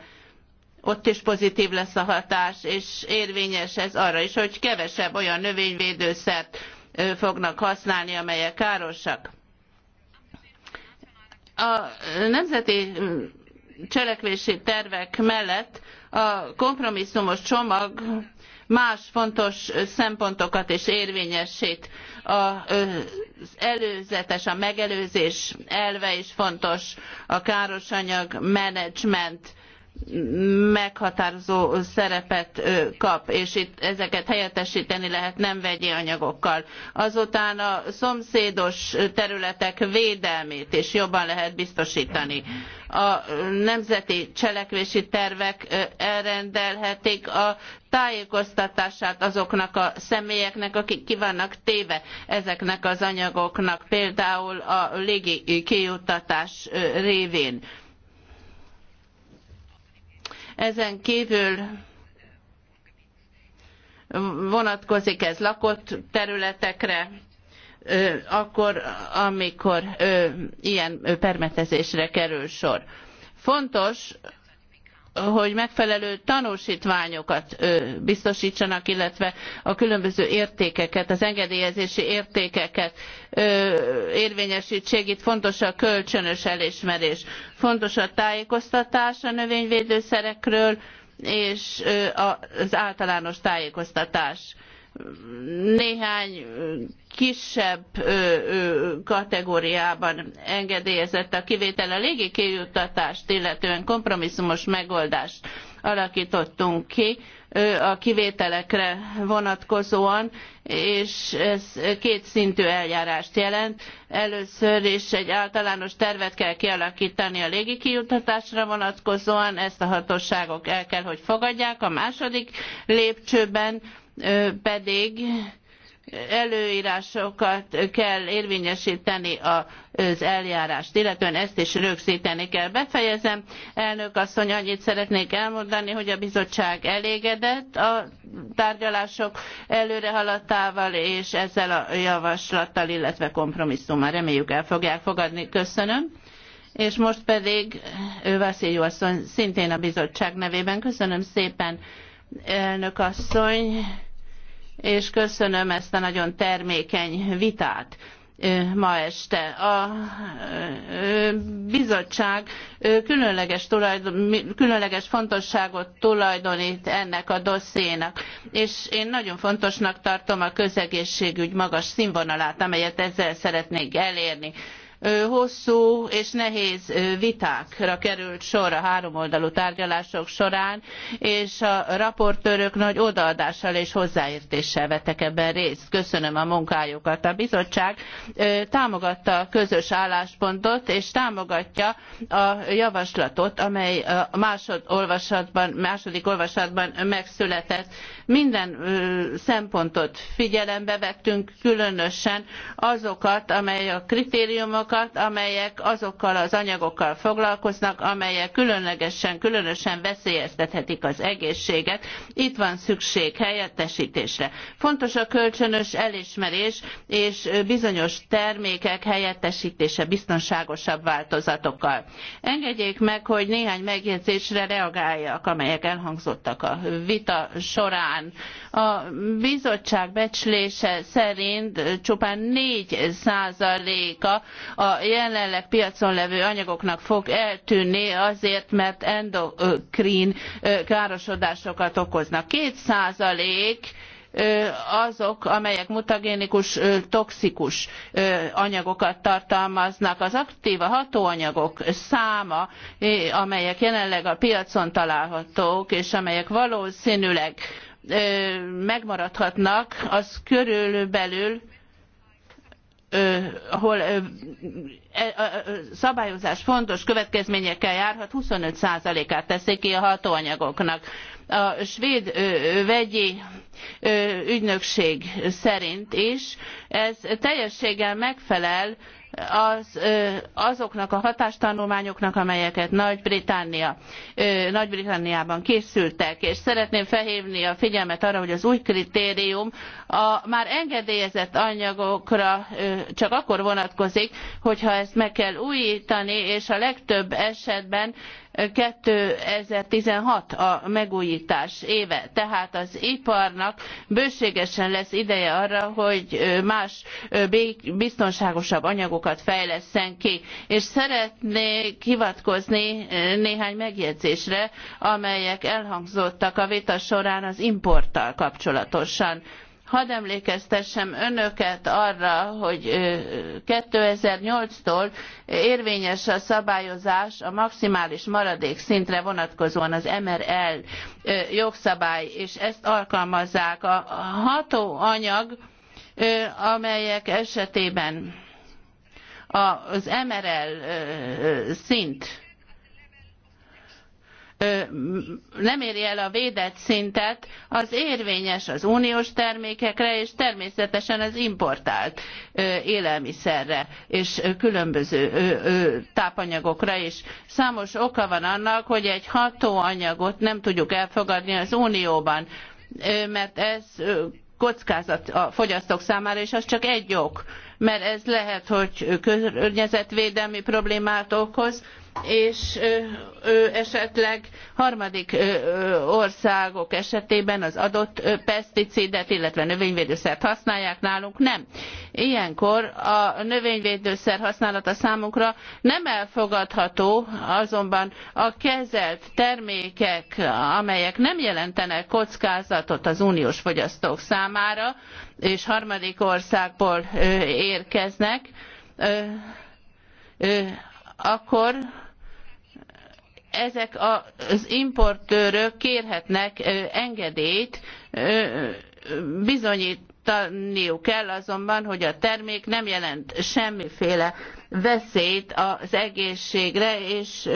ott is pozitív lesz a hatás, és érvényes ez arra is, hogy kevesebb olyan növényvédőszert fognak használni, amelyek károsak. A nemzeti cselekvési tervek mellett a kompromisszumos csomag más fontos szempontokat is érvényesít. Az előzetes, a megelőzés elve is fontos, a károsanyag menedzsment meghatározó szerepet kap, és itt ezeket helyettesíteni lehet nem vegyi anyagokkal. Azután a szomszédos területek védelmét is jobban lehet biztosítani. A nemzeti cselekvési tervek elrendelhetik a tájékoztatását azoknak a személyeknek, akik ki vannak téve ezeknek az anyagoknak, például a légi kijuttatás révén ezen kívül vonatkozik ez lakott területekre, akkor, amikor ilyen permetezésre kerül sor. Fontos, hogy megfelelő tanúsítványokat biztosítsanak, illetve a különböző értékeket, az engedélyezési értékeket érvényesítsék. Itt fontos a kölcsönös elismerés, fontos a tájékoztatás a növényvédőszerekről, és az általános tájékoztatás néhány kisebb kategóriában engedélyezett a kivétel. A légi kijuttatást, illetően kompromisszumos megoldást alakítottunk ki a kivételekre vonatkozóan, és ez kétszintű eljárást jelent. Először is egy általános tervet kell kialakítani a légi kijutatásra vonatkozóan, ezt a hatóságok el kell, hogy fogadják. A második lépcsőben pedig előírásokat kell érvényesíteni az eljárást, illetően ezt is rögzíteni kell. Befejezem, elnök asszony, annyit szeretnék elmondani, hogy a bizottság elégedett a tárgyalások előrehaladtával és ezzel a javaslattal, illetve kompromisszummal reméljük el fogják fogadni. Köszönöm. És most pedig Vasszíjú asszony szintén a bizottság nevében köszönöm szépen elnök asszony, és köszönöm ezt a nagyon termékeny vitát ma este. A bizottság különleges, különleges fontosságot tulajdonít ennek a dossziénak, és én nagyon fontosnak tartom a közegészségügy magas színvonalát, amelyet ezzel szeretnék elérni hosszú és nehéz vitákra került sor a háromoldalú tárgyalások során, és a raportőrök nagy odaadással és hozzáértéssel vettek ebben részt. Köszönöm a munkájukat. A bizottság támogatta a közös álláspontot, és támogatja a javaslatot, amely a másod olvasatban, második olvasatban megszületett. Minden szempontot figyelembe vettünk, különösen azokat, amely a kritériumok, azokat, amelyek azokkal az anyagokkal foglalkoznak, amelyek különlegesen, különösen veszélyeztethetik az egészséget. Itt van szükség helyettesítésre. Fontos a kölcsönös elismerés és bizonyos termékek helyettesítése biztonságosabb változatokkal. Engedjék meg, hogy néhány megjegyzésre reagáljak, amelyek elhangzottak a vita során. A bizottság becslése szerint csupán 4 százaléka a jelenleg piacon levő anyagoknak fog eltűnni azért, mert endokrin károsodásokat okoznak. Két százalék azok, amelyek mutagénikus, toxikus anyagokat tartalmaznak. Az aktív hatóanyagok száma, amelyek jelenleg a piacon találhatók, és amelyek valószínűleg megmaradhatnak, az körülbelül ahol e, a szabályozás fontos következményekkel járhat, 25%-át teszik ki a hatóanyagoknak. A svéd vegyi ügynökség szerint is ez teljességgel megfelel az, azoknak a hatástanulmányoknak, amelyeket Nagy-Britannia, Nagy-Britanniában készültek, és szeretném felhívni a figyelmet arra, hogy az új kritérium a már engedélyezett anyagokra csak akkor vonatkozik, hogyha ezt meg kell újítani, és a legtöbb esetben 2016 a megújítás éve, tehát az iparnak bőségesen lesz ideje arra, hogy más biztonságosabb anyagokat fejlesszen ki. És szeretnék hivatkozni néhány megjegyzésre, amelyek elhangzottak a vita során az importtal kapcsolatosan Hadd emlékeztessem önöket arra, hogy 2008-tól érvényes a szabályozás a maximális maradék szintre vonatkozóan az MRL jogszabály, és ezt alkalmazzák. A hatóanyag, amelyek esetében az MRL szint nem éri el a védett szintet, az érvényes az uniós termékekre, és természetesen az importált élelmiszerre, és különböző tápanyagokra is. Számos oka van annak, hogy egy hatóanyagot nem tudjuk elfogadni az unióban, mert ez kockázat a fogyasztók számára, és az csak egy ok, mert ez lehet, hogy környezetvédelmi problémát okoz, és esetleg harmadik országok esetében az adott peszticidet, illetve növényvédőszert használják, nálunk nem. Ilyenkor a növényvédőszer használata számunkra nem elfogadható, azonban a kezelt termékek, amelyek nem jelentenek kockázatot az uniós fogyasztók számára, és harmadik országból érkeznek, akkor ezek az importőrök kérhetnek engedélyt, bizonyítaniuk kell azonban, hogy a termék nem jelent semmiféle veszélyt az egészségre, és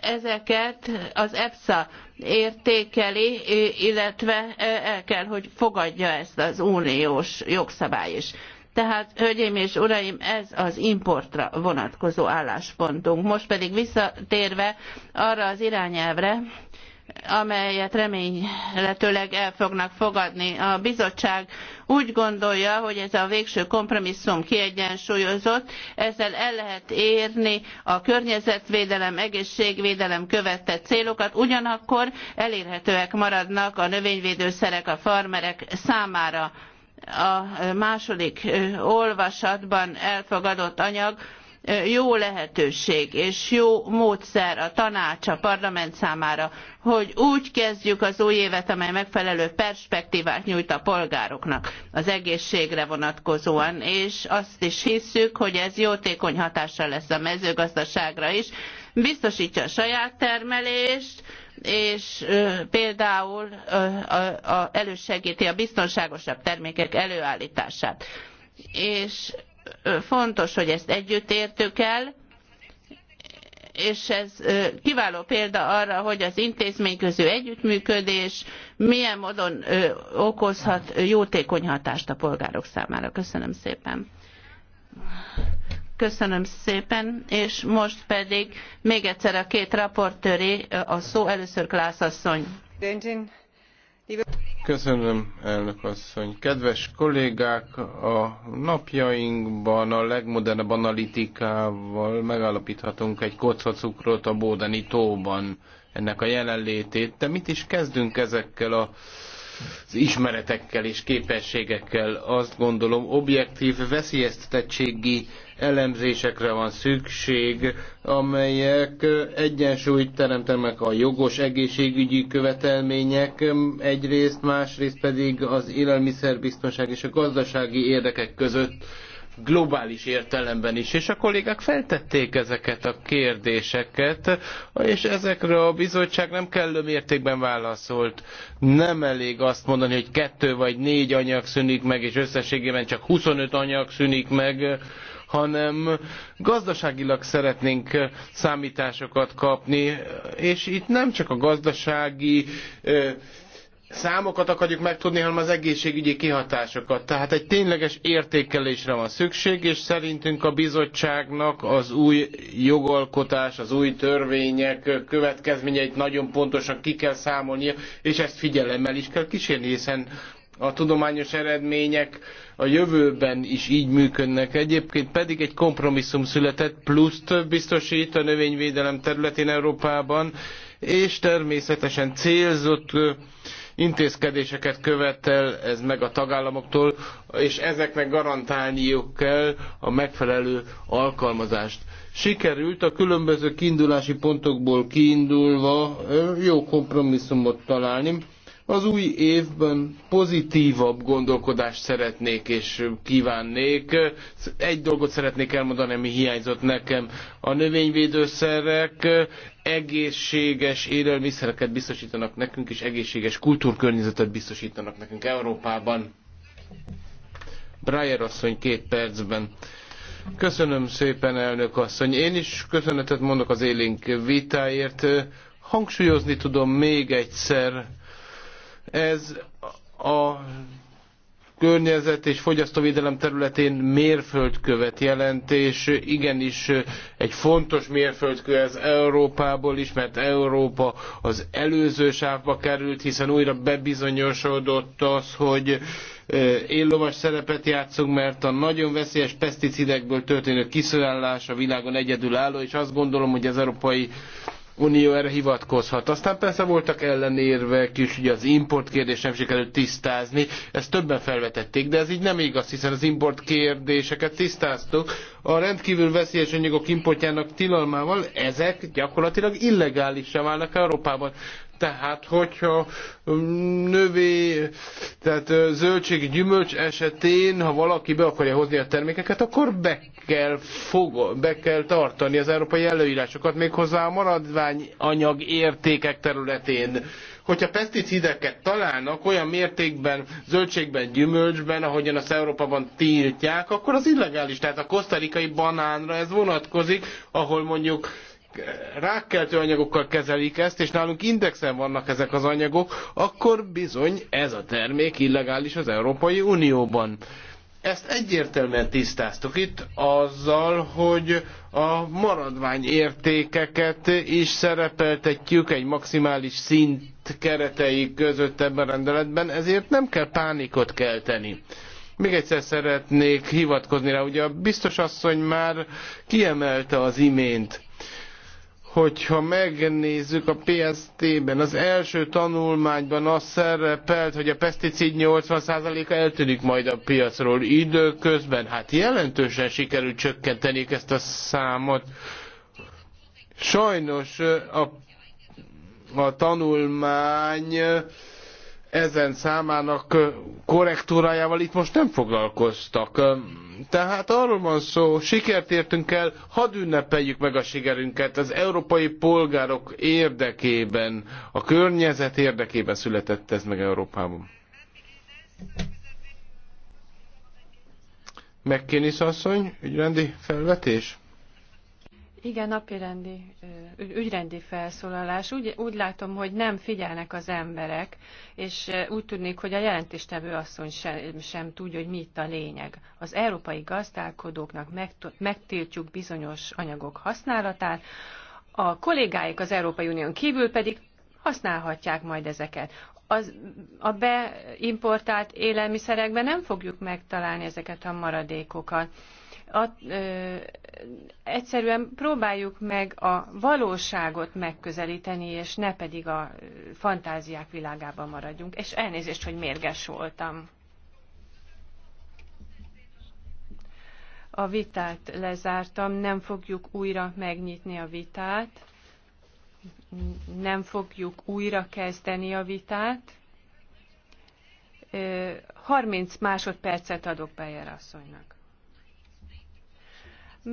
ezeket az EFSA értékeli, illetve el kell, hogy fogadja ezt az uniós jogszabály is. Tehát, hölgyeim és uraim, ez az importra vonatkozó álláspontunk. Most pedig visszatérve arra az irányelvre, amelyet reményletőleg el fognak fogadni. A bizottság úgy gondolja, hogy ez a végső kompromisszum kiegyensúlyozott, ezzel el lehet érni a környezetvédelem, egészségvédelem követett célokat, ugyanakkor elérhetőek maradnak a növényvédőszerek a farmerek számára a második olvasatban elfogadott anyag jó lehetőség és jó módszer a tanács, a parlament számára, hogy úgy kezdjük az új évet, amely megfelelő perspektívát nyújt a polgároknak az egészségre vonatkozóan, és azt is hisszük, hogy ez jótékony hatással lesz a mezőgazdaságra is, Biztosítja a saját termelést, és például elősegíti a biztonságosabb termékek előállítását. És fontos, hogy ezt együtt értük el, és ez kiváló példa arra, hogy az intézményközi együttműködés milyen módon okozhat jótékony hatást a polgárok számára. Köszönöm szépen. Köszönöm szépen, és most pedig még egyszer a két raportőré a szó, először Klász asszony. Köszönöm, elnök asszony. Kedves kollégák, a napjainkban a legmodernebb analitikával megállapíthatunk egy kockacukrot a Bódeni tóban ennek a jelenlétét, de mit is kezdünk ezekkel a az ismeretekkel és képességekkel. Azt gondolom, objektív veszélyeztetettségi elemzésekre van szükség, amelyek egyensúlyt teremtenek a jogos egészségügyi követelmények egyrészt, másrészt pedig az élelmiszerbiztonság és a gazdasági érdekek között globális értelemben is, és a kollégák feltették ezeket a kérdéseket, és ezekre a bizottság nem kellő mértékben válaszolt. Nem elég azt mondani, hogy kettő vagy négy anyag szűnik meg, és összességében csak 25 anyag szűnik meg, hanem gazdaságilag szeretnénk számításokat kapni, és itt nem csak a gazdasági számokat akarjuk megtudni, hanem az egészségügyi kihatásokat. Tehát egy tényleges értékelésre van szükség, és szerintünk a bizottságnak az új jogalkotás, az új törvények következményeit nagyon pontosan ki kell számolnia, és ezt figyelemmel is kell kísérni, hiszen a tudományos eredmények a jövőben is így működnek. Egyébként pedig egy kompromisszum született, pluszt biztosít a növényvédelem területén Európában, és természetesen célzott intézkedéseket követel ez meg a tagállamoktól, és ezeknek garantálniuk kell a megfelelő alkalmazást. Sikerült a különböző kiindulási pontokból kiindulva jó kompromisszumot találni. Az új évben pozitívabb gondolkodást szeretnék és kívánnék. Egy dolgot szeretnék elmondani, ami hiányzott nekem. A növényvédőszerek egészséges élelmiszereket biztosítanak nekünk, és egészséges kultúrkörnyezetet biztosítanak nekünk Európában. Breyer asszony két percben. Köszönöm szépen, elnök asszony. Én is köszönetet mondok az élénk vitáért. Hangsúlyozni tudom még egyszer, ez a környezet és fogyasztóvédelem területén mérföldkövet jelent, és igenis egy fontos mérföldkő ez Európából is, mert Európa az előző sávba került, hiszen újra bebizonyosodott az, hogy e, éllovas szerepet játszunk, mert a nagyon veszélyes peszticidekből történő kiszorellás a világon egyedülálló, és azt gondolom, hogy az európai Unió erre hivatkozhat. Aztán persze voltak ellenérvek is, ugye az import kérdés nem sikerült tisztázni, ezt többen felvetették, de ez így nem igaz, hiszen az import kérdéseket tisztáztuk. A rendkívül veszélyes anyagok importjának tilalmával ezek gyakorlatilag illegálisra válnak Európában. Tehát, hogyha um, növé, tehát zöldség, gyümölcs esetén, ha valaki be akarja hozni a termékeket, akkor be kell, fog, be kell tartani az európai előírásokat, méghozzá a maradvány anyag értékek területén. Hogyha peszticideket találnak olyan mértékben, zöldségben, gyümölcsben, ahogyan az Európában tiltják, akkor az illegális. Tehát a kosztarikai banánra ez vonatkozik, ahol mondjuk rákkeltő anyagokkal kezelik ezt, és nálunk indexen vannak ezek az anyagok, akkor bizony ez a termék illegális az Európai Unióban. Ezt egyértelműen tisztáztuk itt azzal, hogy a maradvány értékeket is szerepeltetjük egy maximális szint keretei között ebben a rendeletben, ezért nem kell pánikot kelteni. Még egyszer szeretnék hivatkozni rá, ugye a biztos asszony már kiemelte az imént, hogyha megnézzük a PST-ben, az első tanulmányban az szerepelt, hogy a peszticid 80%-a eltűnik majd a piacról időközben. Hát jelentősen sikerült csökkenteni ezt a számot. Sajnos a, a tanulmány ezen számának korrektúrájával itt most nem foglalkoztak tehát arról van szó, sikert értünk el, hadd ünnepeljük meg a sikerünket az európai polgárok érdekében, a környezet érdekében született ez meg Európában. McKinnis asszony, ügyrendi felvetés? Igen, napirendi, ügyrendi felszólalás. Úgy, úgy látom, hogy nem figyelnek az emberek, és úgy tűnik, hogy a jelentéstevő asszony sem, sem tudja, hogy mi itt a lényeg. Az európai gazdálkodóknak megtiltjuk bizonyos anyagok használatát, a kollégáik az Európai Unión kívül pedig használhatják majd ezeket. Az, a beimportált élelmiszerekben nem fogjuk megtalálni ezeket a maradékokat a, ö, egyszerűen próbáljuk meg a valóságot megközelíteni, és ne pedig a fantáziák világában maradjunk. És elnézést, hogy mérges voltam. A vitát lezártam, nem fogjuk újra megnyitni a vitát, nem fogjuk újra kezdeni a vitát. 30 másodpercet adok Bejer asszonynak.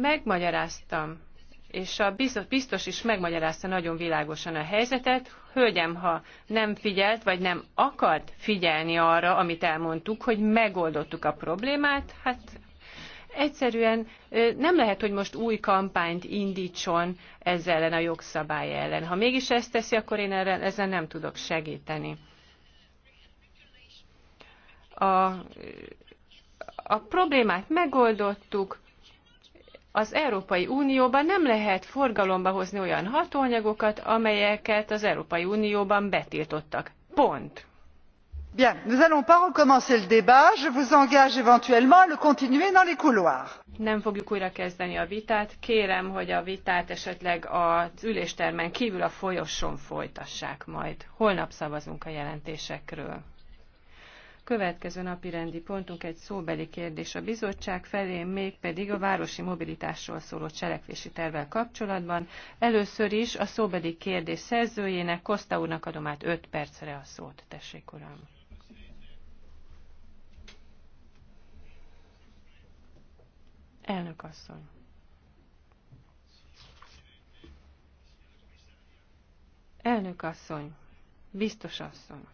Megmagyaráztam, és a biztos, biztos is megmagyarázta nagyon világosan a helyzetet. Hölgyem, ha nem figyelt, vagy nem akart figyelni arra, amit elmondtuk, hogy megoldottuk a problémát, hát egyszerűen nem lehet, hogy most új kampányt indítson ezzel ellen a jogszabály ellen. Ha mégis ezt teszi, akkor én erre, ezzel nem tudok segíteni. A, a problémát megoldottuk, az Európai Unióban nem lehet forgalomba hozni olyan hatóanyagokat, amelyeket az Európai Unióban betiltottak. Pont. Bien, nous allons pas recommencer le débat. Je vous engage éventuellement à le continuer dans les couloirs. Nem fogjuk újra kezdeni a vitát. Kérem, hogy a vitát esetleg az üléstermen kívül a folyosón folytassák majd. Holnap szavazunk a jelentésekről. Következő napi rendi pontunk egy szóbeli kérdés a bizottság felé, mégpedig a városi mobilitásról szóló cselekvési tervvel kapcsolatban. Először is a szóbeli kérdés szerzőjének, Koszta úrnak adom át 5 percre a szót. Tessék, uram! Elnök asszony! Elnök asszony! Biztos asszony!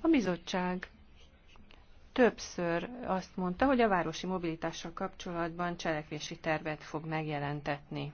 A bizottság többször azt mondta, hogy a városi mobilitással kapcsolatban cselekvési tervet fog megjelentetni.